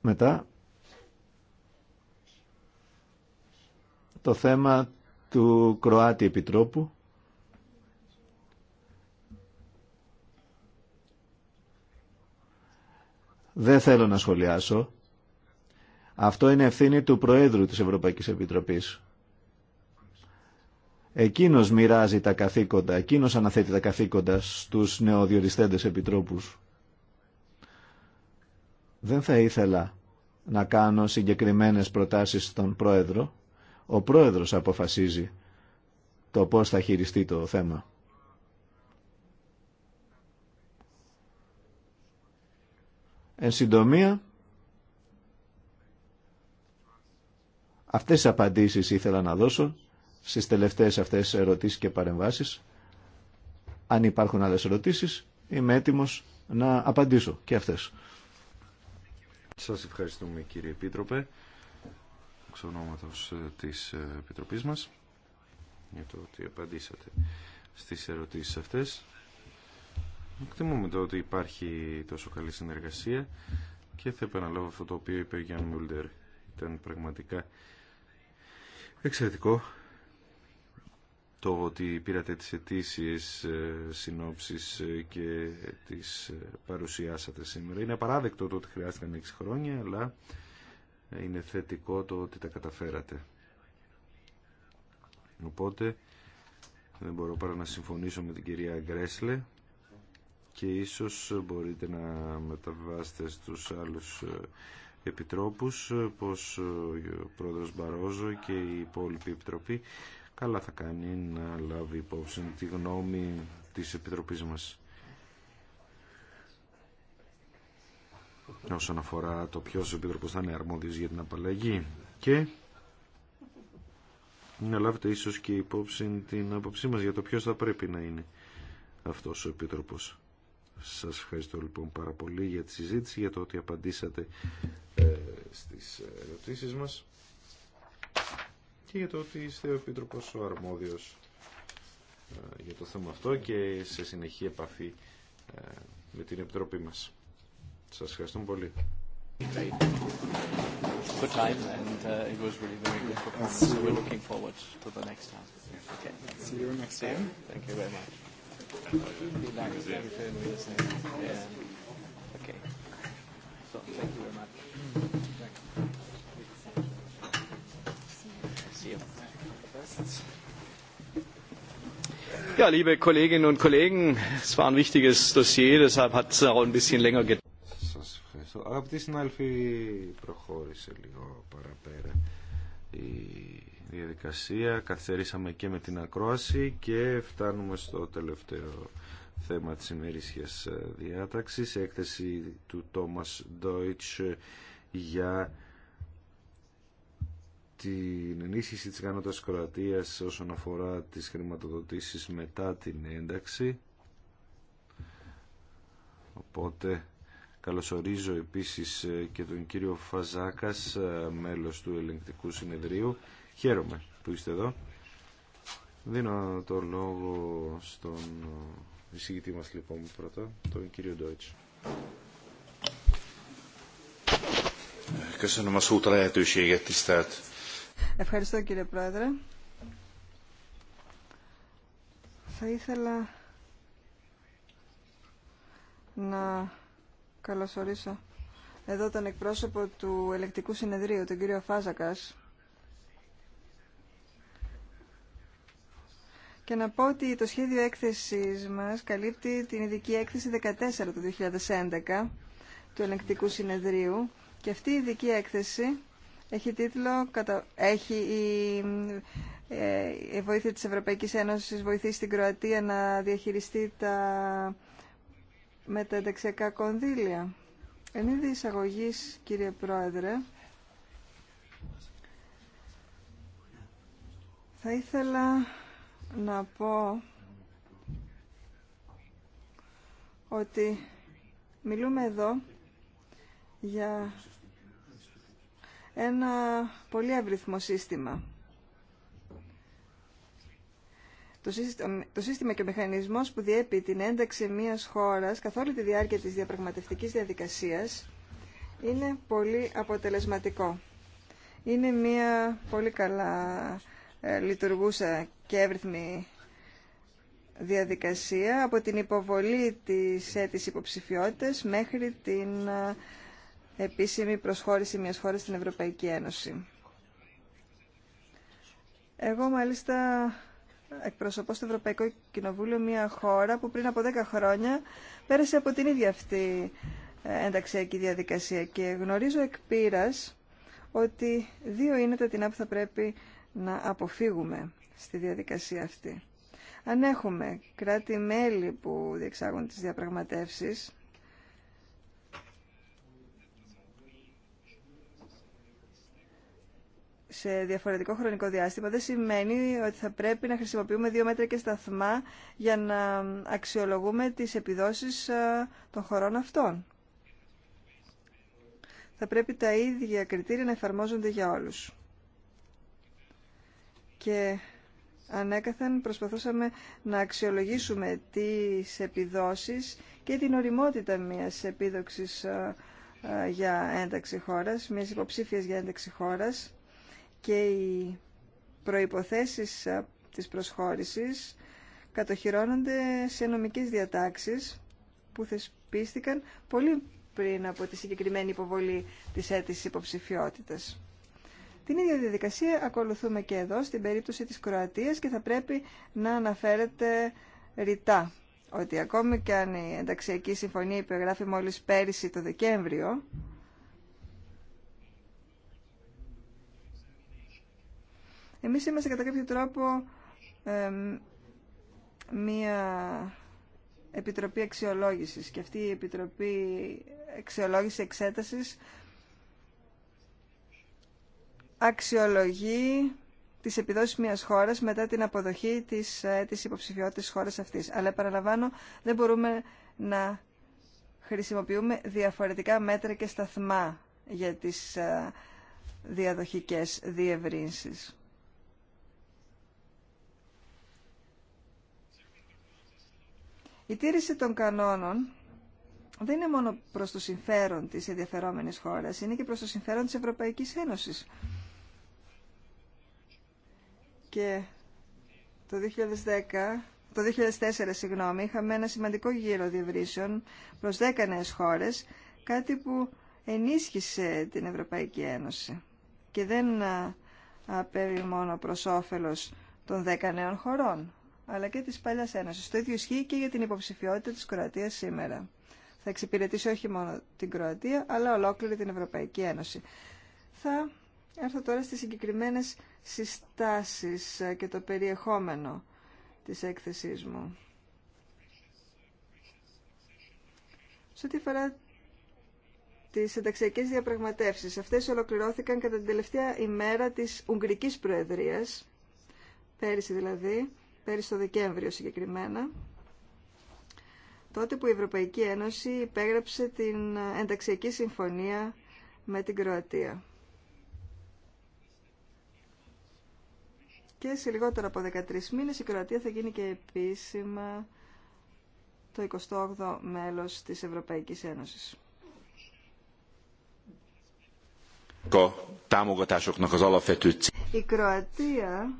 Μετά, το θέμα του Κροάτη Επιτρόπου. Δεν θέλω να σχολιάσω. Αυτό είναι ευθύνη του Προέδρου της Ευρωπαϊκής Επιτροπής. Εκείνος μοιράζει τα καθήκοντα, εκείνος αναθέτει τα καθήκοντα στους νεοδιοριστέντες επιτρόπους. Δεν θα ήθελα να κάνω συγκεκριμένες προτάσεις στον Πρόεδρο. Ο πρόεδρος αποφασίζει το πώς θα χειριστεί το θέμα. Εν συντομία, αυτές τις απαντήσεις ήθελα να δώσω στις τελευταίες αυτές ερωτήσεις και παρεμβάσεις. Αν υπάρχουν άλλες ερωτήσεις, είμαι έτοιμος να απαντήσω και αυτές. Σας ευχαριστούμε κύριε Επίτροπε εξ ονόματος ε, της ε, Επιτροπής μας για το ότι απαντήσατε στις ερωτήσεις αυτές. Εκτιμούμε το ότι υπάρχει τόσο καλή συνεργασία και θα επαναλάβω αυτό το οποίο είπε ο Γιάνν Μούλτερ. Ήταν πραγματικά εξαιρετικό το ότι πήρατε τις αιτήσει ε, συνόψεις και τις παρουσιάσατε σήμερα. Είναι απαράδεκτο το ότι χρειάστηκαν 6 χρόνια, αλλά είναι θετικό το ότι τα καταφέρατε. Οπότε δεν μπορώ παρά να συμφωνήσω με την κυρία Γκρέσλε και ίσως μπορείτε να μεταβάσετε στους άλλους ε, επιτρόπους πως ε, ο πρόεδρος Μπαρόζο και η υπόλοιπη επιτροπή καλά θα κάνει να λάβει υπόψη τη γνώμη της επιτροπής μας. όσον αφορά το ποιο ο Επίτροπος θα είναι αρμόδιο για την απαλλαγή και να λάβετε ίσω και υπόψη την άποψή μα για το ποιο θα πρέπει να είναι αυτό ο επίτροπο. Σα ευχαριστώ λοιπόν πάρα πολύ για τη συζήτηση, για το ότι απαντήσατε ε, στις ερωτήσεις μας και για το ότι είστε ο επίτροπο ο αρμόδιος ε, για το θέμα αυτό και σε συνεχή επαφή ε, με την Επιτροπή μας. Σας ευχαριστούμε πολύ. Ja, liebe Kolleginnen und Kollegen, es war ein wichtiges Dossier, deshalb hat es auch ein bisschen länger gedauert από τη συνάδελφοι, προχώρησε λίγο παραπέρα η διαδικασία. Καθυστερήσαμε και με την ακρόαση και φτάνουμε στο τελευταίο θέμα της ημερήσιας διάταξης. Έκθεση του Τόμας Ντόιτς για την ενίσχυση της κανότητας Κροατίας όσον αφορά τις χρηματοδοτήσεις μετά την ένταξη. Οπότε Καλωσορίζω επίσης ε, και τον κύριο Φαζάκας, ε, μέλος του ελεγκτικού συνεδρίου. Χαίρομαι που είστε εδώ. Δίνω το λόγο στον ε, εισηγητή μας λοιπόν πρώτα, τον κύριο Ντόιτς. Ευχαριστώ κύριε Πρόεδρε. Θα ήθελα να καλωσορίσω εδώ τον εκπρόσωπο του Ελεκτικού Συνεδρίου, τον κύριο Φάζακας. Και να πω ότι το σχέδιο έκθεσης μας καλύπτει την ειδική έκθεση 14 του 2011 του Ελεκτικού Συνεδρίου και αυτή η ειδική έκθεση έχει τίτλο «Έχει η, ε, η βοήθεια της Ευρωπαϊκής Ένωσης βοηθήσει την Κροατία να διαχειριστεί τα με τα ενταξιακά κονδύλια. Εν είδη εισαγωγής, κύριε Πρόεδρε, θα ήθελα να πω ότι μιλούμε εδώ για ένα πολύ ευρυθμό σύστημα. Το σύστημα και ο μηχανισμός που διέπει την ένταξη μιας χώρας καθ' όλη τη διάρκεια της διαπραγματευτικής διαδικασίας είναι πολύ αποτελεσματικό. Είναι μια πολύ καλά ε, λειτουργούσα και εύρυθμη διαδικασία από την υποβολή της αίτησης υποψηφιότητας μέχρι την ε, επίσημη προσχώρηση μιας χώρας στην Ευρωπαϊκή Ένωση. Εγώ μάλιστα εκπροσωπώ στο Ευρωπαϊκό Κοινοβούλιο μια χώρα που πριν από 10 χρόνια πέρασε από την ίδια αυτή ε, ενταξιακή διαδικασία και γνωρίζω εκ πείρας ότι δύο είναι τα τεινά που θα πρέπει να αποφύγουμε στη διαδικασία αυτή. Αν έχουμε κράτη-μέλη που διεξάγουν τις διαπραγματεύσεις σε διαφορετικό χρονικό διάστημα δεν σημαίνει ότι θα πρέπει να χρησιμοποιούμε δύο μέτρα και σταθμά για να αξιολογούμε τις επιδόσεις ε, των χωρών αυτών. Θα πρέπει τα ίδια κριτήρια να εφαρμόζονται για όλους. Και ανέκαθεν προσπαθούσαμε να αξιολογήσουμε τις επιδόσεις και την οριμότητα μιας επίδοξης ε, ε, για ένταξη χώρας, μιας υποψήφιας για ένταξη χώρας και οι προϋποθέσεις της προσχώρησης κατοχυρώνονται σε νομικές διατάξεις που θεσπίστηκαν πολύ πριν από τη συγκεκριμένη υποβολή της αίτησης υποψηφιότητας. Την ίδια διαδικασία ακολουθούμε και εδώ στην περίπτωση της Κροατίας και θα πρέπει να αναφέρεται ρητά ότι ακόμη και αν η ενταξιακή συμφωνία υπεγράφει μόλις πέρυσι το Δεκέμβριο, Εμείς είμαστε κατά κάποιο τρόπο μία επιτροπή αξιολόγησης και αυτή η επιτροπή αξιολόγηση εξέτασης αξιολογεί τις επιδόσεις μιας χώρας μετά την αποδοχή της, ε, της υποψηφιότητας της χώρας αυτής. Αλλά παραλαμβάνω δεν μπορούμε να χρησιμοποιούμε διαφορετικά μέτρα και σταθμά για τις ε, διαδοχικές διευρύνσεις. Η τήρηση των κανόνων δεν είναι μόνο προς το συμφέρον τη ενδιαφερόμενη χώρα, είναι και προς το συμφέρον τη Ευρωπαϊκή Ένωση. Και το 2010, το 2004, συγγνώμη, είχαμε ένα σημαντικό γύρο διευρύσεων προς 10 νέες χώρες, κάτι που ενίσχυσε την Ευρωπαϊκή Ένωση και δεν απέβη μόνο προς όφελος των 10 νέων χωρών, αλλά και τη παλιά Ένωση. Το ίδιο ισχύει και για την υποψηφιότητα της Κροατία σήμερα. Θα εξυπηρετήσει όχι μόνο την Κροατία, αλλά ολόκληρη την Ευρωπαϊκή Ένωση. Θα έρθω τώρα στις συγκεκριμένες συστάσεις και το περιεχόμενο της έκθεσής μου. Σε ό,τι αφορά τι ενταξιακέ διαπραγματεύσει, αυτέ ολοκληρώθηκαν κατά την τελευταία ημέρα τη Ουγγρική Προεδρία, πέρυσι δηλαδή, πέρυσι το Δεκέμβριο συγκεκριμένα, τότε που η Ευρωπαϊκή Ένωση υπέγραψε την ενταξιακή συμφωνία με την Κροατία. Και σε λιγότερο από 13 μήνες η Κροατία θα γίνει και επίσημα το 28ο μέλος της Ευρωπαϊκής Ένωσης. Η Κροατία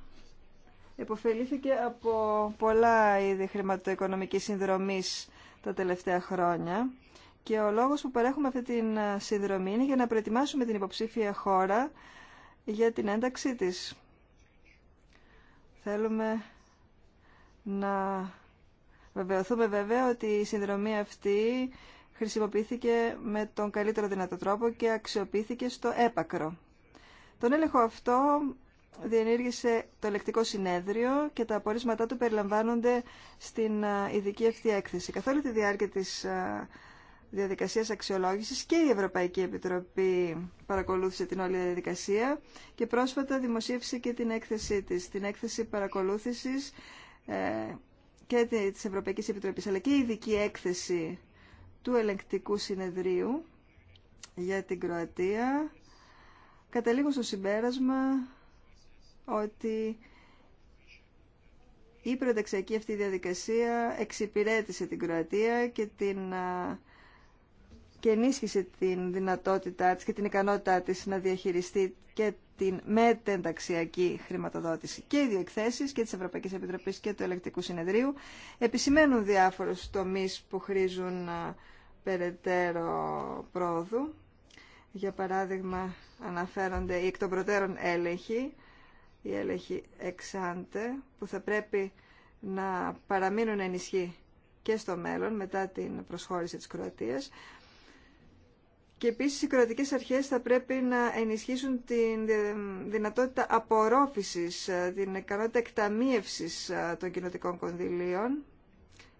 υποφελήθηκε από πολλά είδη χρηματοοικονομικής συνδρομής τα τελευταία χρόνια και ο λόγος που παρέχουμε αυτή την ε, συνδρομή είναι για να προετοιμάσουμε την υποψήφια χώρα για την ένταξή της. Θέλουμε να βεβαιωθούμε βέβαια ότι η συνδρομή αυτή χρησιμοποιήθηκε με τον καλύτερο δυνατό τρόπο και αξιοποιήθηκε στο έπακρο. Τον έλεγχο αυτό διενήργησε το ελεκτικό συνέδριο και τα απορίσματά του περιλαμβάνονται στην ε, ειδική αυτή έκθεση. Καθ' όλη τη διάρκεια της ε, διαδικασίας αξιολόγησης και η Ευρωπαϊκή Επιτροπή παρακολούθησε την όλη διαδικασία και πρόσφατα δημοσίευσε και την έκθεσή της, την έκθεση παρακολούθησης ε, και της Ευρωπαϊκής Επιτροπής, αλλά και η ειδική έκθεση του Ελεκτικού συνεδρίου για την Κροατία, καταλήγω στο συμπέρασμα ότι η προενταξιακή αυτή διαδικασία εξυπηρέτησε την Κροατία και την και ενίσχυσε την δυνατότητά της και την ικανότητά της να διαχειριστεί και την μετενταξιακή χρηματοδότηση. Και οι δύο εκθέσεις και της Ευρωπαϊκής Επιτροπής και του Ελεκτικού Συνεδρίου επισημαίνουν διάφορους τομείς που χρήζουν περαιτέρω πρόοδου. Για παράδειγμα αναφέρονται οι εκ των προτέρων έλεγχοι η έλεγχοι εξάντε που θα πρέπει να παραμείνουν ενισχύ και στο μέλλον μετά την προσχώρηση της Κροατίας και επίσης οι κροατικές αρχές θα πρέπει να ενισχύσουν τη δυνατότητα απορρόφησης, ε, την ικανότητα εκταμίευσης ε, των κοινοτικών κονδυλίων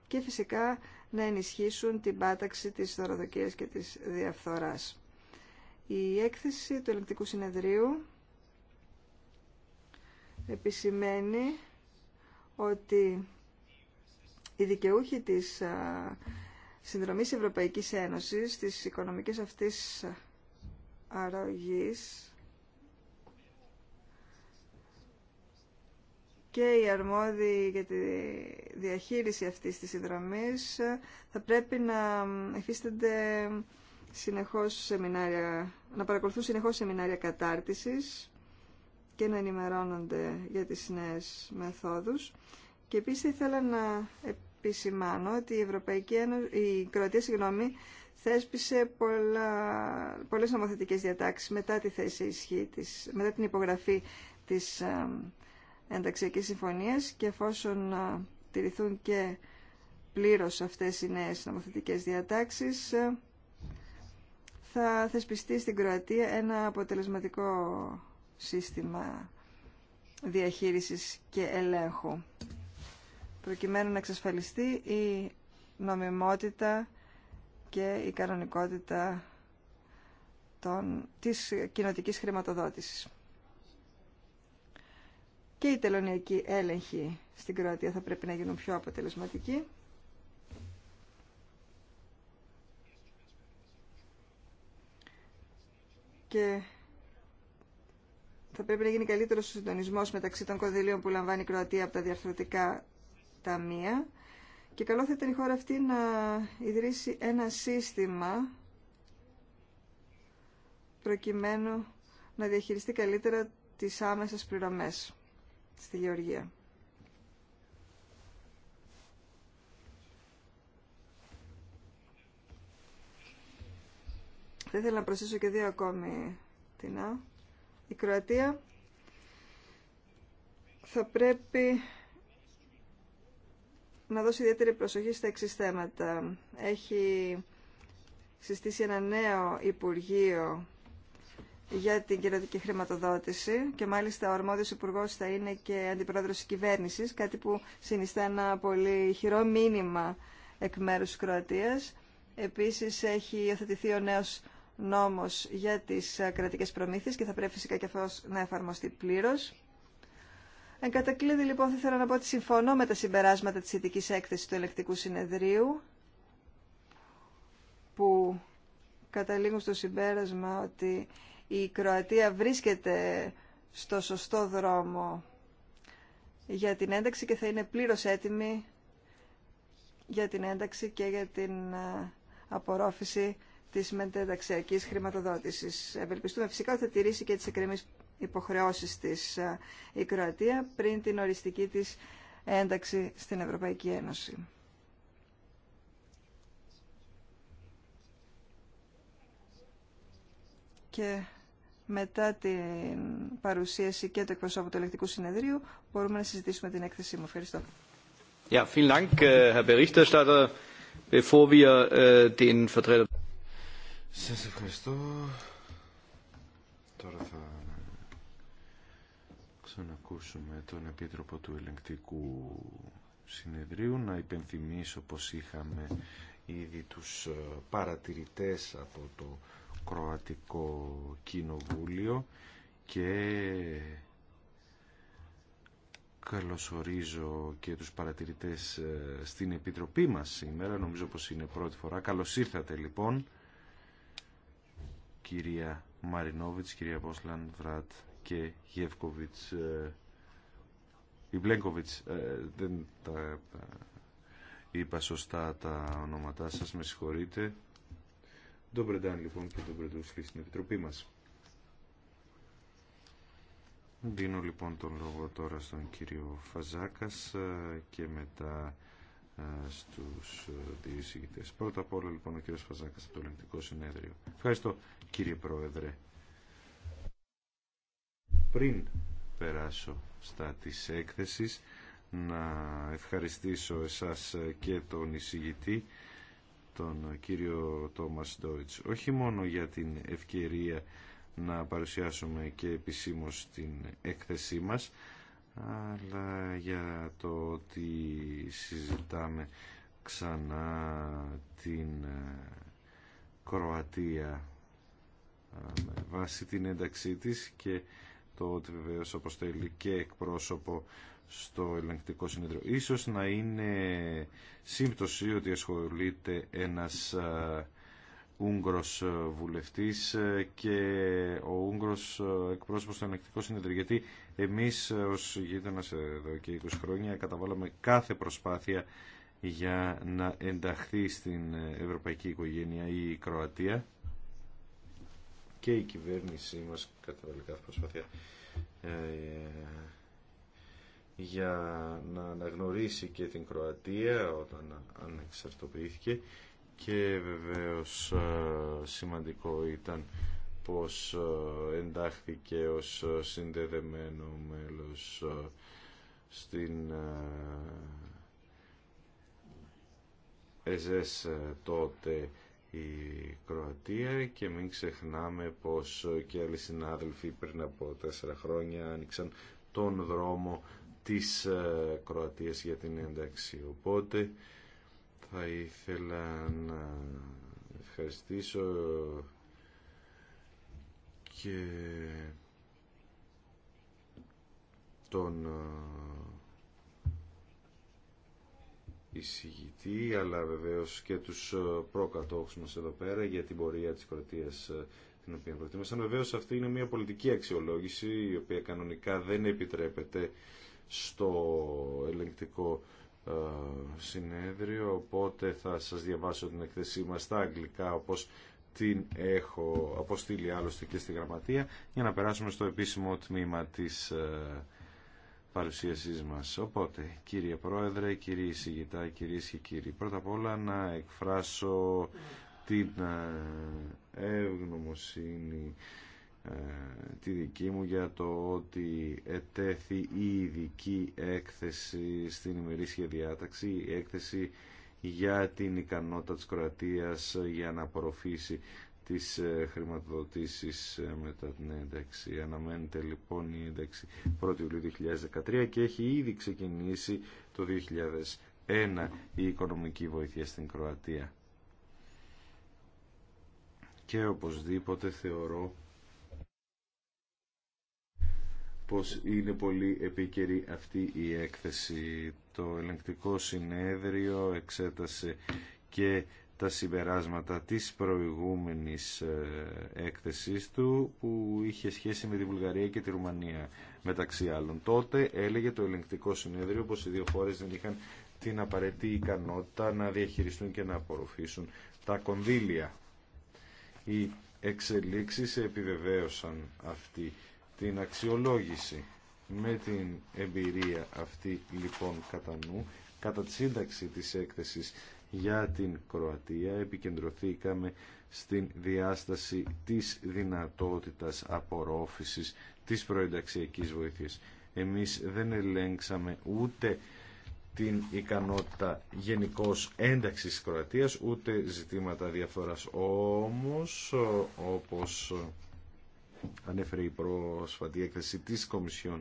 και φυσικά να ενισχύσουν την πάταξη της δωροδοκίας και της διαφθοράς. Η έκθεση του Ελληνικού Συνεδρίου επισημαίνει ότι οι δικαιούχοι της Συνδρομής Ευρωπαϊκής Ένωσης, της οικονομικής αυτής αρρωγής και οι αρμόδιοι για τη διαχείριση αυτής της συνδρομής θα πρέπει να εφίστανται συνεχώς σεμινάρια, να παρακολουθούν συνεχώς σεμινάρια κατάρτισης και να ενημερώνονται για τις νέες μεθόδους. Και επίσης ήθελα να επισημάνω ότι η, Ευρωπαϊκή η Κροατία συγγνώμη, θέσπισε πολλά, πολλές νομοθετικές διατάξεις μετά, τη θέση ισχύ της, μετά την υπογραφή της ε, ενταξιακής συμφωνίας και εφόσον ε, τηρηθούν και πλήρως αυτές οι νέες νομοθετικές διατάξεις ε, θα θεσπιστεί στην Κροατία ένα αποτελεσματικό σύστημα διαχείρισης και ελέγχου προκειμένου να εξασφαλιστεί η νομιμότητα και η κανονικότητα των, της κοινοτικής χρηματοδότησης. Και η τελωνιακή έλεγχη στην Κροατία θα πρέπει να γίνουν πιο αποτελεσματική. Και θα πρέπει να γίνει καλύτερο ο συντονισμό μεταξύ των κονδυλίων που λαμβάνει η Κροατία από τα διαρθρωτικά ταμεία. Και καλό θα ήταν η χώρα αυτή να ιδρύσει ένα σύστημα προκειμένου να διαχειριστεί καλύτερα τις άμεσες πληρωμές στη Γεωργία. Θα ήθελα να προσθέσω και δύο ακόμη τινά η Κροατία θα πρέπει να δώσει ιδιαίτερη προσοχή στα εξής θέματα. Έχει συστήσει ένα νέο Υπουργείο για την κοινωνική χρηματοδότηση και μάλιστα ο αρμόδιος υπουργό θα είναι και αντιπρόεδρος της κυβέρνησης, κάτι που συνιστά ένα πολύ χειρό μήνυμα εκ μέρους της Κροατίας. Επίσης έχει υιοθετηθεί ο νέος νόμος για τις ε, κρατικές προμήθειες και θα πρέπει φυσικά και αυτός να εφαρμοστεί πλήρως. Εν κατακλείδη λοιπόν θα ήθελα να πω ότι συμφωνώ με τα συμπεράσματα της ειδική έκθεσης του ελεκτικού συνεδρίου που καταλήγουν στο συμπέρασμα ότι η Κροατία βρίσκεται στο σωστό δρόμο για την ένταξη και θα είναι πλήρως έτοιμη για την ένταξη και για την ε, απορρόφηση Τη μεταξιακής χρηματοδότησης. Ευελπιστούμε φυσικά ότι θα τηρήσει και τι εκκρεμεί υποχρεώσεις της ε, η Κροατία πριν την οριστική της ένταξη στην Ευρωπαϊκή Ένωση. Και μετά την παρουσίαση και του εκπροσώπου του Ελεκτικού Συνεδρίου μπορούμε να συζητήσουμε την έκθεσή μου. Ευχαριστώ. Ja, vielen Dank, äh, Herr Berichterstatter. Bevor wir äh, den Vertreter σας ευχαριστώ. Τώρα θα ξανακούσουμε τον Επίτροπο του Ελεγκτικού Συνεδρίου να υπενθυμίσω πως είχαμε ήδη τους ε, παρατηρητές από το Κροατικό Κοινοβούλιο και καλωσορίζω και τους παρατηρητές ε, στην Επιτροπή μας σήμερα νομίζω πως είναι πρώτη φορά καλώς ήρθατε λοιπόν κυρία Μαρινόβιτς, κυρία Πόσλαν Βράτ και Γεύκοβιτς ε, η Μπλέγκοβιτς ε, δεν τα είπα σωστά τα ονόματά σας, με συγχωρείτε τον Πρεντάν λοιπόν και τον Πρεντούσλη στην Επιτροπή μας Δίνω λοιπόν τον λόγο τώρα στον κύριο Φαζάκας ε, και μετά στους ε, δύο Πρώτα απ' όλα λοιπόν ο κύριος Φαζάκας από το Ελληνικό Συνέδριο. Ευχαριστώ κύριε Πρόεδρε. Πριν περάσω στα της έκθεσης να ευχαριστήσω εσάς και τον εισηγητή τον κύριο Τόμας Ντόιτς όχι μόνο για την ευκαιρία να παρουσιάσουμε και επισήμως την έκθεσή μας αλλά για το ότι συζητάμε ξανά την ε, Κροατία ε, με βάση την ένταξή της και το ότι βεβαίω αποστελεί και εκπρόσωπο στο ελεγκτικό συνέδριο. Ίσως να είναι σύμπτωση ότι ασχολείται ένας ε, Ούγγρος ε, βουλευτής ε, και ο Ούγγρος ε, εκπρόσωπος του Ανακτικού Συνεδρίου. Γιατί εμείς ως γείτονας εδώ και 20 χρόνια καταβάλαμε κάθε προσπάθεια για να ενταχθεί στην ευρωπαϊκή οικογένεια η Κροατία και η κυβέρνησή μας καταβάλει κάθε προσπάθεια για να αναγνωρίσει και την Κροατία όταν ανεξαρτοποιήθηκε και βεβαίως ε, σημαντικό ήταν πως ε, εντάχθηκε ως ε, συνδεδεμένο μέλος στην ΕΖΕΣ τότε η Κροατία και μην ξεχνάμε πως και άλλοι συνάδελφοι πριν από τέσσερα χρόνια άνοιξαν τον δρόμο της Κροατίας για την ένταξη. Οπότε θα ήθελα να ευχαριστήσω και τον ε, εισηγητή αλλά βεβαίως και τους ε, προκατόχους μας εδώ πέρα για την πορεία της Κροατίας ε, την οποία προτίμασαν. Βεβαίως αυτή είναι μια πολιτική αξιολόγηση η οποία κανονικά δεν επιτρέπεται στο ελεγκτικό ε, συνέδριο, οπότε θα σας διαβάσω την εκθεσή μας στα αγγλικά όπως την έχω αποστείλει άλλωστε και στη γραμματεία για να περάσουμε στο επίσημο τμήμα της ε, παρουσίασής μας. Οπότε, κύριε Πρόεδρε, κύριε συγητά, κύριε και κύριοι, πρώτα απ' όλα να εκφράσω την ε, ευγνωμοσύνη ε, τη δική μου για το ότι ετέθη η ειδική έκθεση στην ημερήσια διάταξη, η έκθεση για την ικανότητα της Κροατίας για να απορροφήσει τις ε, χρηματοδοτήσεις ε, μετά την ένταξη. Αναμένεται λοιπόν η ένταξη 1η Ιουλίου 2013 και έχει ήδη ξεκινήσει το 2001 η οικονομική βοήθεια στην Κροατία. Και οπωσδήποτε θεωρώ πως είναι πολύ επίκαιρη αυτή η έκθεση. Το ελεγκτικό συνέδριο εξέτασε και τα συμπεράσματα της προηγούμενης ε, έκθεσης του που είχε σχέση με τη Βουλγαρία και τη Ρουμανία μεταξύ άλλων. Τότε έλεγε το ελεγκτικό συνέδριο πως οι δύο χώρες δεν είχαν την απαραίτητη ικανότητα να διαχειριστούν και να απορροφήσουν τα κονδύλια. Οι εξελίξεις επιβεβαίωσαν αυτή την αξιολόγηση. Με την εμπειρία αυτή λοιπόν κατά νου, κατά τη σύνταξη της έκθεσης για την Κροατία επικεντρωθήκαμε στην διάσταση της δυνατότητας απορρόφησης της προενταξιακής βοήθειας. Εμείς δεν ελέγξαμε ούτε την ικανότητα γενικώ ένταξης της Κροατίας, ούτε ζητήματα διαφοράς. Όμως, όπως ανέφερε η πρόσφατη έκθεση της Κομισιόν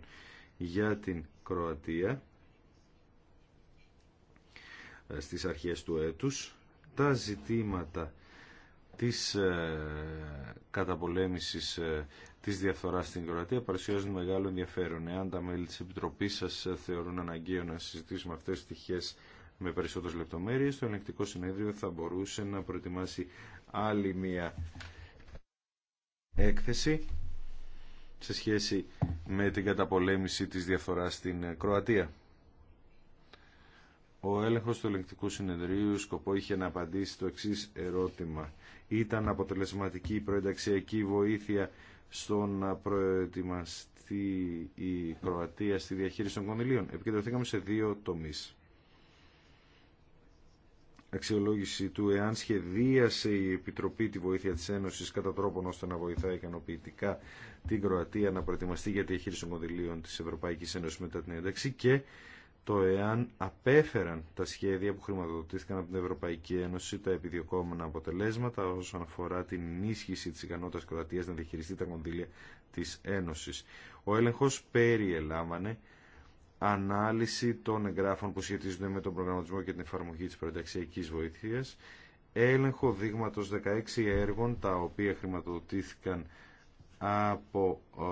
για την Κροατία ε, στις αρχές του έτους. Τα ζητήματα της ε, καταπολέμησης ε, της διαφθοράς στην Κροατία παρουσιάζουν μεγάλο ενδιαφέρον. Εάν τα μέλη της Επιτροπής σας θεωρούν αναγκαίο να συζητήσουμε αυτές τις στοιχές με περισσότερες λεπτομέρειες, το ελεγκτικό συνέδριο θα μπορούσε να προετοιμάσει άλλη μία έκθεση σε σχέση με την καταπολέμηση της διαφθοράς στην ε, Κροατία. Ο έλεγχος του ελεγκτικού συνεδρίου σκοπό είχε να απαντήσει το εξής ερώτημα. Ήταν αποτελεσματική η προενταξιακή βοήθεια στο να προετοιμαστεί η Κροατία στη διαχείριση των κονδυλίων. Επικεντρωθήκαμε σε δύο τομείς αξιολόγηση του εάν σχεδίασε η Επιτροπή τη βοήθεια της Ένωσης κατά τρόπον ώστε να βοηθάει ικανοποιητικά την Κροατία να προετοιμαστεί για τη διαχείριση κονδυλίων της Ευρωπαϊκής Ένωσης μετά την ένταξη και το εάν απέφεραν τα σχέδια που χρηματοδοτήθηκαν από την Ευρωπαϊκή Ένωση τα επιδιωκόμενα αποτελέσματα όσον αφορά την ενίσχυση της ικανότητας Κροατίας να διαχειριστεί τα κονδύλια της Ένωση. Ο έλεγχο περιελάμβανε ανάλυση των εγγράφων που σχετίζονται με τον προγραμματισμό και την εφαρμογή της πρωταξιακής βοήθειας, έλεγχο δείγματος 16 έργων τα οποία χρηματοδοτήθηκαν από ε,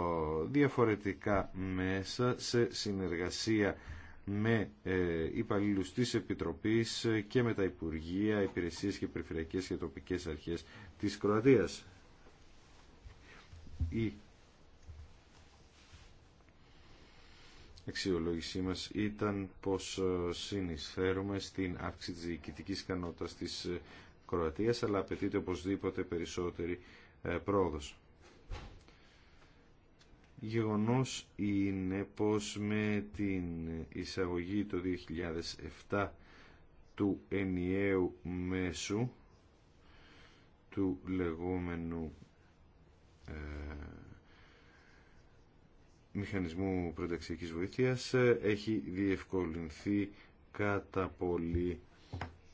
διαφορετικά μέσα σε συνεργασία με ε, υπαλλήλους της Επιτροπής και με τα Υπουργεία, Υπηρεσίες και Περιφερειακές και Τοπικές Αρχές της Κροατίας. αξιολόγησή μας ήταν πως ε, συνεισφέρουμε στην αύξηση της διοικητικής ικανότητας της ε, Κροατίας, αλλά απαιτείται οπωσδήποτε περισσότερη ε, πρόοδος. Γεγονός είναι πως με την εισαγωγή το 2007 του ενιαίου μέσου του λεγόμενου μηχανισμού πρωταξιακής βοήθειας ε, έχει διευκολυνθεί κατά πολύ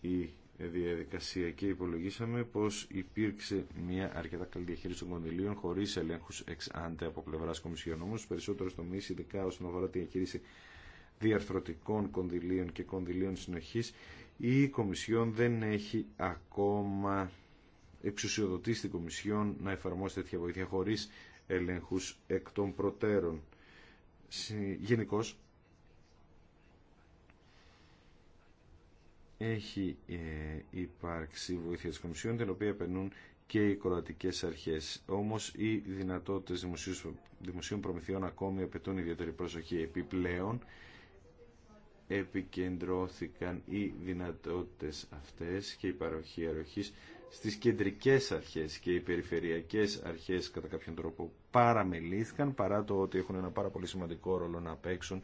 η διαδικασία και υπολογίσαμε πως υπήρξε μια αρκετά καλή διαχείριση των κονδυλίων χωρίς ελέγχους εξ άντε από πλευράς κομισιών όμως περισσότερο στο μης ειδικά όσον αφορά τη διαχείριση διαρθρωτικών κονδυλίων και κονδυλίων συνοχής η Κομισιόν δεν έχει ακόμα εξουσιοδοτήσει την Κομισιόν να εφαρμόσει τέτοια βοήθεια χωρίς ελέγχους εκ των προτέρων γενικώ έχει ε, υπάρξει βοήθεια της Κομισιόν, την οποία περνούν και οι κροατικές αρχές. Όμως οι δυνατότητες δημοσίων προμηθειών ακόμη απαιτούν ιδιαίτερη προσοχή. Επιπλέον επικεντρώθηκαν οι δυνατότητες αυτές και η παροχή αρχής στις κεντρικές αρχές και οι περιφερειακές αρχές κατά κάποιον τρόπο παραμελήθηκαν παρά το ότι έχουν ένα πάρα πολύ σημαντικό ρόλο να παίξουν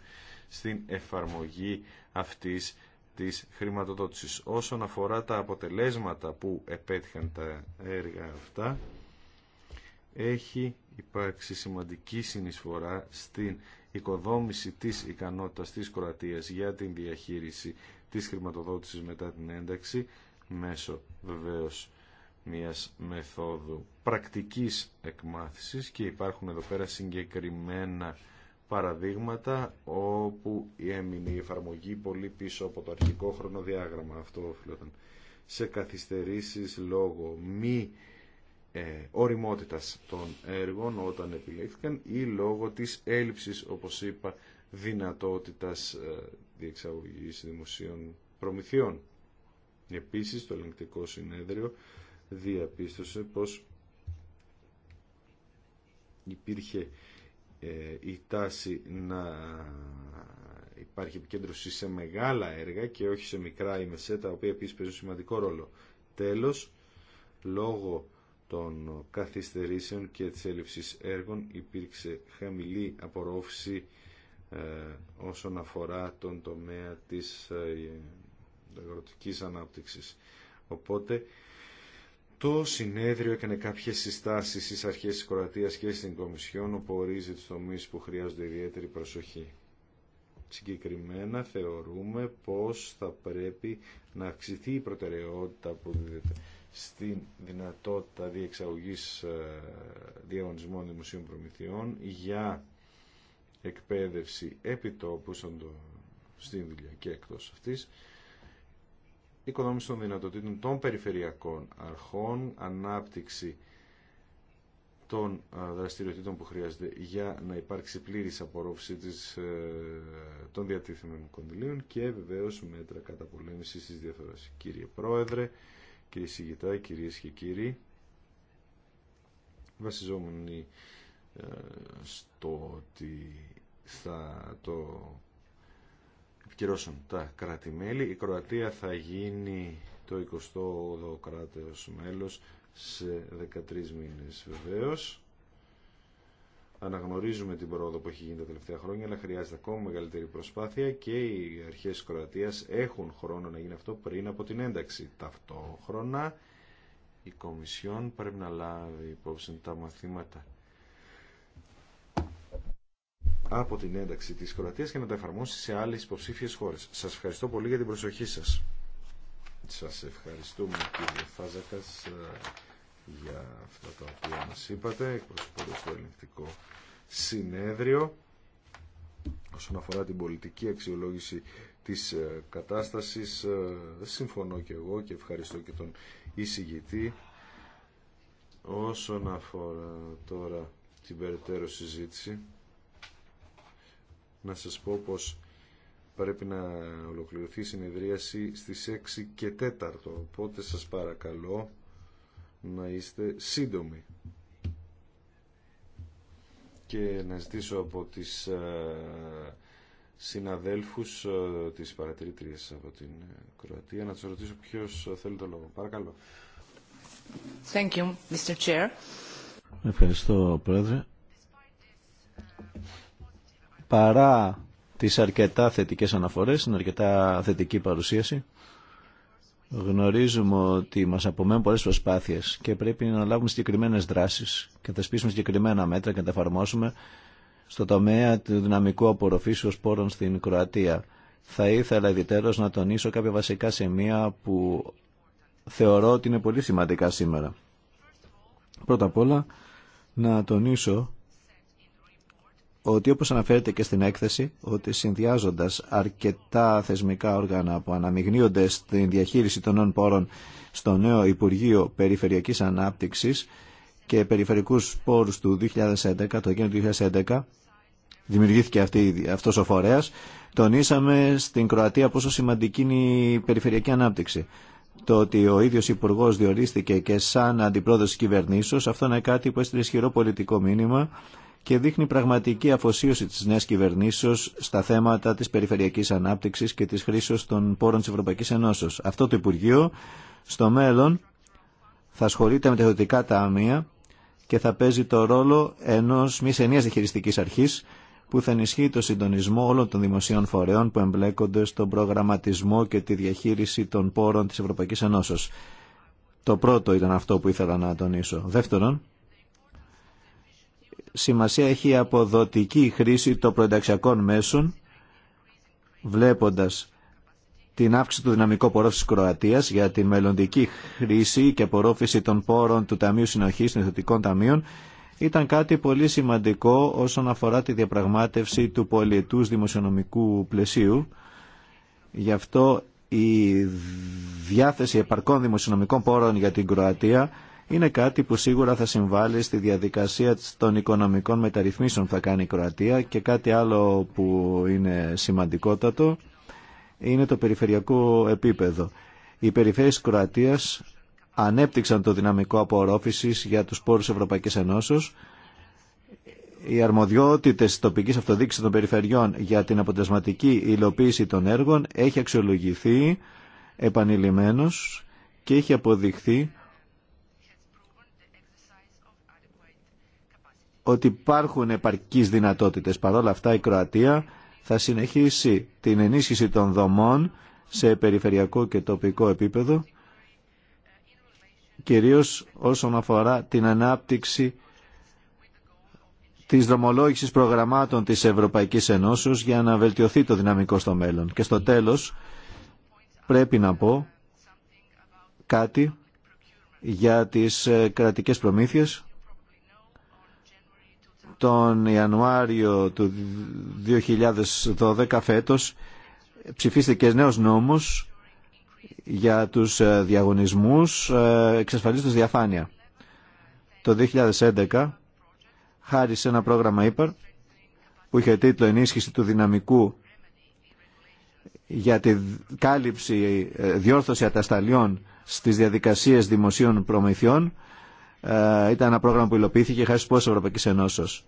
στην εφαρμογή αυτής της χρηματοδότησης. Όσον αφορά τα αποτελέσματα που επέτυχαν τα έργα αυτά, έχει υπάρξει σημαντική συνεισφορά στην οικοδόμηση της ικανότητας της Κροατίας για την διαχείριση της χρηματοδότησης μετά την ένταξη μέσω βεβαίως μιας μεθόδου πρακτικής εκμάθησης και υπάρχουν εδώ πέρα συγκεκριμένα παραδείγματα όπου έμεινε η εφαρμογή πολύ πίσω από το αρχικό χρονοδιάγραμμα. Αυτό οφείλονταν σε καθυστερήσεις λόγω μη ε, οριμότητας των έργων όταν επιλέχθηκαν ή λόγω της έλλειψης, όπως είπα, δυνατότητας ε, διεξαγωγής δημοσίων προμηθειών. Επίσης, το ελεγκτικό συνέδριο διαπίστωσε πως υπήρχε ε, η τάση να υπάρχει επικέντρωση σε μεγάλα έργα και όχι σε μικρά ή μεσέ, τα οποία επίσης παίζουν σημαντικό ρόλο. Τέλος, λόγω των καθυστερήσεων και της έλλειψης έργων υπήρξε χαμηλή απορρόφηση ε, όσον αφορά τον τομέα της ε, αγροτικής ανάπτυξης. Οπότε το συνέδριο έκανε κάποιε συστάσει στι αρχέ τη Κροατία και στην Κομισιόν, όπου ορίζει του τομεί που χρειάζονται ιδιαίτερη προσοχή. Συγκεκριμένα θεωρούμε πως θα πρέπει να αυξηθεί η προτεραιότητα που δίδεται στην δυνατότητα διεξαγωγής ε, διαγωνισμών δημοσίων προμηθειών για εκπαίδευση επιτόπου στην δουλειά και εκτός αυτής οικοδόμηση των δυνατοτήτων των περιφερειακών αρχών, ανάπτυξη των ε, δραστηριοτήτων που χρειάζεται για να υπάρξει πλήρης απορρόφηση της, ε, των διατίθεμων κονδυλίων και βεβαίως μέτρα καταπολέμησης της διαφοράς. Κύριε Πρόεδρε, κύριε Σιγητά, κυρίες και κύριοι, βασιζόμενοι ε, στο ότι θα το επικυρώσουν τα κράτη-μέλη. Η Κροατία θα γίνει το 28ο κράτος μέλος σε 13 μήνες βεβαίως. Αναγνωρίζουμε την πρόοδο που έχει γίνει τα τελευταία χρόνια, αλλά χρειάζεται ακόμα μεγαλύτερη προσπάθεια και οι αρχές της Κροατίας έχουν χρόνο να γίνει αυτό πριν από την ένταξη. Ταυτόχρονα η Κομισιόν πρέπει να λάβει υπόψη τα μαθήματα από την ένταξη της Κροατίας και να τα εφαρμόσει σε άλλες υποψήφιες χώρες. Σας ευχαριστώ πολύ για την προσοχή σας. Σας ευχαριστούμε κύριε Φάζακας για αυτά τα οποία μας είπατε, εκπροσωπώντα το ελεγκτικό συνέδριο όσον αφορά την πολιτική αξιολόγηση της ε, κατάστασης ε, συμφωνώ και εγώ και ευχαριστώ και τον εισηγητή όσον αφορά τώρα την περαιτέρω συζήτηση να σας πω πως πρέπει να ολοκληρωθεί η συνεδρίαση στις 6 και 4 οπότε σας παρακαλώ να είστε σύντομοι και να ζητήσω από τις ε, συναδέλφους ε, της παρατηρήτριας από την ε, Κροατία να τους ρωτήσω ποιος θέλει το λόγο. Παρακαλώ. Thank you, Mr. Chair. Ευχαριστώ, Πρόεδρε παρά τις αρκετά θετικές αναφορές, την αρκετά θετική παρουσίαση. Γνωρίζουμε ότι μας απομένουν πολλές προσπάθειες και πρέπει να λάβουμε συγκεκριμένε δράσεις και να σπίσουμε συγκεκριμένα μέτρα και να τα εφαρμόσουμε στο τομέα του δυναμικού απορροφήσεως σπόρων στην Κροατία. Θα ήθελα ιδιαίτερως να τονίσω κάποια βασικά σημεία που θεωρώ ότι είναι πολύ σημαντικά σήμερα. Πρώτα απ' όλα να τονίσω ότι όπως αναφέρεται και στην έκθεση, ότι συνδυάζοντας αρκετά θεσμικά όργανα που αναμειγνύονται στην διαχείριση των νέων πόρων στο νέο Υπουργείο Περιφερειακής Ανάπτυξης και Περιφερειακούς Πόρους του 2011, το Εκείνο 2011, δημιουργήθηκε αυτή, αυτός ο φορέας, τονίσαμε στην Κροατία πόσο σημαντική είναι η περιφερειακή ανάπτυξη το ότι ο ίδιος υπουργό διορίστηκε και σαν αντιπρόεδρος τη κυβερνήσεως, αυτό είναι κάτι που έστειλε ισχυρό πολιτικό μήνυμα και δείχνει πραγματική αφοσίωση της νέας κυβερνήσεω στα θέματα της περιφερειακής ανάπτυξης και της χρήσης των πόρων τη ευρωπαϊκή Ενώσεω. Αυτό το Υπουργείο στο μέλλον θα ασχολείται με τα ιδιωτικά ταμεία και θα παίζει το ρόλο ενό μη ενία διαχειριστική αρχή που θα ενισχύει το συντονισμό όλων των δημοσίων φορέων που εμπλέκονται στον προγραμματισμό και τη διαχείριση των πόρων της Ευρωπαϊκής Ενώσεως. Το πρώτο ήταν αυτό που ήθελα να τονίσω. Δεύτερον, σημασία έχει η αποδοτική χρήση των προενταξιακών μέσων, βλέποντας την αύξηση του δυναμικού τη Κροατίας για τη μελλοντική χρήση και απορρόφηση των πόρων του Ταμείου Συνοχής των Ιδιωτικών Ταμείων ήταν κάτι πολύ σημαντικό όσον αφορά τη διαπραγμάτευση του πολιετούς δημοσιονομικού πλαισίου. Γι' αυτό η διάθεση επαρκών δημοσιονομικών πόρων για την Κροατία είναι κάτι που σίγουρα θα συμβάλλει στη διαδικασία των οικονομικών μεταρρυθμίσεων που θα κάνει η Κροατία και κάτι άλλο που είναι σημαντικότατο είναι το περιφερειακό επίπεδο. Οι περιφέρειες Κροατίας ανέπτυξαν το δυναμικό απορρόφησης για τους πόρους Ευρωπαϊκής Ενώσεως. Οι αρμοδιότητες τοπικής αυτοδίκησης των περιφερειών για την αποτελεσματική υλοποίηση των έργων έχει αξιολογηθεί επανειλημμένος και έχει αποδειχθεί ότι υπάρχουν επαρκείς δυνατότητες. Παρ' όλα αυτά η Κροατία θα συνεχίσει την ενίσχυση των δομών σε περιφερειακό και τοπικό επίπεδο κυρίως όσον αφορά την ανάπτυξη της δρομολόγησης προγραμμάτων της Ευρωπαϊκής Ενώσεως για να βελτιωθεί το δυναμικό στο μέλλον. Και στο τέλος πρέπει να πω κάτι για τις ε, κρατικές προμήθειες. Τον Ιανουάριο του 2012 φέτος ψηφίστηκε νέος νόμος για τους ε, διαγωνισμούς ε, εξασφαλίστως διαφάνεια. Το 2011 χάρισε ένα πρόγραμμα ΥΠΑΡ που είχε τίτλο «Ενίσχυση του δυναμικού για τη κάλυψη, ε, διόρθωση ατασταλιών στις διαδικασίες δημοσίων προμηθειών» ήταν ένα πρόγραμμα που υλοποιήθηκε χάρη στις πόσες Ευρωπαϊκής Ενώσεως.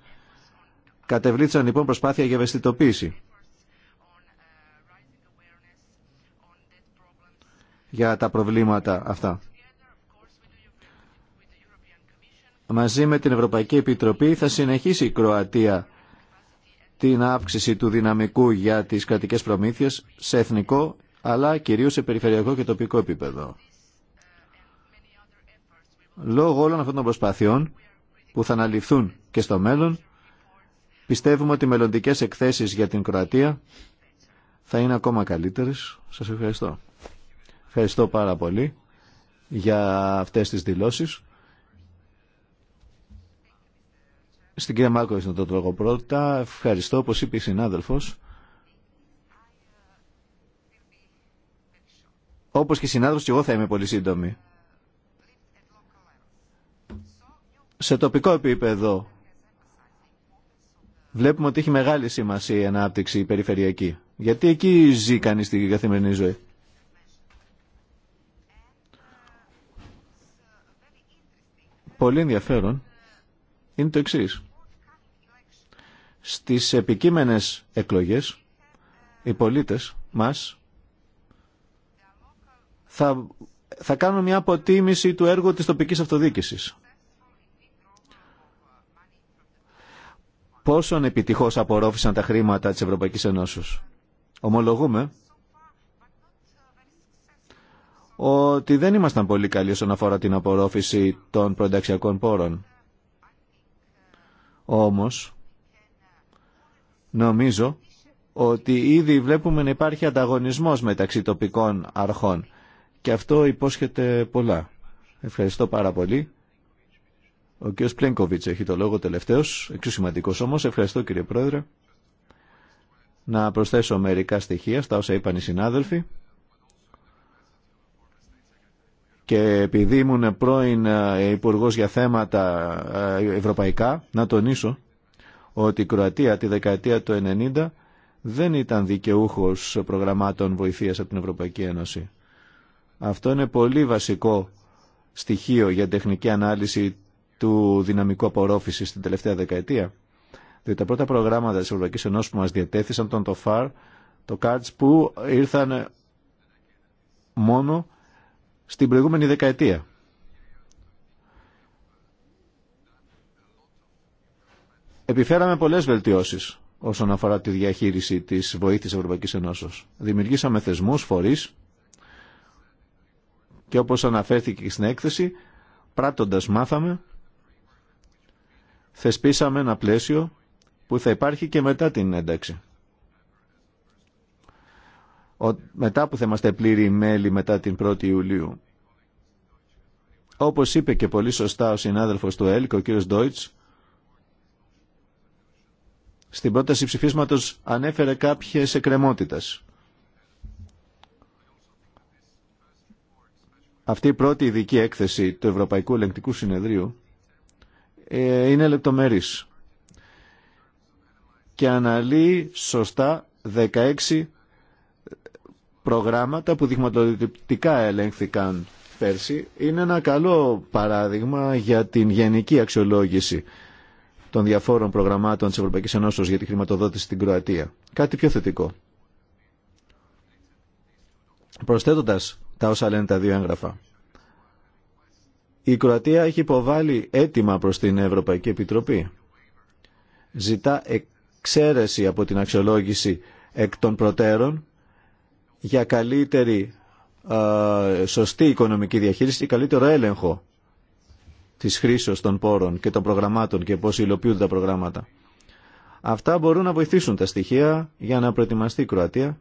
Κατεβλήθησαν λοιπόν προσπάθεια για ευαισθητοποίηση για τα προβλήματα αυτά. Μαζί με την Ευρωπαϊκή Επιτροπή θα συνεχίσει η Κροατία την αύξηση του δυναμικού για τις κρατικές προμήθειες σε εθνικό αλλά κυρίως σε περιφερειακό και τοπικό επίπεδο. Λόγω όλων αυτών των προσπαθειών που θα αναλυθούν και στο μέλλον, πιστεύουμε ότι οι μελλοντικές εκθέσεις για την Κροατία θα είναι ακόμα καλύτερες. Σας ευχαριστώ. Ευχαριστώ πάρα πολύ για αυτές τις δηλώσεις. Στην κυρία Μάκο να το τρώγω πρώτα. Ευχαριστώ, όπως είπε η συνάδελφος. Όπως και η συνάδελφος και εγώ θα είμαι πολύ σύντομη. Σε τοπικό επίπεδο βλέπουμε ότι έχει μεγάλη σημασία η ανάπτυξη η περιφερειακή. Γιατί εκεί ζει κανείς την καθημερινή ζωή. πολύ ενδιαφέρον είναι το εξής. Στις επικείμενες εκλογές οι πολίτες μας θα, θα κάνουν μια αποτίμηση του έργου της τοπικής αυτοδίκησης. Πόσον επιτυχώς απορρόφησαν τα χρήματα της Ευρωπαϊκής Ενώσης. Ομολογούμε ότι δεν ήμασταν πολύ καλοί όσον αφορά την απορρόφηση των προενταξιακών πόρων. Όμως, νομίζω ότι ήδη βλέπουμε να υπάρχει ανταγωνισμός μεταξύ τοπικών αρχών και αυτό υπόσχεται πολλά. Ευχαριστώ πάρα πολύ. Ο κ. Πλένκοβιτς έχει το λόγο τελευταίος, εξού όμως. Ευχαριστώ κύριε Πρόεδρε. Να προσθέσω μερικά στοιχεία στα όσα είπαν οι συνάδελφοι και επειδή ήμουν πρώην ε, υπουργό για θέματα ε, ευρωπαϊκά, να τονίσω ότι η Κροατία τη δεκαετία του 90 δεν ήταν δικαιούχος προγραμμάτων βοηθείας από την Ευρωπαϊκή Ένωση. Αυτό είναι πολύ βασικό στοιχείο για τεχνική ανάλυση του δυναμικού απορρόφησης την τελευταία δεκαετία. Διότι τα πρώτα προγράμματα της Ευρωπαϊκής Ένωσης που μας διατέθησαν ήταν το FAR, το CARDS που ήρθαν μόνο στην προηγούμενη δεκαετία. Επιφέραμε πολλές βελτιώσεις όσον αφορά τη διαχείριση της βοήθειας Ευρωπαϊκής Ενώσεως. Δημιουργήσαμε θεσμούς, φορείς και όπως αναφέρθηκε και στην έκθεση, πράττοντας μάθαμε, θεσπίσαμε ένα πλαίσιο που θα υπάρχει και μετά την ένταξη μετά που θα είμαστε πλήρη μέλη μετά την 1η Ιουλίου. Όπως είπε και πολύ σωστά ο συνάδελφος του ΕΛΚ, ο κύριος Ντόιτς, στην πρόταση ψηφίσματος ανέφερε κάποιες εκκρεμότητες. Αυτή η πρώτη ειδική έκθεση του Ευρωπαϊκού Ελεγκτικού Συνεδρίου ε, είναι λεπτομερής και αναλύει σωστά 16 προγράμματα που δειγματοδοτικά ελέγχθηκαν πέρσι είναι ένα καλό παράδειγμα για την γενική αξιολόγηση των διαφόρων προγραμμάτων της Ευρωπαϊκής Ενώσεως για τη χρηματοδότηση στην Κροατία. Κάτι πιο θετικό. Προσθέτοντας τα όσα λένε τα δύο έγγραφα. Η Κροατία έχει υποβάλει αίτημα προς την Ευρωπαϊκή Επιτροπή. Ζητά εξαίρεση από την αξιολόγηση εκ των προτέρων για καλύτερη σωστή οικονομική διαχείριση και καλύτερο έλεγχο της χρήσεως των πόρων και των προγραμμάτων και πώς υλοποιούνται τα προγράμματα. Αυτά μπορούν να βοηθήσουν τα στοιχεία για να προετοιμαστεί η Κροατία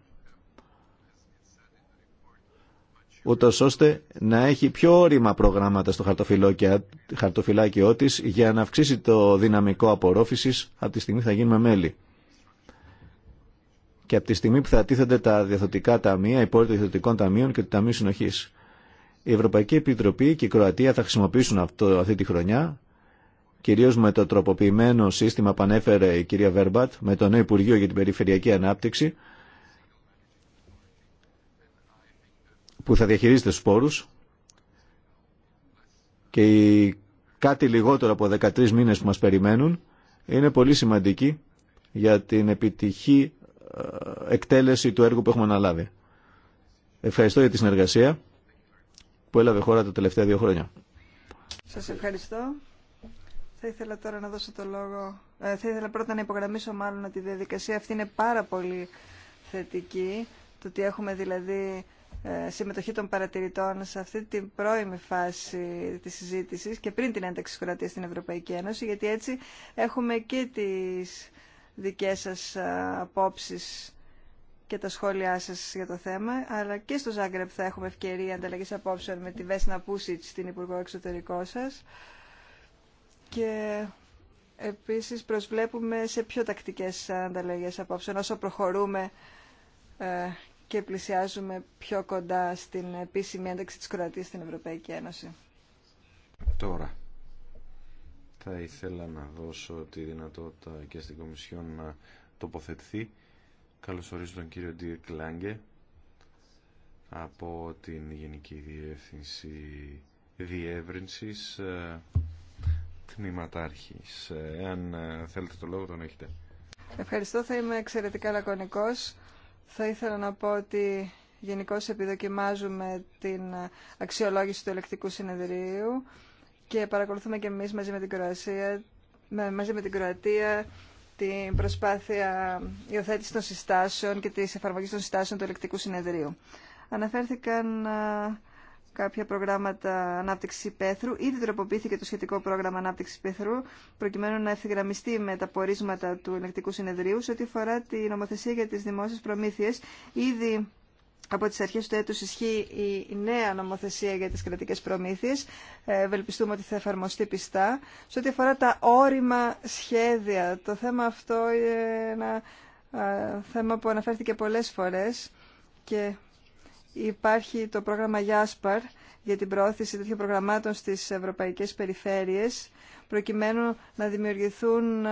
ούτω ώστε να έχει πιο όρημα προγράμματα στο χαρτοφυλάκιό της για να αυξήσει το δυναμικό απορρόφησης από τη στιγμή θα γίνουμε μέλη και από τη στιγμή που θα τίθενται τα διαθωτικά ταμεία, η πόροι των διαθωτικών ταμείων και του Ταμείου Συνοχή. Η Ευρωπαϊκή Επιτροπή και η Κροατία θα χρησιμοποιήσουν αυτό, αυτή τη χρονιά, κυρίω με το τροποποιημένο σύστημα που ανέφερε η κυρία Βέρμπατ, με το νέο Υπουργείο για την Περιφερειακή Ανάπτυξη, που θα διαχειρίζεται στου πόρου. Και κάτι λιγότερο από 13 μήνες που μας περιμένουν είναι πολύ σημαντική για την επιτυχή ε, εκτέλεση του έργου που έχουμε αναλάβει. Ευχαριστώ για τη συνεργασία που έλαβε χώρα τα τελευταία δύο χρόνια. Σας ευχαριστώ. Θα ήθελα τώρα να δώσω το λόγο. Ε, θα ήθελα πρώτα να υπογραμμίσω μάλλον ότι η διαδικασία αυτή είναι πάρα πολύ θετική. Το ότι έχουμε δηλαδή ε, συμμετοχή των παρατηρητών σε αυτή την πρώιμη φάση της συζήτησης και πριν την ένταξη της στην Ευρωπαϊκή Ένωση, γιατί έτσι έχουμε και τις δικές σας ε, απόψεις και τα σχόλιά σας για το θέμα, αλλά και στο Ζάγκρεπ θα έχουμε ευκαιρία ανταλλαγής απόψεων με τη Βέσνα Πούσιτς, την Υπουργό Εξωτερικό σας. Και επίσης προσβλέπουμε σε πιο τακτικές ανταλλαγές απόψεων όσο προχωρούμε ε, και πλησιάζουμε πιο κοντά στην επίσημη ένταξη της Κροατίας στην Ευρωπαϊκή Ένωση. Τώρα, θα ήθελα να δώσω τη δυνατότητα και στην Κομισιόν να τοποθετηθεί. Καλωσορίζω τον κύριο Ντύρ Κλάγκε από την Γενική Διεύθυνση Διεύρυνσης ε, Τμήματάρχης. Ε, εάν ε, θέλετε το λόγο τον έχετε. Ευχαριστώ, θα είμαι εξαιρετικά λακωνικός. Θα ήθελα να πω ότι γενικώ επιδοκιμάζουμε την αξιολόγηση του ελεκτικού συνεδρίου και παρακολουθούμε και εμείς μαζί με την Κροασία, μαζί με την Κροατία την προσπάθεια υιοθέτηση των συστάσεων και της εφαρμογής των συστάσεων του ελεκτικού συνεδρίου. Αναφέρθηκαν κάποια προγράμματα ανάπτυξη πέθρου. Ήδη τροποποιήθηκε το σχετικό πρόγραμμα ανάπτυξη πέθρου προκειμένου να ευθυγραμμιστεί με τα πορίσματα του ελεκτικού συνεδρίου σε ό,τι αφορά τη νομοθεσία για τι δημόσιε προμήθειε. Ήδη από τις αρχές του έτους ισχύει η νέα νομοθεσία για τις κρατικές προμήθειες. Ε, ευελπιστούμε ότι θα εφαρμοστεί πιστά. Σε ό,τι αφορά τα όρημα σχέδια, το θέμα αυτό είναι ένα ε, θέμα που αναφέρθηκε πολλές φορές και υπάρχει το πρόγραμμα Γιάσπαρ για την προώθηση τέτοιων προγραμμάτων στις ευρωπαϊκές περιφέρειες προκειμένου να δημιουργηθούν ε,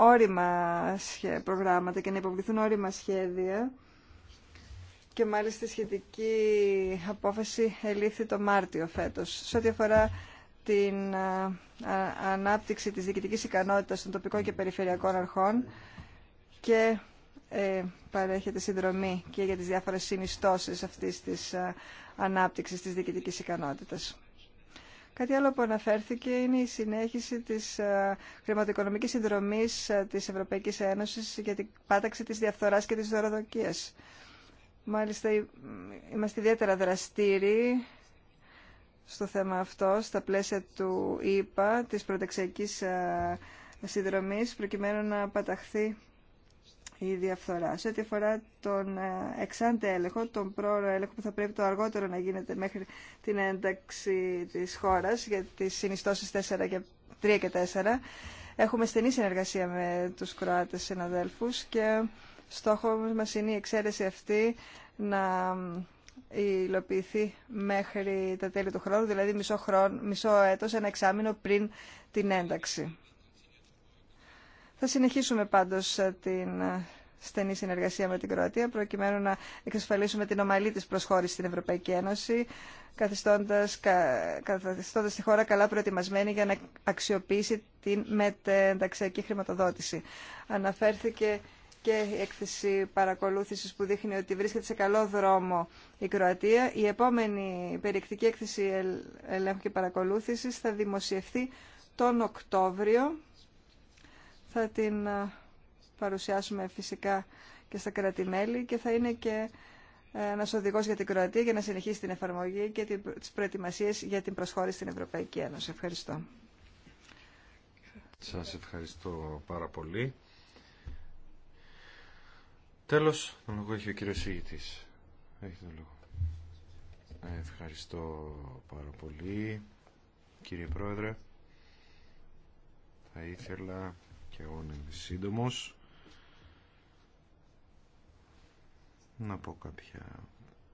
όρημα προγράμματα και να υποβληθούν όρημα σχέδια και μάλιστα η σχετική απόφαση ελήφθη το Μάρτιο φέτος. Σε ό,τι αφορά την ανάπτυξη της διοικητικής ικανότητας των τοπικών και περιφερειακών αρχών και ε, παρέχεται συνδρομή και για τις διάφορες συνιστώσεις αυτής της ανάπτυξης της διοικητικής ικανότητας. Κάτι άλλο που αναφέρθηκε είναι η συνέχιση της χρηματοοικονομικής συνδρομής της Ευρωπαϊκής Ένωσης για την πάταξη της διαφθοράς και της δωροδοκίας. Μάλιστα είμαστε ιδιαίτερα δραστήριοι στο θέμα αυτό, στα πλαίσια του ΙΠΑ, της προτεξιακής συνδρομής, προκειμένου να παταχθεί η διαφθορά. Σε ό,τι αφορά τον εξάντε έλεγχο, τον πρόωρο έλεγχο που θα πρέπει το αργότερο να γίνεται μέχρι την ένταξη της χώρας για τις συνιστώσεις 4 και 3 και 4, έχουμε στενή συνεργασία με τους Κροάτες συναδέλφους Στόχο μας είναι η εξαίρεση αυτή να υλοποιηθεί μέχρι τα τέλη του χρόνου, δηλαδή μισό, χρόνο, μισό έτος, ένα εξάμεινο πριν την ένταξη. Θα συνεχίσουμε πάντως την στενή συνεργασία με την Κροατία προκειμένου να εξασφαλίσουμε την ομαλή της προσχώρηση στην Ευρωπαϊκή Ένωση καθιστώντας, καθιστώντας τη χώρα καλά προετοιμασμένη για να αξιοποιήσει την μετενταξιακή χρηματοδότηση. Αναφέρθηκε και η έκθεση παρακολούθησης που δείχνει ότι βρίσκεται σε καλό δρόμο η Κροατία. Η επόμενη περιεκτική έκθεση ελέγχου και παρακολούθησης θα δημοσιευθεί τον Οκτώβριο. Θα την ε, παρουσιάσουμε φυσικά και στα κρατημέλη και θα είναι και ένα οδηγό για την Κροατία για να συνεχίσει την εφαρμογή και τι προετοιμασίε για την προσχώρηση στην Ευρωπαϊκή Ένωση. Ευχαριστώ. Σας ευχαριστώ πάρα πολύ. Τέλος, τον λόγο έχει ο κύριος Σίγητης. Έχει τον λόγο. Ε, ευχαριστώ πάρα πολύ, κύριε Πρόεδρε. Θα ήθελα και εγώ να είμαι Να πω κάποια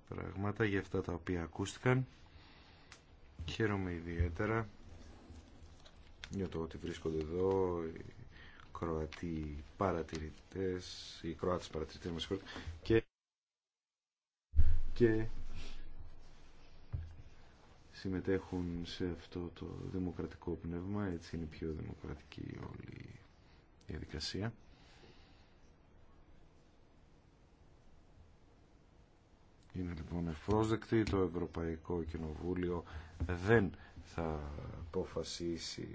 πράγματα για αυτά τα οποία ακούστηκαν. Χαίρομαι ιδιαίτερα για το ότι βρίσκονται εδώ Κροατοί παρατηρητές, οι Κροατοί παρατηρητές μας και, και συμμετέχουν σε αυτό το δημοκρατικό πνεύμα, έτσι είναι πιο δημοκρατική όλη η διαδικασία. Είναι λοιπόν ευπρόσδεκτη, το Ευρωπαϊκό Κοινοβούλιο δεν θα αποφασίσει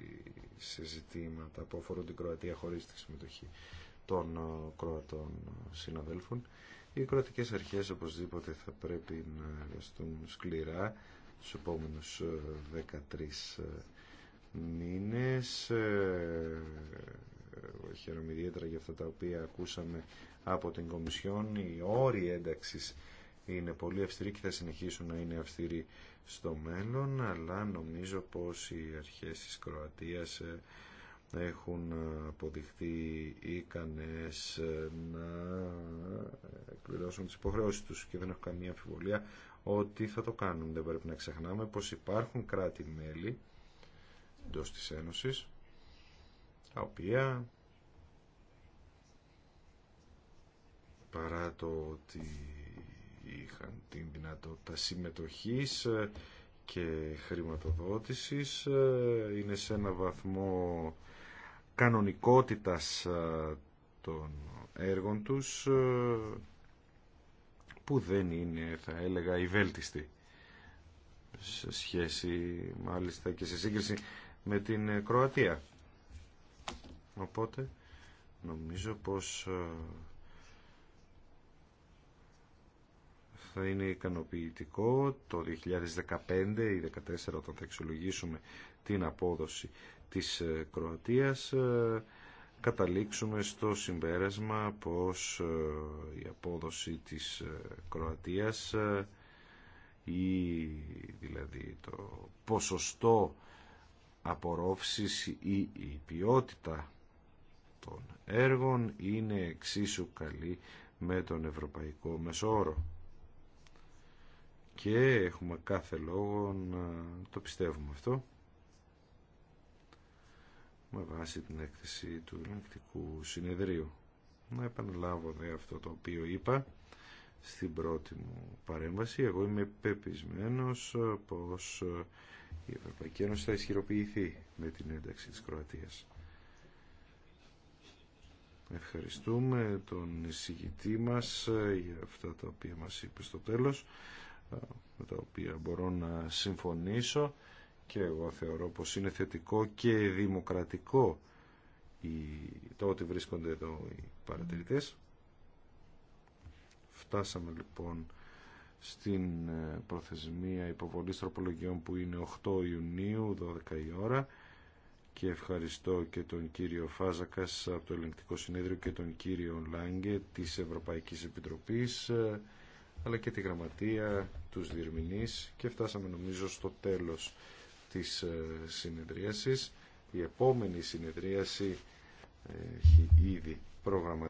σε ζητήματα που αφορούν την Κροατία χωρίς τη συμμετοχή των ε, Κροατών συναδέλφων. Οι κροατικές αρχές οπωσδήποτε θα πρέπει να εργαστούν σκληρά τους επόμενους 13 ε, ε, μήνες. Χαίρομαι ιδιαίτερα για αυτά τα οποία ακούσαμε από την Κομισιόν. Οι όροι ένταξης είναι πολύ αυστηροί και θα συνεχίσουν να είναι αυστηροί στο μέλλον, αλλά νομίζω πως οι αρχές της Κροατίας ε, έχουν ε, αποδειχθεί ικανές ε, να εκπληρώσουν τις υποχρεώσεις τους και δεν έχω καμία αμφιβολία ότι θα το κάνουν. Δεν πρέπει να ξεχνάμε πως υπάρχουν κράτη-μέλη εντό της Ένωσης τα οποία παρά το ότι είχαν την δυνατότητα συμμετοχής ε, και χρηματοδότησης ε, είναι σε ένα βαθμό κανονικότητας ε, των έργων τους που δεν είναι θα έλεγα η βέλτιστη σε σχέση μάλιστα και σε σύγκριση με την Κροατία οπότε νομίζω πως είναι ικανοποιητικό το 2015 ή 2014 όταν θα εξολογήσουμε την απόδοση της ε, Κροατίας ε, καταλήξουμε στο συμπέρασμα πως ε, η απόδοση της Κροατίας ή δηλαδή το ποσοστό απορρόφησης ή η ποιότητα των έργων είναι εξίσου καλή με τον Ευρωπαϊκό Μεσόρο και έχουμε κάθε λόγο να το πιστεύουμε αυτό με βάση την έκθεση του Ελληνικτικού συνεδρίου. Να επαναλάβω δε αυτό το οποίο είπα στην πρώτη μου παρέμβαση. Εγώ είμαι πεπισμένος πως η Ευρωπαϊκή Ένωση θα ισχυροποιηθεί με την ένταξη της Κροατίας. Ευχαριστούμε τον εισηγητή μας για αυτά τα οποία μας είπε στο τέλος με τα οποία μπορώ να συμφωνήσω και εγώ θεωρώ πως είναι θετικό και δημοκρατικό το ότι βρίσκονται εδώ οι παρατηρητές. Φτάσαμε λοιπόν στην ε, προθεσμία υποβολής τροπολογιών που είναι 8 Ιουνίου, 12 η ώρα και ευχαριστώ και τον κύριο Φάζακας από το Ελεγκτικό Συνέδριο και τον κύριο Λάγκε της Ευρωπαϊκής Επιτροπής ε, αλλά και τη γραμματεία, τους διερμηνείς και φτάσαμε νομίζω στο τέλος της ε, συνεδρίασης. Η επόμενη συνεδρίαση ε, έχει ήδη προγραμματιστεί.